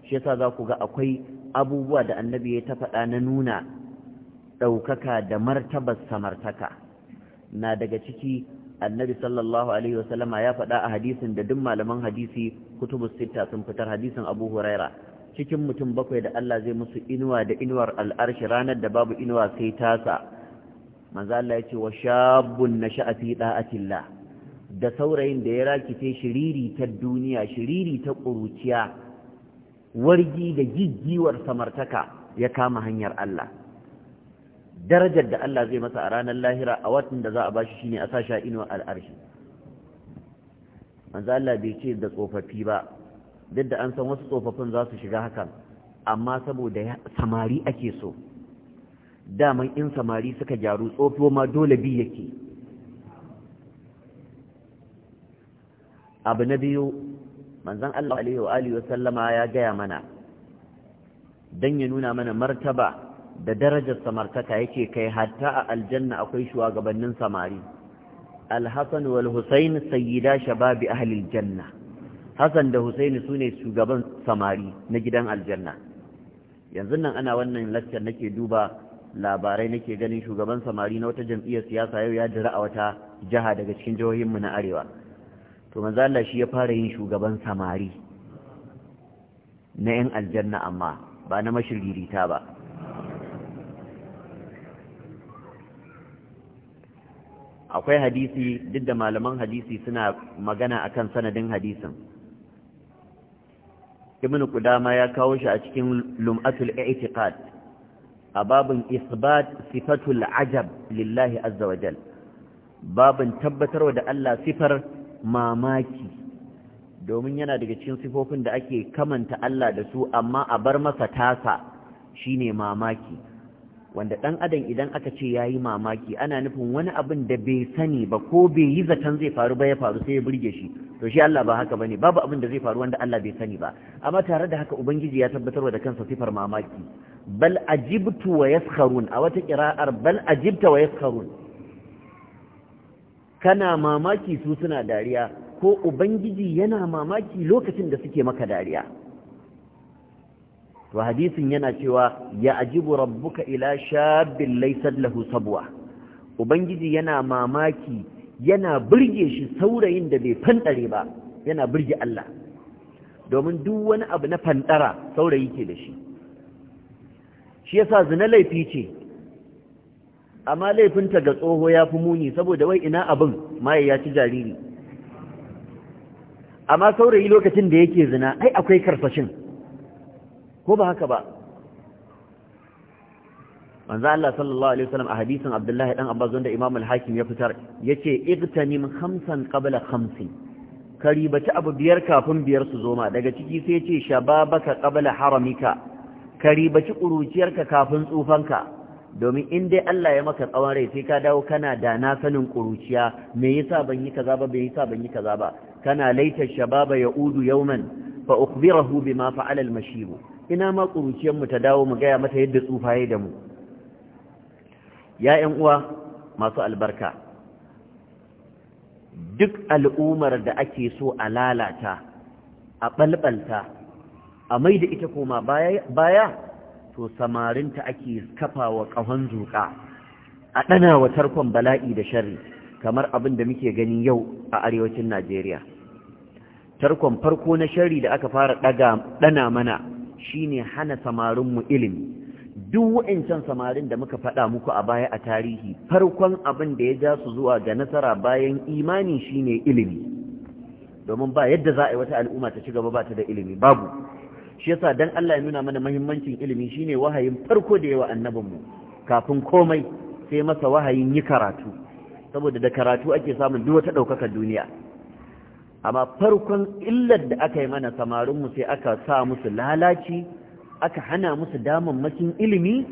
Speaker 4: shi yasa za ku ga akwai abubuwa da annabi ya ta faɗa na nuna ɗaukaka da martabar samartaka na daga ciki annabi sallallahu alaihi wasallama ya faɗa a hadisin da duk malaman hadisi kutubus sun fitar hadisin abu huraira cikin mutum bakwai da Allah zai musu inuwa da inuwar al'arshi ranar da babu inuwa sai tasa manzo Allah ya ce wa shabun nasha'a fi da'atillah da saurayin da ya rakice shiriri ta duniya shiriri ta ƙuruciya wargi da giggiwar samartaka ya kama hanyar Allah darajar da Allah zai masa a ranar lahira a watan da za a bashi shine a sasha inuwa al'arshi manzo Allah bai ce da tsofaffi ba duk da an san wasu tsofaffin za su shiga hakan amma saboda samari ake so daman in samari suka gyaru tsofo ma dole bi yake abu na biyu manzon Allah alaihi wa alihi ya gaya mana dan ya nuna mana martaba da darajar samartaka yake kai hatta a aljanna akwai shugabannin samari alhassan wal husain sayyida shababi ahlil janna hassan da husain sune shugaban samari na gidan aljanna yanzu nan ana wannan lakcar nake duba labarai nake ganin shugaban samari na wata jam'iyyar siyasa yau ya jira a wata jiha daga cikin jihohin mu na arewa to manzo Allah shi ya fara yin shugaban samari na 'yan aljanna amma ba na mashiririta ba akwai hadisi duk da malaman hadisi suna magana akan sanadin hadisin ibn qudama ya kawo shi a cikin lum'atul i'tiqad a babin isbat sifatul ajab lillahi azza jal babin tabbatarwa da Allah sifar mamaki domin yana daga cikin sifofin da ake kamanta Allah da su amma a bar masa tasa shine mamaki wanda ɗan adam idan aka ce ya yi mamaki ana nufin wani abin da bai sani ba ko bai yi zaton zai faru ba ya faru sai ya burge shi to shi Allah ba haka bane babu abin da zai faru wanda Allah bai sani ba amma tare da haka ubangiji ya tabbatarwa da kansa sifar mamaki bal ajibtu wa yaskharun a wata kira'ar bal ajibta wa yaskharun kana mamaki su suna dariya ko ubangiji yana mamaki lokacin da suke maka dariya to hadisin yana cewa ya ajibu rabbuka ila shabbin laysa lahu sabwa ubangiji yana mamaki yana burge shi saurayin da bai fandare ba yana burge Allah domin duk wani abu na fandara saurayi ke da shi shi yasa zina laifi ce amma laifinta ga tsoho ya fi muni saboda wai ina abin maye ya ci jariri amma saurayi lokacin da yake zina ai akwai karfashin ko ba haka ba manzo Allah sallallahu alaihi wasallam a hadisin Abdullahi dan Abbas wanda Imam al-Hakim ya fitar yace igtanim khamsan qabla khamsin karibaci abu biyar kafin biyar su zo ma daga ciki sai yace shababaka qabla haramika karibaci kuruciyarka kafin tsufanka domin in dai Allah ya maka tsawon rai sai ka dawo kana da na sanin kuruciya me yasa ban yi kaza ba me yasa ban yi kaza ba kana laita shababa yaudu yawman fa ukhbirahu bima fa'ala al-mashib ina ma ƙuruciyarmu ta dawo mu gaya mata yadda ya da mu ya uwa masu albarka duk al'umar da ake so a lalata a ɓalɓalta a mai da ita koma baya to samarinta ake kafa wa ƙahon zuƙa a ɗana wa tarkon bala'i da shari kamar abin da muke gani yau a arewacin najeriya tarkon farko na shari da aka fara ɗana mana shine hana samarinmu ilimi duk wa'incan samarin da muka faɗa muku a baya a tarihi farkon abin da ya ja su zuwa ga nasara bayan imani shine ilimi domin ba yadda za a yi wata al'umma ta ci gaba ba ta da ilimi babu shi yasa dan Allah ya nuna mana muhimmancin ilimi shine wahayin farko da yawa annabinmu kafin komai sai masa wahayin yi karatu saboda da karatu ake samun duk wata ɗaukakar duniya amma farkon illar da aka yi mana samarinmu sai aka sa musu lalaci aka hana musu damammakin ilimi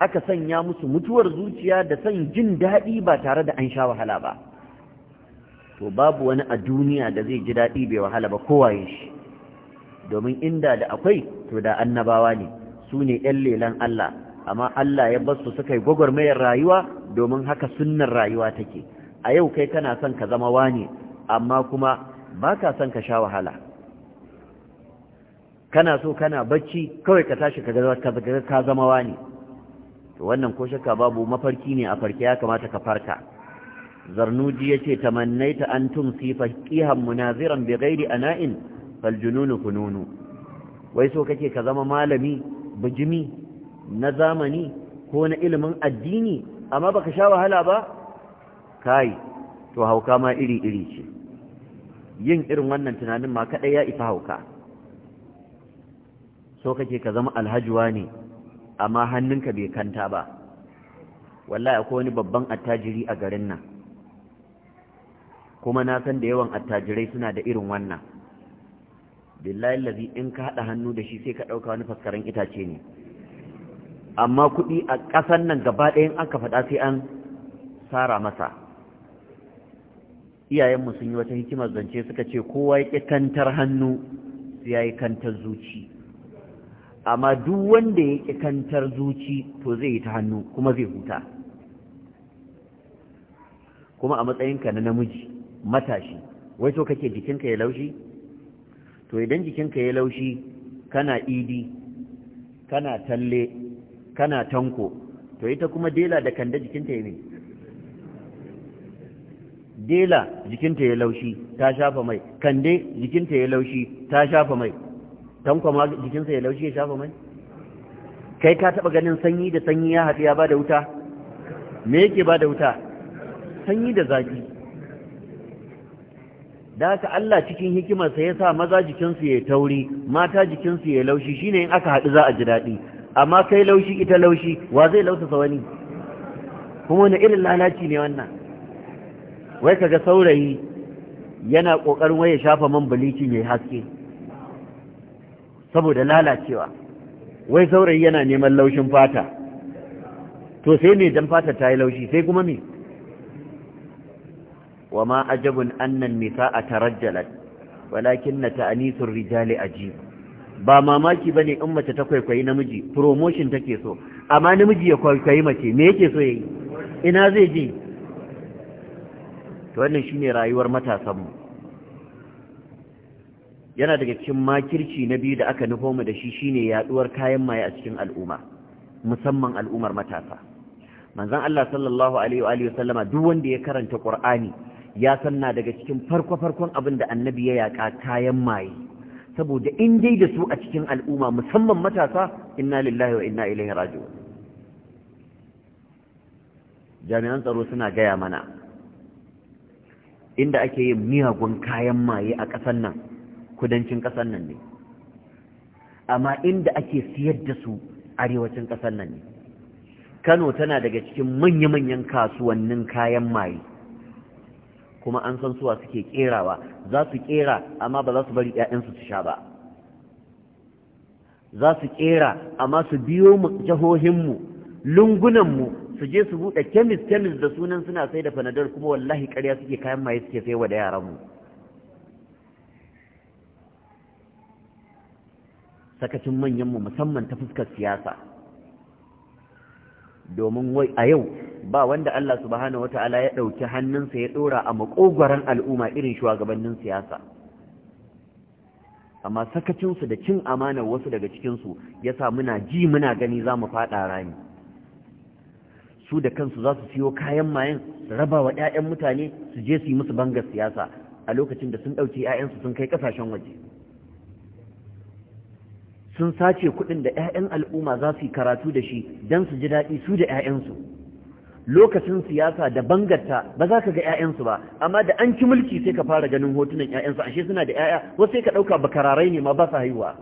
Speaker 4: aka sanya musu mutuwar zuciya da son jin daɗi ba tare da an sha wahala ba to babu wani a duniya da zai ji daɗi bai wahala ba kowaye shi domin inda da akwai to da annabawa ne su ne ‘yan lelan Allah amma Allah ya basu suka yi gwagwarmayar rayuwa domin haka sunnar rayuwa take a yau kai kana son ka zama wane amma kuma ba ka son ka sha wahala kana so kana bacci kawai ka tashi ka zama wani to wannan ko shakka babu mafarki ne a farke ya kamata ka farka zarnuji ta tamannaita an tumsi faqihan munaziran a na'in faljununu kununu wai so kake ka zama malami bijimi na zamani ko na ilimin addini amma
Speaker 1: baka sha wahala ba
Speaker 4: kai to hauka ma iri-iri ce yin irin wannan tunanin ma kaɗai ya isa hauka so kake ka zama alhajuwa ne amma hannunka bai kanta ba wallahi akwai wani babban attajiri a garin nan kuma na san da yawan attajirai suna da irin wannan billahi lazi in ka haɗa hannu da shi sai ka ɗauka wani faskaren itace ne amma kuɗi a ƙasan nan gaba ɗayan aka faɗa sai an sara masa iyayenmu sun yi wata hikimar zance suka ce kowa ya kantar hannu su ya yi kantar zuci amma duk wanda ya kantar zuci to zai yi ta hannu kuma zai huta kuma a matsayinka na namiji matashi wai to kake jikinka ya laushi to idan jikinka ya laushi kana idi kana talle kana tanko to ita kuma dela da kanda jikinta ya ne dela jikinta ya laushi ta shafa mai kande jikinta ya laushi ta shafa mai tankwama jikinsa ya laushi ya shafa mai kai ka taba ganin sanyi da sanyi ya haɗu ya ba da wuta me yake ba da wuta sanyi da zafi da haka Allah cikin hikimarsa ya sa maza jikinsu ya tauri mata jikinsu ya laushi shine in aka haɗu za a ji daɗi amma kai laushi ita laushi wa zai lausasa wani kuma wani irin lalaci ne wannan wai kaga saurayi yana ƙoƙarin waye shafa man bilici mai haske saboda lalacewa wai saurayi yana neman laushin fata to sai me dan fata ta yi laushi sai kuma me wa ma ajabun annan a tarajjalat walakin na ta'anisur rijali ajib ba mamaki ba ne in mace ta kwaikwayi namiji promotion take so amma namiji ya kwaikwayi mace me yake so yayi ina zai je to wannan shine rayuwar matasanmu yana daga cikin makirci na biyu da aka nufo mu da shi shine yaduwar kayan maye a cikin al'umma musamman al'ummar matasa manzon Allah sallallahu alaihi wa alihi wasallama duk wanda ya karanta Qur'ani ya sanna daga cikin farko farkon abin da annabi ya yaka kayan maye saboda in dai da su a cikin al'umma musamman matasa inna lillahi wa inna ilaihi raji'un jami'an tsaro suna gaya mana inda ake yin miyagun kayan maye a ƙasar nan kudancin ƙasar nan ne amma inda ake siyar da su arewacin ƙasar nan ne kano tana daga cikin manya-manyan kasuwannin kayan maye kuma an san suwa suke kerawa za su kera amma ba za su bari 'ya'yansu su sha ba za su kera amma su biyo mu jihohinmu lungunanmu su je su buɗe kemis kemis da sunan suna sai da fanadar kuma wallahi ƙarya suke kayan maye suke sai wa da yaranmu sakacin manyanmu musamman ta fuskar siyasa domin wai a yau ba wanda Allah subhanahu wata'ala ya ɗauki hannunsa ya ɗora a makogoron al'umma irin shugabannin siyasa amma sakacinsu da cin amanar wasu daga cikinsu ya sa muna ji muna gani za mu faɗa rami su da kansu za su siyo kayan mayan raba wa 'ya'yan mutane su je su yi musu bangar siyasa a lokacin da sun ɗauki 'ya'yansu sun kai ƙasashen waje sun sace kuɗin da 'ya'yan al'umma za su yi karatu da shi don su ji daɗi su da 'ya'yansu lokacin siyasa da bangarta ba za ka ga 'ya'yansu ba amma da an ci mulki sai ka fara ganin hotunan 'ya'yansu ashe suna da 'ya'ya wasu sai ka ɗauka bakararai ne ma ba su haihuwa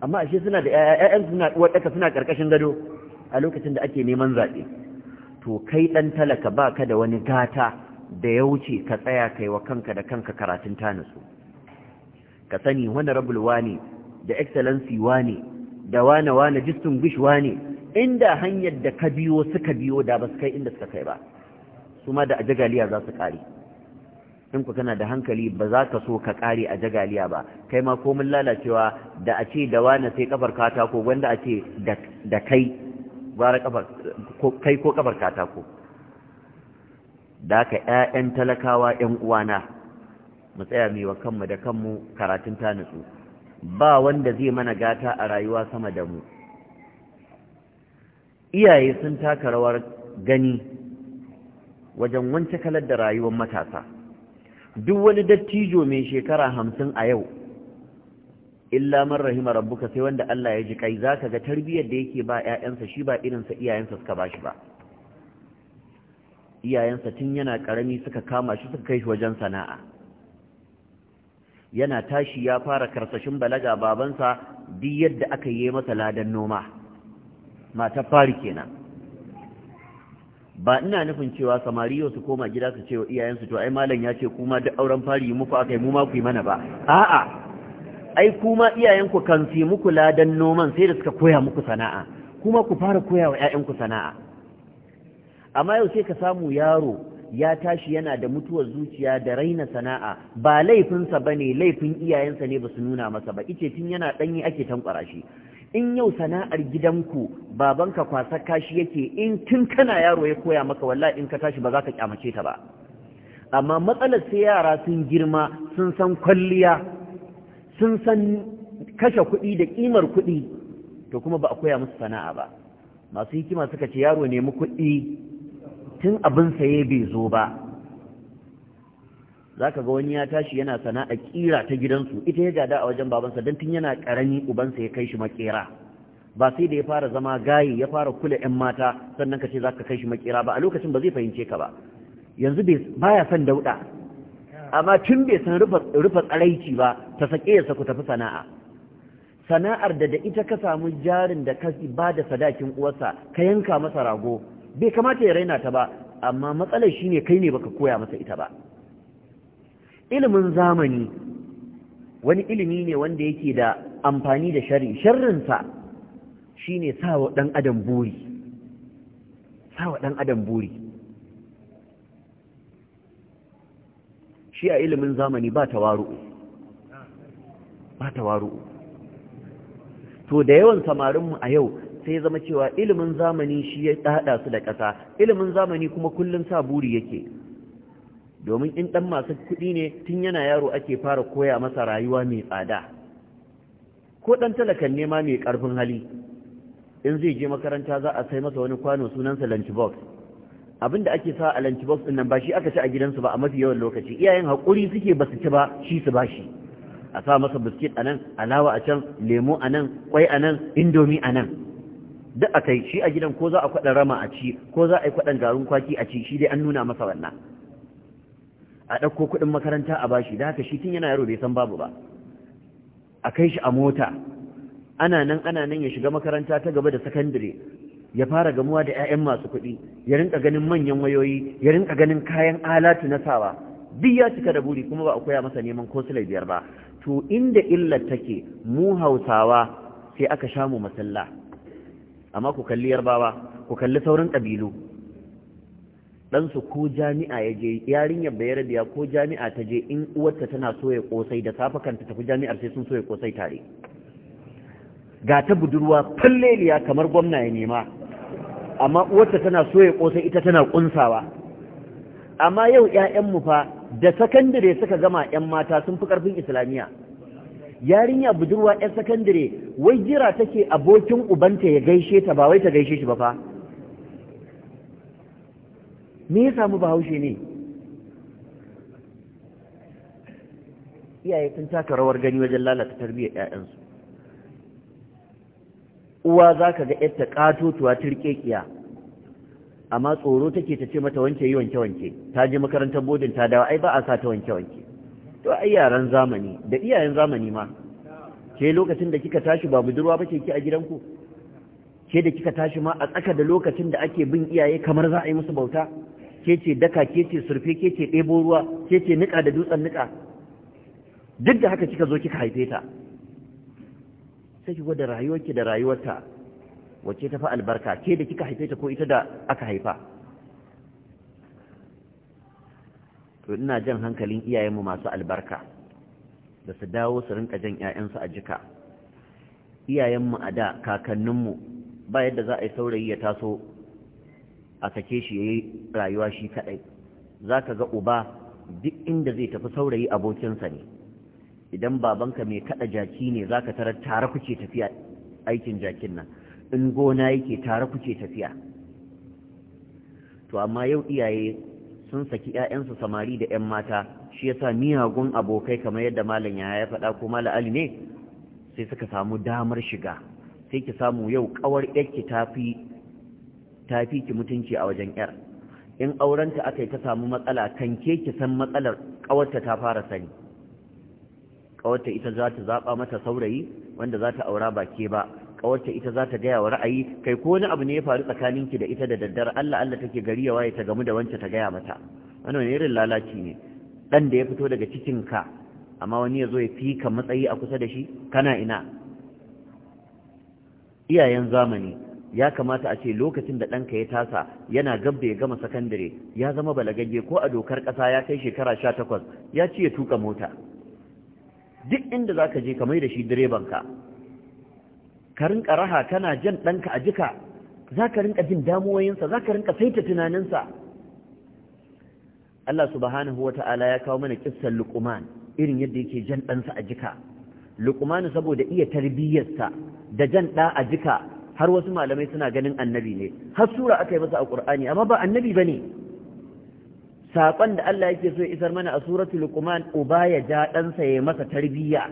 Speaker 4: amma ashe suna da 'ya'ya 'ya'yansu suna uwar suna ƙarƙashin gado a lokacin da ake neman zaɓe to kai ɗan talaka ba ka da wani gata da ya wuce ka tsaya kai wa kanka da kanka karatun tanisu ka sani wani rabul wane da excellency wane da wane wane distinguish wane inda hanyar da ka biyo suka biyo da ba su kai inda suka kai ba su ma da ajagaliya za su kare in ku kana da hankali ba za ka so ka kare a jagaliya ba kai ma komin lalacewa da a ce da wane sai kafar katako wanda a ce da kai gwara kafar kai ko kafar katako da 'ya'yan ƴaƴan talakawa ƴan uwana mu tsaya mu wa kanmu da kanmu karatun ta nutsu ba wanda zai mana gata a rayuwa sama da mu iyaye sun taka rawar gani wajen wance kalar da rayuwar matasa duk wani dattijo mai shekara hamsin a yau illa man rahima rabbuka sai wanda Allah ya ji kai zaka ga tarbiyyar da yake ba ƴaƴansa shi ba irin sa iyayensa suka bashi ba iyayensa tun yana karami suka kama shi suka kai shi wajen sana'a yana tashi ya fara karsashin balaga babansa duk yadda aka yi masa ladan noma mata fari kenan ba ina nufin cewa samari yau su koma gida su ce wa iyayensu to ai malam ya ce kuma duk auren fari yi fa aka yi mu ma ku yi mana ba a'a ai kuma iyayenku kan fi muku ladan noman sai da suka koya muku sana'a kuma ku fara koya wa 'ya'yanku sana'a amma yau sai ka samu yaro ya tashi yana da mutuwar zuciya da raina sana'a ba laifinsa ba ne laifin iyayensa ne ba su nuna masa ba ice tun yana ɗanyi ake tankwara shi in yau sana'ar gidanku babanka kwasa kashi yake in tun kana yaro ya koya maka wallahi in ka tashi ba za ka kyamace ta ba amma matsalar sai yara sun girma sun san kwalliya sun san kashe kuɗi da ƙimar kuɗi to kuma ba a koya musu sana'a ba masu hikima suka ce yaro nemi kuɗi tun abin saye bai zo ba za ka ga wani ya tashi yana sana'a ƙira ta gidansu ita ya gada a wajen babansa don tun yana ƙarami ubansa ya kai shi maƙera. ba sai da ya fara zama gaye ya fara kula 'yan mata sannan ka ce za ka kai shi maƙera ba a lokacin ba zai fahimce ka ba yanzu baya son dauɗa amma tun bai san rufe tsaraici ba ta sake ya saku tafi sana'a sana'ar da da ita ka samu jarin da ka ba da sadakin uwarsa ka yanka masa rago bai kamata ya raina ta ba amma matsalar shine kai ne baka koya masa ita ba ilimin zamani wani ilimi ne wanda yake da amfani da shari sharrinsa shine sawa dan adam buri sawa dan adam buri shi a ilimin zamani ba tawaru'u ba tawaru'u to da yawan samarinmu a yau sai zama cewa ilimin zamani shi ya dada su da ƙasa ilimin zamani kuma kullum sa buri yake domin in ɗan masu kuɗi ne tun yana yaro ake fara koya masa rayuwa mai tsada ko ɗan talakan nema mai ƙarfin hali in zai je makaranta za a sai masa wani kwano sunansa lunchbox abinda ake sa a lunch box din nan ba shi aka ci a gidansu ba a mafi yawan lokaci iyayen hakuri suke ba su ci ba shi su ba shi a sa masa biskit anan alawa a can lemo anan kwai anan indomi anan duk akai shi a gidan ko za a kwaɗa rama a ci ko za a yi kwadan garin kwaki a ci shi dai an nuna masa wannan a ɗauko kuɗin makaranta a bashi da haka shi tun yana yaro bai san babu ba a kai shi a mota ana nan ana nan ya shiga makaranta ta gaba da sakandare ya fara gamuwa da 'ya'yan masu kuɗi ya rinka ganin manyan wayoyi ya rinka ganin kayan alatu na sawa duk ya cika da buri kuma ba a koya masa neman ko su biyar ba to inda illar take mu hausawa sai aka sha mu masalla amma ku kalli yarbawa ku kalli sauran ƙabilu ɗansu ko jami'a ya je yarinyar bayarabiya ko jami'a ta je in uwarta tana soya ya ƙosai da safa kanta tafi jami'ar sai sun soya ya ƙosai tare ga ta budurwa falleliya kamar gwamna ya nema amma uwarta tana soya ƙosai, ita tana kunsawa amma yau 'ya'yanmu fa da sakandare suka gama 'yan mata sun fi ƙarfin islamiyya yarinya budurwa 'yan sakandare wai jira take abokin ubanta ya gaishe ta ba wai ta gaishe shi ba fa me ya samu bahaushe ne iyaye sun taka rawar gani wajen lalata tarbiyyar 'ya'yansu. uwa za ka ga yadda katotuwa turkekiya amma tsoro take ta ce mata wanke yi wanke-wanke ta ji makarantar bodin ta dawa ai ba a sa ta wanke-wanke to ai yaran zamani da iyayen zamani ma ke lokacin da kika tashi ba budurwa ba ke ki a gidanku ke da kika tashi ma a tsaka da lokacin da ake bin iyaye kamar za a yi musu bauta ke ce daka ke ce surfe ke ce ɗebo ruwa ke ce niƙa da dutsen niƙa duk da haka kika zo kika haife ta sai ki gwada rayuwarki da rayuwarta wacce ta fi albarka ke da kika haife ta ko ita da aka haifa to ina jan hankalin iyayenmu masu albarka da su dawo su rinka jan 'ya'yansu a jika iyayenmu a da kakanninmu ba yadda za a yi saurayi ya taso a sake shi ya yi rayuwa shi kaɗai za ka ga uba duk inda zai tafi saurayi abokinsa ne idan babanka mai kada jaki ne za ka tarar tare kuce tafiya aikin jakin nan in gona yake tare kuce tafiya to amma yau iyaye sun saki ƴaƴansu samari da 'yan mata shi yasa miyagun abokai kamar yadda malam yaya ya faɗa ko malam Ali ne sai suka samu damar shiga sai ki samu yau kawar ƴarki tafi tafi ki mutunci a wajen ƴar in aurenta aka ta samu matsala kan ke ki san matsalar ƙawarta ta fara sani kawarta ita za ta zaɓa mata saurayi wanda za ta aura ba ke ba kawarta ita za ta gaya wa ra'ayi kai ko wani abu ne ya faru ki da ita da daddar Allah Allah take gari ya waye ta gamu da wancan ta gaya mata wannan irin lalaci ne dan da ya fito daga cikin ka amma wani ya zo ya fi ka matsayi a kusa da shi kana ina iyayen zamani ya kamata a ce lokacin da ɗanka ya tasa yana gab da ya gama sakandare ya zama balagagge ko a dokar ƙasa ya kai shekara sha takwas ya ci ya tuka mota duk inda za ka je ka mai da shi direbanka ka rinka raha kana jan ɗanka a jika za ka rinka jin damuwayinsa za ka rinka saita tunaninsa Allah subhanahu wata'ala ya kawo mana kissan luqman irin yadda yake jan ɗansa a jika luqman saboda iya tarbiyyarsa da jan ɗa a jika har wasu malamai suna ganin annabi ne har sura aka yi masa a ƙur'ani amma ba annabi ba ne saƙon da Allah yake so isar mana a suratul luqman uba ya ja ɗansa ya masa tarbiyya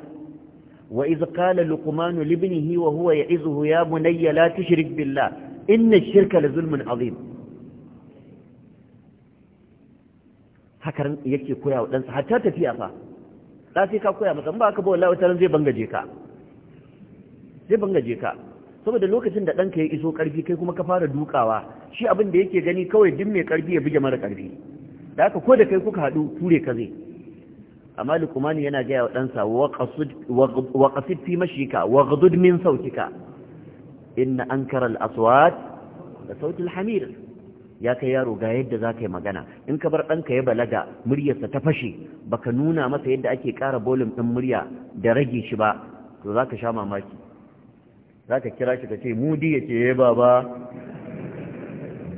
Speaker 4: wa iz qala luqman li ibnihi wa huwa ya'izuhu ya bunayya la tushrik billah inna ash-shirka la zulmun azim haka yake koya wa ɗansa hatta tafiya fa da sai ka koya masa ba ka ba wallahi wata zai bangaje ka zai bangaje ka saboda lokacin da ɗanka ya iso ƙarfi kai kuma ka fara dukawa shi abin da yake gani kawai duk mai ƙarfi ya buge mara ƙarfi da haka ko da kai kuka haɗu ture ka zai amma lukumani yana gaya wa ɗansa wa ƙasid fi mashika wa gudud min sautika inna an karar aswad da sautin hamir ya kai yaro ga yadda za ka yi magana in ka bar ɗanka ya balaga muryarsa ta fashe baka nuna masa yadda ake ƙara bolin ɗin murya da rage shi ba to za ka sha mamaki za ka kira shi ka ce mudi ya ce eh, baba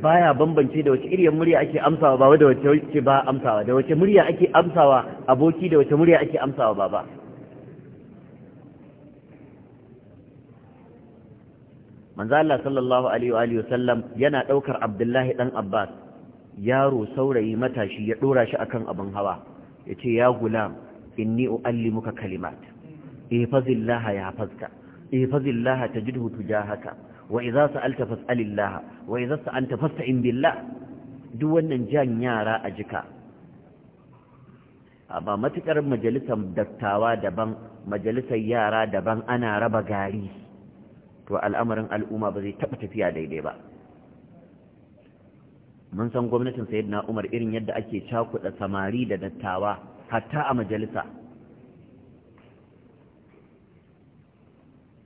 Speaker 4: baya bambance da wace iriyar murya ake amsawa baba da wace wace ba amsawa da wace murya ake amsawa aboki da wace murya ake amsawa baba manzo Allah sallallahu alaihi wa alihi yana daukar Abdullahi dan Abbas yaro saurayi matashi ya dora shi akan abin hawa yace ya gulam inni uallimuka kalimat ihfazillaha yahfazka ihfazillaha tajidhu tujahaka wa idza sa'alta fas'alillah wa idza sa'anta fasta'in billah duk wannan jan yara a jika amma matukar majalisan dattawa daban majalisar yara daban ana raba gari to al'amarin al'umma ba zai taɓa tafiya daidai ba mun san gwamnatin sayyidina umar irin yadda ake cakuɗa samari da dattawa hatta a majalisa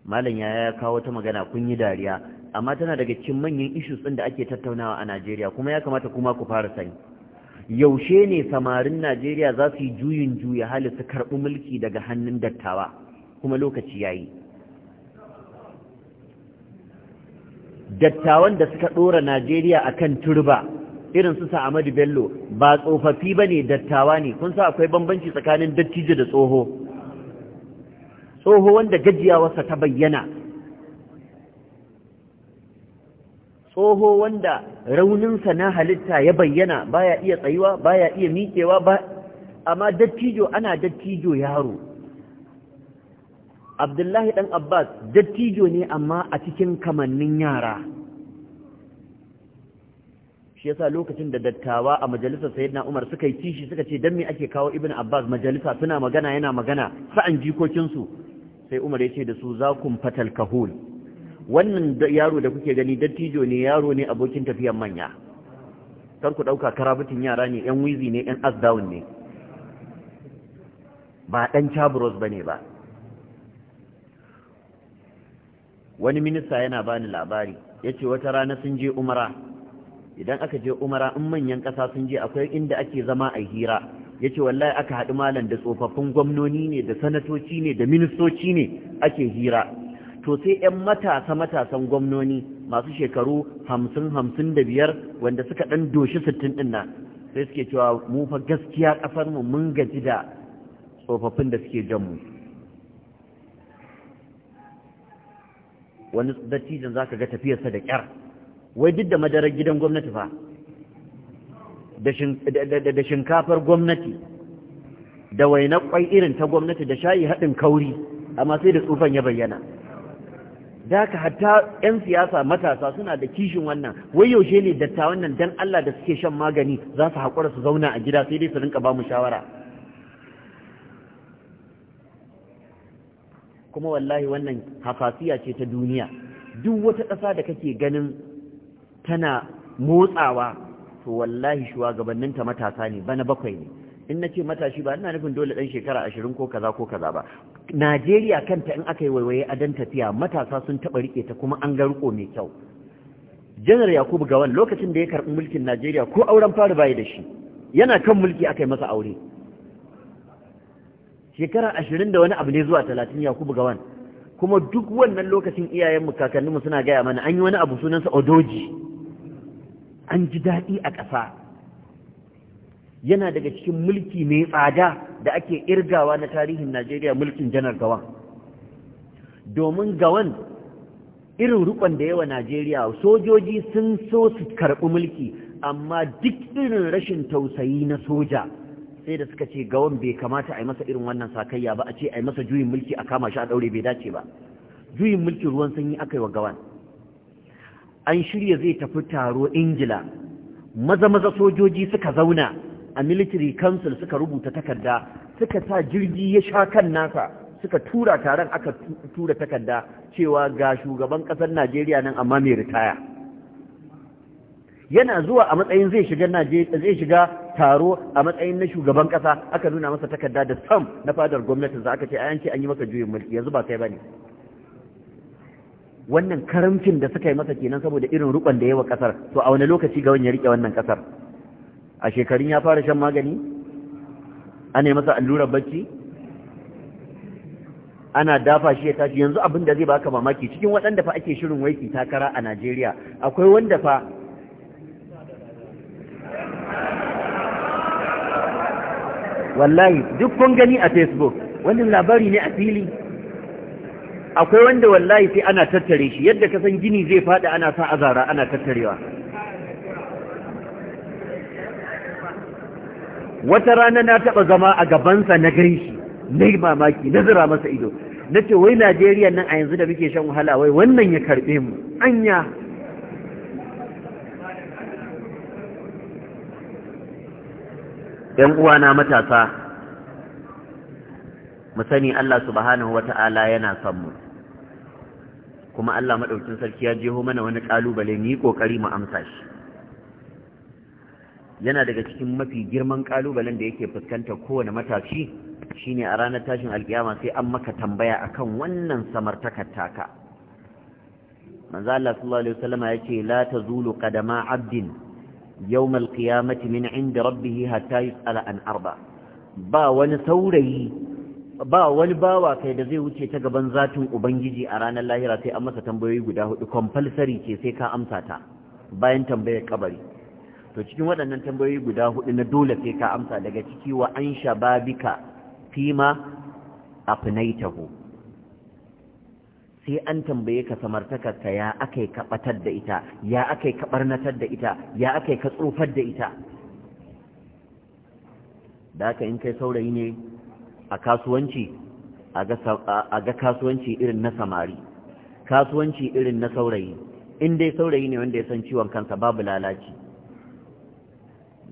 Speaker 4: malam ya ya kawo wata magana kun yi dariya amma tana daga cikin manyan issues ɗin da ake tattaunawa a Najeriya kuma ya kamata kuma ku fara sani yaushe ne samarin Najeriya za su yi juyin juya hali su karɓi mulki daga hannun dattawa kuma lokaci yayi dattawan da suka ɗora Najeriya a kan turba irin su sa Ahmadu Bello ba tsofaffi bane dattawa ne kun sa akwai bambanci tsakanin dattijo da tsoho tsoho wanda gajiyawarsa ta bayyana tsoho wanda rauninsa na halitta ya bayyana baya iya tsayuwa baya iya miƙewa ba amma dattijo ana dattijo yaro abdullahi ɗan abbas dattijo ne amma a cikin kamannin yara shi yasa lokacin da dattawa a majalisar sayyidina Umar suka yi kishi suka ce dan me ake kawo Ibn Abbas majalisa suna magana yana magana sa'an jikokin su sai umar ya ce da su za ku fatal kahul wannan yaro da kuke gani dattijo ne yaro ne abokin tafiyan manya kar ku ɗauka karabitin yara ne yan wizi ne yan asdawun ne ba ɗan cabros ba ne ba wani minista yana bani labari ya ce wata rana sun je umara idan aka je umara in manyan ƙasa sun je akwai inda ake zama a hira ya ce wallahi aka haɗu malam da tsofaffin gwamnoni ne da sanatoci ne da ministoci ne ake hira to sai 'yan matasa matasan gwamnoni masu shekaru hamsin hamsin da biyar wanda suka ɗan doshi sittin ɗin sai suke cewa mu fa gaskiya ƙasar mu mun gaji da tsofaffin da suke jan mu wani dattijan za ka ga tafiyarsa da ƙyar wai duk da madarar gidan gwamnati fa da shinkafar gwamnati da wainar kwai irin ta gwamnati da shayi haɗin kauri amma sai da tsufan ya bayyana da ka hatta 'yan siyasa matasa suna da kishin wannan wai yaushe ne dattawan nan don Allah da suke shan magani za su haƙura su zauna a gida sai dai su rinka ba mu shawara kuma wallahi wannan hafasiya ce ta duniya duk wata ƙasa da kake ganin tana motsawa to wallahi shugabanninta matasa ne bana bakwai ne in na ce matashi ba ina nufin dole ɗan shekara ashirin ko kaza ko kaza ba najeriya kanta in aka yi waiwaye a dan tafiya matasa sun taɓa riƙe ta kuma an ga riƙo mai kyau janar yakubu gawan lokacin da ya karɓi mulkin najeriya ko auren fari bayi da shi yana kan mulki aka yi masa aure shekara ashirin da wani abu ne zuwa talatin yakubu gawan kuma duk wannan lokacin iyayenmu kakanninmu suna gaya mana an yi wani abu sunansa odoji an ji daɗi a ƙasa yana daga cikin mulki mai tsada da ake irgawa na tarihin najeriya mulkin janar gawan domin gawan irin rukon da yawa najeriya sojoji sun so su karɓi mulki amma duk irin rashin tausayi na soja sai da suka ce gawan bai kamata a yi masa irin wannan sakayya ba a ce a yi masa juyin mulki a kama shi a ɗaure bai dace ba juyin mulkin ruwan sanyi aka yi wa gawan an shirya zai tafi taro ingila maza-maza sojoji suka zauna a military council suka rubuta takarda suka sa jirgi ya sha kan nasa suka tura taron aka tura takarda cewa ga shugaban ƙasar najeriya nan amma mai ritaya yana zuwa a matsayin zai shiga taro a matsayin na shugaban ƙasa aka nuna masa takarda da sam na fadar gwamnatin za aka ce yanci an yi maka juyin mulki yanzu ba kai bane wannan karamcin da suka yi masa kenan saboda irin rukon da yawa kasar to a wani lokaci ga wani ya rike wannan kasar a shekarun ya fara shan magani ana masa allurar bacci ana dafa shi ya tashi yanzu abin da zai baka mamaki cikin waɗanda fa ake shirin waiki takara a Najeriya akwai wanda fa wallahi duk kun gani a Facebook wannan labari ne a fili akwai wanda wallahi sai ana tattare shi yadda ka san gini zai faɗi ana sa azara ana tattarewa wata rana na taba zama a gabansa na gan shi na mamaki na masa ido na ce wai najeriya nan a yanzu da muke shan wahala wai wannan ya karɓe mu anya ‘yan uwana matasa mu sani Allah subhanahu wa yana son mu kuma Allah maɗaukin sarki ya jeho mana wani ƙalubale mu yi ƙoƙari mu amsa shi yana daga cikin mafi girman ƙalubalen da yake fuskanta kowane matashi shine a ranar tashin alƙiyama sai an maka tambaya akan wannan samartakar taka manzo Allah sallallahu alaihi wasallam yace la tazulu qadama abdin yawm alqiyamati min inda rabbih hatta yus'ala an arba ba wani saurayi ba wani bawa kai da zai wuce ta gaban zatin ubangiji a ranar lahira sai an masa tambayoyi guda hudu compulsory ce sai ka amsa ta bayan tambayar kabari to cikin waɗannan tambayoyi guda hudu na dole sai ka amsa daga ciki wa an shababika fima afnaitahu sai an tambaye ka ta ya akai ka da ita ya akai ka da ita ya akai ka tsofar da ita da haka in kai saurayi ne a kasuwanci a ga kasuwanci irin na samari kasuwanci irin na saurayi in dai saurayi ne wanda ya san ciwon kansa babu lalaci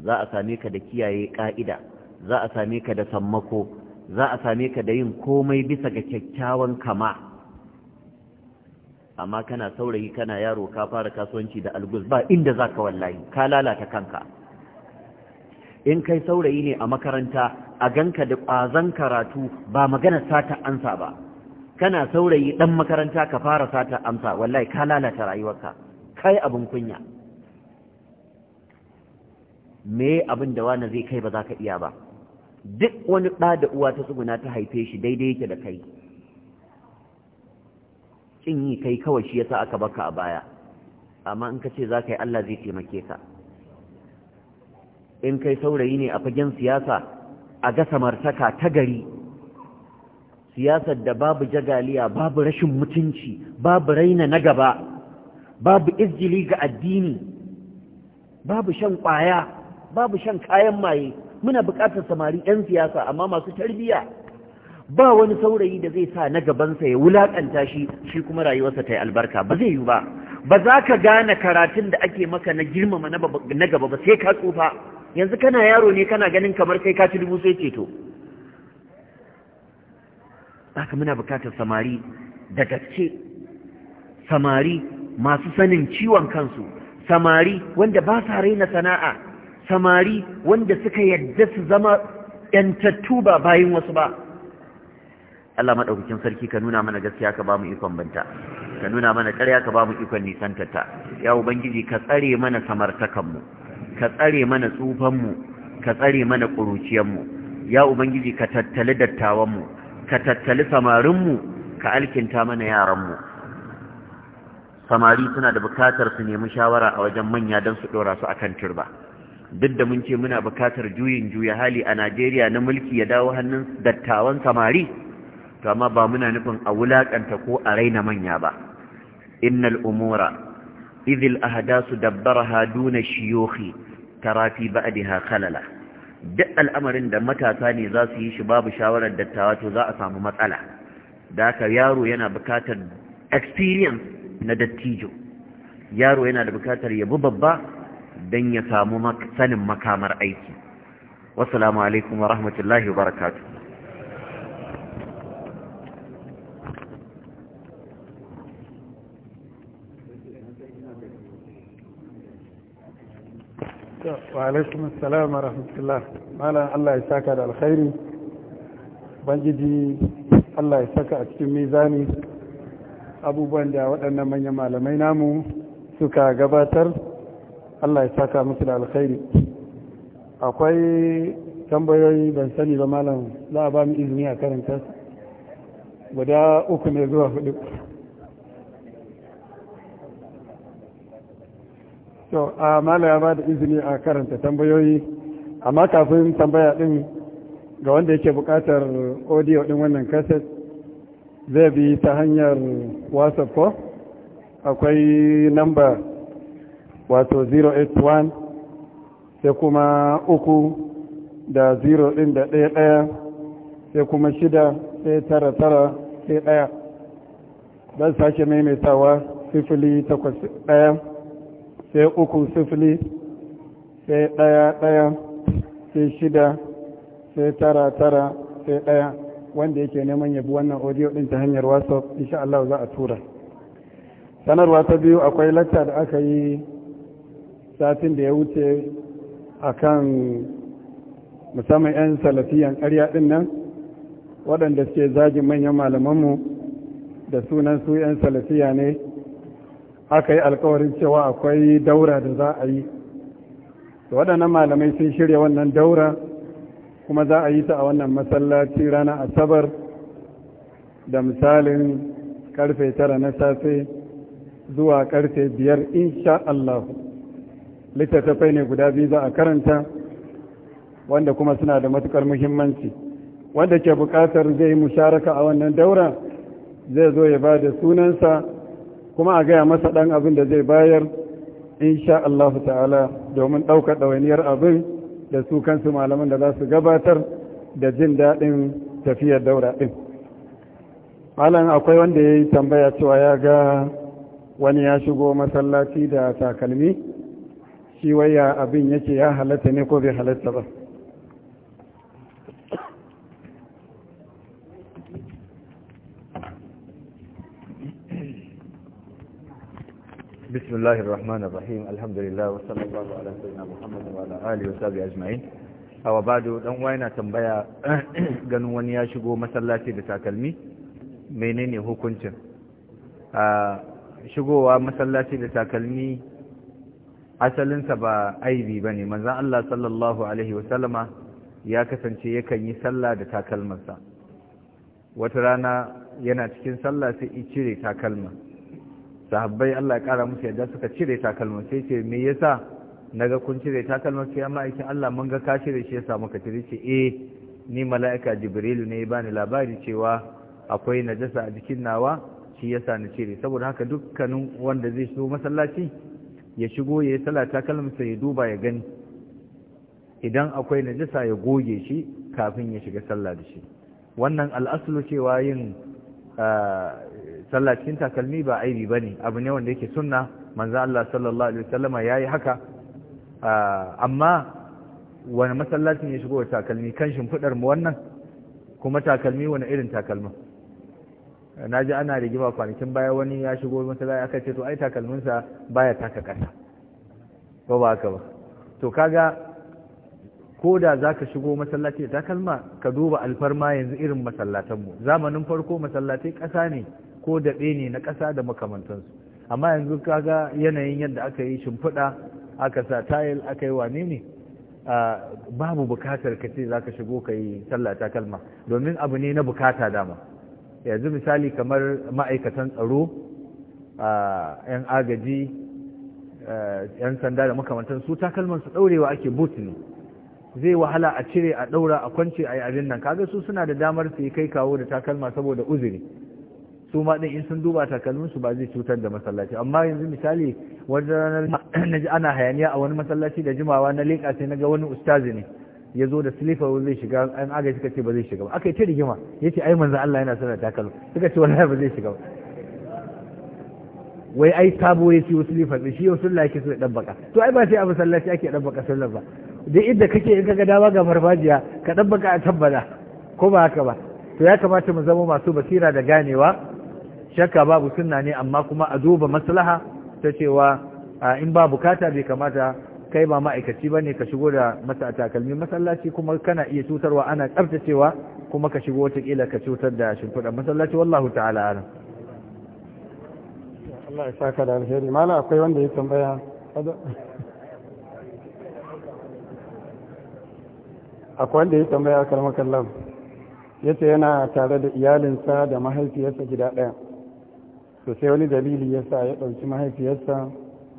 Speaker 4: za a same ka da kiyaye ka'ida za a same ka da sammako za a same ka da yin komai bisa ga kyakkyawan kama amma kana saurayi kana yaro ka fara kasuwanci da alguz ba inda za ka wallahi ka lalata kanka in kai saurayi ne a makaranta a ganka da ƙwazon karatu ba magana sata amsa ba kana saurayi ɗan makaranta ka fara sata amsa wallahi ka lalata rayuwarka kai abin kunya me abin da wani zai kai ba za ka iya ba duk wani ɗa da uwa ta tsuguna ta haife shi daidai yake da kai kin yi kai kawai shi ya sa aka baka a baya amma in ka ce za ka yi Allah zai taimake ka in kai saurayi ne a fagen siyasa a ga samartaka ta gari siyasar da babu jagaliya babu rashin mutunci babu raina na gaba babu izjili ga addini babu shan kwaya babu shan kayan maye muna buƙatar samari 'yan siyasa amma masu tarbiyya ba wani saurayi da zai sa na gabansa ya wulaƙanta shi shi kuma rayuwarsa ta yi albarka ba zai yi ba ba za ka gane karatun da ake maka na girmama na gaba ba sai ka tsufa yanzu kana yaro ne kana ganin kamar kai kaci dubu sai ceto haka muna bukatar samari da gaske samari masu sanin ciwon kansu samari wanda ba sa raina sana'a samari wanda suka yadda su zama yantattu ba bayan wasu ba Allah maɗaukakin sarki ka nuna mana gaskiya ka ba mu ikon banta ka nuna mana ƙarya ka ba mu ikon nisantarta ya ubangiji ka tsare mana samartakanmu ka tsare mana tsufanmu ka tsare mana ƙuruciyarmu ya ubangiji ka tattali dattawanmu ka tattali samarinmu ka alkinta mana yaranmu samari suna da bukatar su nemi shawara a wajen manya don su ɗora su akan turba duk da mun ce muna bukatar juyin juya hali a najeriya na mulki ya dawo hannun dattawan samari to amma ba muna nufin a wulaƙanta ko a raina manya ba innal umura idil ahdasu dabbaraha duna shiyukhi tara fi ba'daha khalala duk al'amarin da matasa ne za su yi shi babu shawarar dattawa to za a samu matsala da haka yaro yana bukatar experience na dattijo yaro yana da bukatar bi babba don ya samu sanin makamar aiki wasu alaikum wa rahmatullahi wa barakatuh
Speaker 2: wa alaikum assalam wa rahmatullah malam Allah ya saka da alkhairi bangiji Allah ya saka a cikin mizani abubuwan da waɗannan manyan malamai namu suka gabatar Allah ya saka musu da alkhairi akwai tambayoyi ban sani ba malam za a ba mu izini a karanta guda uku ne zuwa hudu to a mala ya ba da izini a karanta tambayoyi amma kafin tambaya din ga wanda yake bukatar audio din wannan kaset zai bi ta hanyar whatsapp ko akwai namba wato 081 sai kuma uku da 0 din da ɗaya ɗaya sai kuma shida sai tara tara sai ɗaya don sake maimaitawa sifili takwas ɗaya sai uku sifili sai ɗaya ɗaya sai shida sai tara tara sai ɗaya wanda yake neman yabi wannan audio ɗin ta hanyar whatsapp insha Allah za a tura sanarwa ta biyu akwai lacca da aka yi satin da ya wuce akan musamman 'yan salafiyan ƙarya ɗin nan waɗanda suke zagin manyan malamanmu da sunan su 'yan salafiya ne aka yi alkawarin cewa akwai daura da za a yi waɗannan malamai sun shirya wannan daura kuma za a yi ta a wannan masallaci ranar asabar da misalin karfe tara na safe zuwa karfe biyar insha Allah littattafai ne guda biyu za a karanta wanda kuma suna da matukar muhimmanci wanda ke bukatar zai yi musharaka a wannan daura zai zo ya ba da sunansa kuma a gaya masa ɗan abin da zai bayar insha Allah ta'ala domin ɗauka ɗawainiyar abin da su kansu malaman da za su gabatar da jin daɗin tafiyar daura ɗin malam akwai wanda ya yi tambaya cewa ya ga wani ya shigo masallaci da takalmi shi waya abin yake ya halatta ne ko bai halatta ba الله الرحمن الرحيم الحمد لله وصلى
Speaker 1: dan waina tambaya ganin wani ya shigo masallaci da takalmi hukuncin a shigowa masallaci da takalmi asalinsa ba aibi bane manzon Allah sallallahu alaihi wasallama ya kasance yakan yi sallah da takalmansa wata rana yana cikin sallah sai i cire takalman sahabbai Allah ya kara musu yadda suka cire takalma sai ce me yasa naga kun cire takalma sai amma aikin Allah mun ga ka cire shi yasa muka cire shi eh ni mala'ika jibril ne ya bani labari cewa akwai najasa a jikin nawa shi yasa na cire saboda haka dukkanin wanda zai shigo masallaci ya shigo ya yi sallah sai ya duba ya gani idan akwai najasa ya goge shi kafin ya shiga sallah da shi wannan al'aslu cewa yin ah, sallah cikin takalmi ba aibi ba ne abu ne wanda yake sunna manzan Allah sallallahu alaihi wasallama yi haka ah, amma wani masallacin ya shigo takalmi kan shimfiɗar mu wannan kuma takalmi wani irin takalma? na ji ana rigima kwanakin baya wani ya shigo masallaci aka ce to ai takalminsa baya taka kasa ba ba haka ba to kaga ko da za ka shigo masallaci da takalma ka duba alfarma yanzu irin masallatanmu zamanin farko masallatai ƙasa ne ko daɓe ne na ƙasa da makamantansu amma yanzu kaga yanayin yadda aka yi shimfiɗa aka sa tayil aka yi wane ne babu bukatar ka ce za ka shigo ka yi sallah ta kalma domin abu ne na bukata dama yanzu misali kamar ma'aikatan tsaro yan agaji yan sanda da makamantan su takalman su ɗaurewa ake boot ne zai wahala a cire a ɗaura a kwance a yi abin nan kaga su suna da damar su yi kai kawo da takalma saboda uzuri su ma ɗin in sun duba takalminsu ba zai cutar da masallaci amma yanzu misali wajen ranar na ji ana hayaniya a wani masallaci da jimawa na leƙa sai na ga wani ustazi ne ya zo da silifa zai shiga an aga suka ce ba zai shiga ba aka yi ta rigima ya ce ai manzan Allah yana sanar takalmi suka ce wani ba zai shiga ba wai ai sabo ya siyo silifar ɗin shi yau sun yake su ya ɗabbaka to ai ba sai a masallaci ake ɗabbaka sallar ba duk inda kake in kaga dama ga farfajiya ka ɗabbaka a tabbata ko ba haka ba to ya kamata mu zama masu basira da ganewa shakka babu sunna ne amma kuma a duba maslaha ta cewa in ba bukata bai kamata kai ba ma'aikaci ba ne ka shigo da masa a takalmi masallaci kuma kana iya cutarwa ana tsaftacewa kuma ka shigo watakila ka cutar
Speaker 2: da shimfiɗar masallaci wallahu ta'ala alam Allah ya saka da alheri mala akwai wanda ya tambaya akwai wanda ya tambaya a kalmar kallon yace yana tare da iyalinsa da mahaifiyarsa gida ɗaya to sai wani dalili ya sa ya ɗauki mahaifiyarsa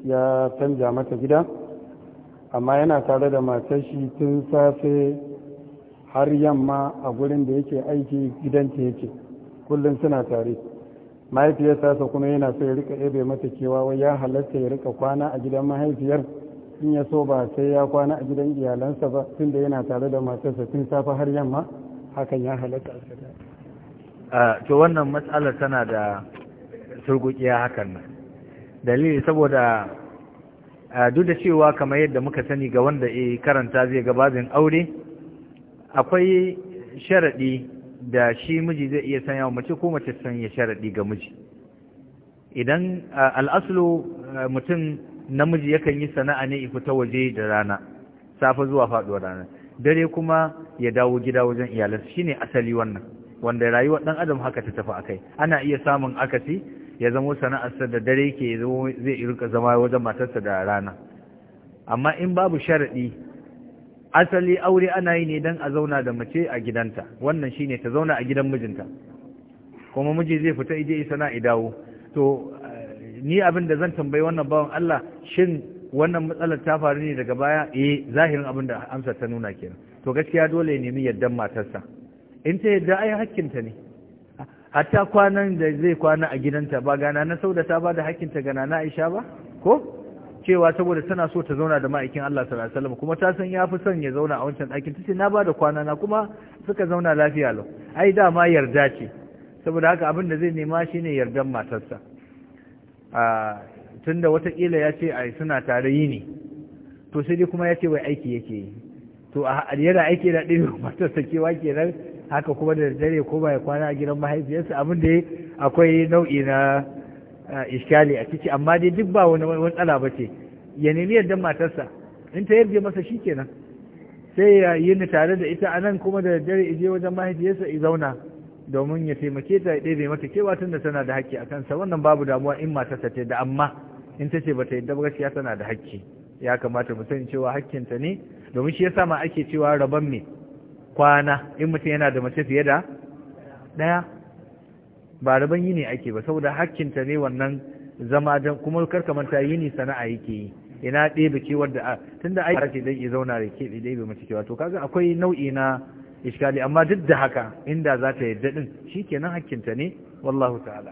Speaker 2: ya canja mata gida amma yana tare da matar shi tun safe har yamma a gurin da yake aiki gidanta yake kullum suna tare mahaifiyarsa sa kuma yana so ya rika ebe mata kewa wai ya halatta ya rika kwana a gidan mahaifiyar in ya so ba sai ya kwana a gidan iyalansa ba tun da yana tare da matarsa tun safe har yamma hakan ya halatta
Speaker 1: a to wannan matsalar tana da turgukiya hakan nan dalili saboda duk da cewa kamar yadda muka sani ga wanda e karanta zai gabazin aure akwai sharaɗi da shi miji zai iya sanya mace ko mace sanya sharaɗi ga miji idan al'asulu mutum namiji yakan yi sana'a ne fita waje da rana safe zuwa faɗuwar rana dare kuma ya dawo gida wajen iyalansa shine asali wannan wanda rayuwar ɗan adam haka ta tafi akai ana iya samun akasi ya zamo sana'arsa da dare ke zai irka zama wajen matarsa da rana amma in babu sharaɗi asali aure ana yi ne don a zauna da mace a gidanta wannan ne ta zauna a gidan mijinta kuma miji zai fita ije na dawo to ni abin da zan tambayi wannan bawan Allah shin wannan matsalar ta faru ne daga baya eh zahirin abin da amsa ta nuna kenan to gaskiya dole ne nemi yaddan matarsa in ta yadda ai hakkinta ne hatta kwanan da zai kwana a gidanta ba gana na sauda ta ba da hakinta gana na aisha ba ko cewa saboda tana so ta zauna da ma'aikin Allah sallallahu kuma ta san ya fi son ya zauna a wancan ɗakin tace na ba da kwana na kuma suka zauna lafiya lau ai da ma yarda ce saboda haka abin da zai nema shine yardan matarsa a tunda watakila ya ce ai suna tare yi ne to sai dai kuma ya ce wai aiki yake yi to a yana aiki da ɗin matarsa kewa kenan haka kuma da dare ko ba ya kwana a gidan mahaifiyarsa abin da akwai nau'i na iskali a ciki amma dai duk ba wani matsala ba ce ya nemi yadda matarsa in ta yarda masa shi kenan sai ya yi ni tare da ita anan kuma da dare je wajen mahaifiyarsa ya zauna domin ya taimake ta ya ɗebe mata kewa tun da tana da haƙƙi a kansa wannan babu damuwa in matarsa ta da amma in ta ce ba ta yadda ba gaskiya tana da haƙƙi. ya kamata mu sani cewa haƙƙinta ne domin shi yasa ma ake cewa rabon me kwana in mutum yana da mace fiye da ɗaya ba rabon yini ake ba saboda hakkinta ne wannan zama don kuma karka manta ne sana'a yake yi ina ɗebe kewar da tunda da harake dan ya zauna da keɓe ɗebe mace kewa to kaga akwai nau'i na iskali amma duk da haka inda za ta yadda ɗin shi kenan hakkinta ne wallahu ta'ala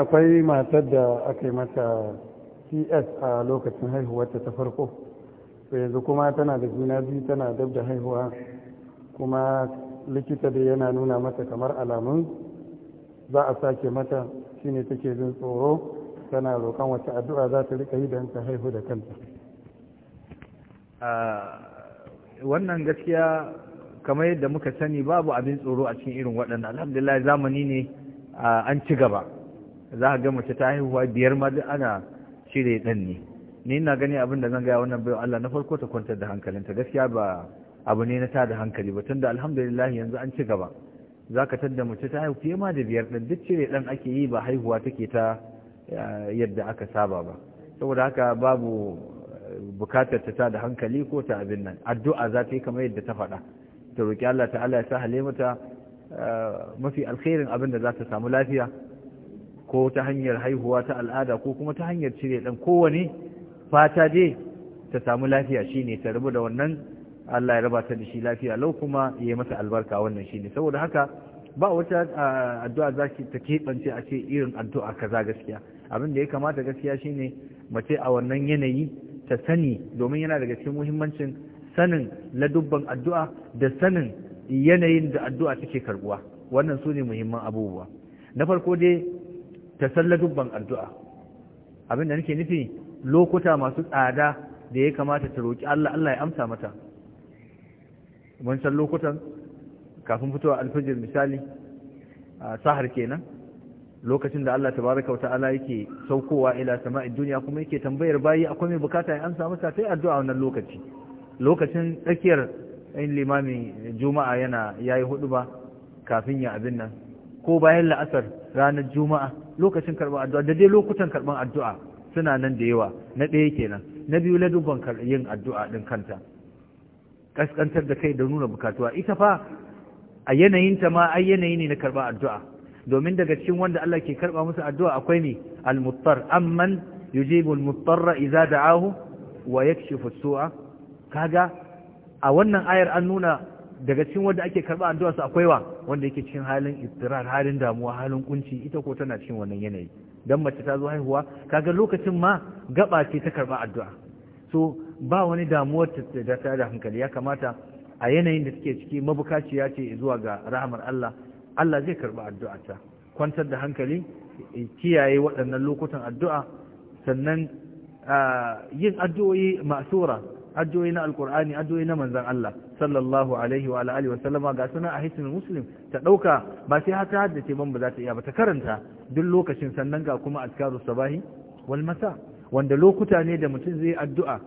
Speaker 2: akwai matar da aka yi mata cs a lokacin haihuwarta ta farko to yanzu kuma tana da juna biyu tana dab da haihuwa kuma likita da yana nuna mata kamar alamun za a sake mata shi ne take jin tsoro tana roƙon wata addu'a za ta rika yi don ta haihu da kanta
Speaker 1: wannan gaskiya kamar yadda muka sani babu abin tsoro a cikin irin waɗannan alhamdulillah zamani ne an ci gaba za a ga mace ta haihuwa biyar ma ana cire ɗan ne ni na gani abin da zan gaya wannan bayan Allah na farko ta kwantar da hankalinta gaskiya ba abu ne na tada hankali ba tunda alhamdulillah yanzu an ci gaba zaka tadda mace ta haihu fiye ma da biyar ɗin duk cire ɗan ake yi ba haihuwa take ta yadda aka saba ba saboda haka babu eh, bukatar ta tada hankali ko ta abin nan addu'a za ta yi kamar yadda ta faɗa ta roƙi Allah ta'ala ya sa mata eh, mafi alkhairin abin da za ta samu lafiya ko ta hanyar haihuwa ta al'ada ko kuma ta hanyar cire ɗan kowane fata dai ta samu lafiya shine ta rabu da wannan Allah ya rabata ta da shi lafiya lau kuma ya yi masa albarka wannan shine saboda haka ba wata addu'a za ta keɓance a ce irin addu'a kaza gaskiya abin da ya kamata gaskiya shine mace a wannan yanayi ta sani domin yana daga cikin muhimmancin sanin ladubban addu'a da sanin yanayin da addu'a take karbuwa wannan su ne muhimman abubuwa na farko dai ta san ladubban addu'a abin da nake nufi lokuta masu tsada da ya kamata ta roƙi Allah Allah ya amsa mata wancan lokutan kafin fitowa alfajir misali a sahar kenan lokacin da Allah tabaraka wa ta'ala yake saukowa ila sama'id duniya kuma yake tambayar bayi akwai mai bukata ya amsa mata sai addu'a wannan lokaci lokacin tsakiyar in limami juma'a yana yayi hudu ba kafin ya abin nan ko bayan la'asar ranar juma'a lokacin karɓar addu'a da dai lokutan karɓar addu'a suna nan da yawa na ɗaya kenan na biyu dubban yin addu'a ɗin kanta ƙasƙantar da kai da nuna bukatuwa ita fa a yanayinta ma ai yanayi ne na karɓa addu'a domin daga cikin wanda Allah ke karɓa musu addu'a akwai ne al-muttar amman yujibu al muttar idza da'ahu wa yakshifu as-su'a kaga a wannan ayar an nuna daga cikin wanda ake karɓa addu'a su akwai wa wanda yake cikin halin istirar halin damuwa halin kunci ita ko tana cikin wannan yanayi dan mace ta zo haihuwa kaga lokacin ma gaba ce ta karba addu'a so ba wani damuwar da ta da hankali ya kamata a yanayin da suke ciki mabukaciya ce zuwa ga rahamar Allah Allah zai karba addu'a ta kwantar da hankali kiyaye waɗannan lokutan addu'a sannan yin addu'o'i masura addu'o'i na alkur'ani addu'o'i na manzan Allah sallallahu alaihi wa alihi wa sallama ga sunan a hisnul muslim ta dauka ba sai har ta haddace man ba za ta iya ba ta karanta duk lokacin sannan ga kuma azkaru sabahi wal masa wanda lokuta ne da mutum zai addu'a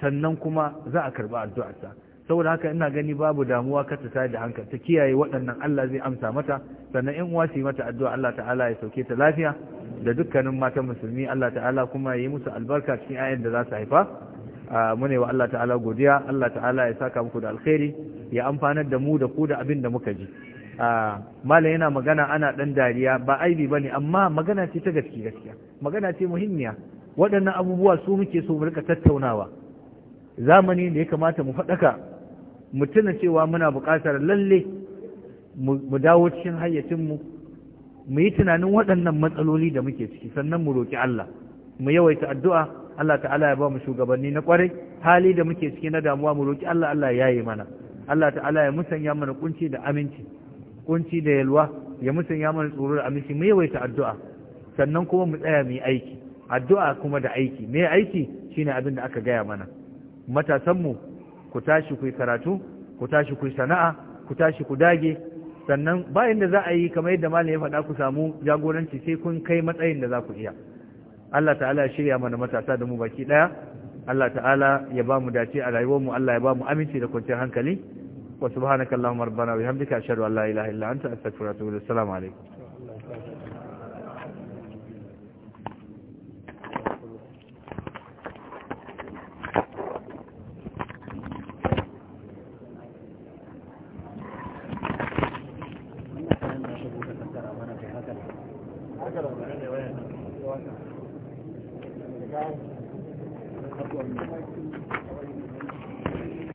Speaker 1: sannan kuma za a karba addu'arsa saboda haka ina gani babu damuwa ka ta da hankali ta kiyaye waɗannan Allah zai amsa mata sannan in uwa su mata addu'a Allah ta'ala ya sauke ta lafiya da dukkanin matan musulmi Allah ta'ala kuma ya yi musu albarka cikin 'ya'yan da za su haifa mune wa Allah ta'ala godiya Allah ta'ala ya saka muku da alkhairi ya amfanar da mu da ku da abin da muka ji malam yana magana ana dan dariya ba aibi bane amma magana ce ta gaske gaskiya magana ce muhimmiya waɗannan abubuwa su muke so mu rika tattaunawa zamani da ya kamata mu faɗaka mu tuna cewa muna buƙatar lalle mu dawo cikin hayyacin mu yi tunanin waɗannan matsaloli da muke ciki sannan mu roki Allah mu yawaita addu'a Allah ta'ala ya ba mu shugabanni na kwarai hali da muke ciki na damuwa mu roki Allah Allah ya yi mana Allah ta'ala ya musanya mana kunci da aminci kunci da yalwa ya musanya mana tsoro da aminci mu yi yawaita addu'a sannan kuma mu tsaya mu yi aiki addu'a kuma da aiki me aiki shine abin da aka gaya mana matasan mu ku tashi ku karatu ku tashi ku sana'a ku tashi ku dage sannan bayan da za a yi kamar yadda malam ya faɗa ku samu jagoranci sai kun kai matsayin da za ku iya Allah ta'ala ya shirya mana matasa da mu baki daya Allah ta'ala ya ba mu dace a rayuwar mu Allah ya ba mu aminci da kwanciyar hankali wa subhanakallahumma rabbana wa bihamdika ashhadu an la ilaha illa anta astaghfiruka wa atubu ilaik assalamu alaikum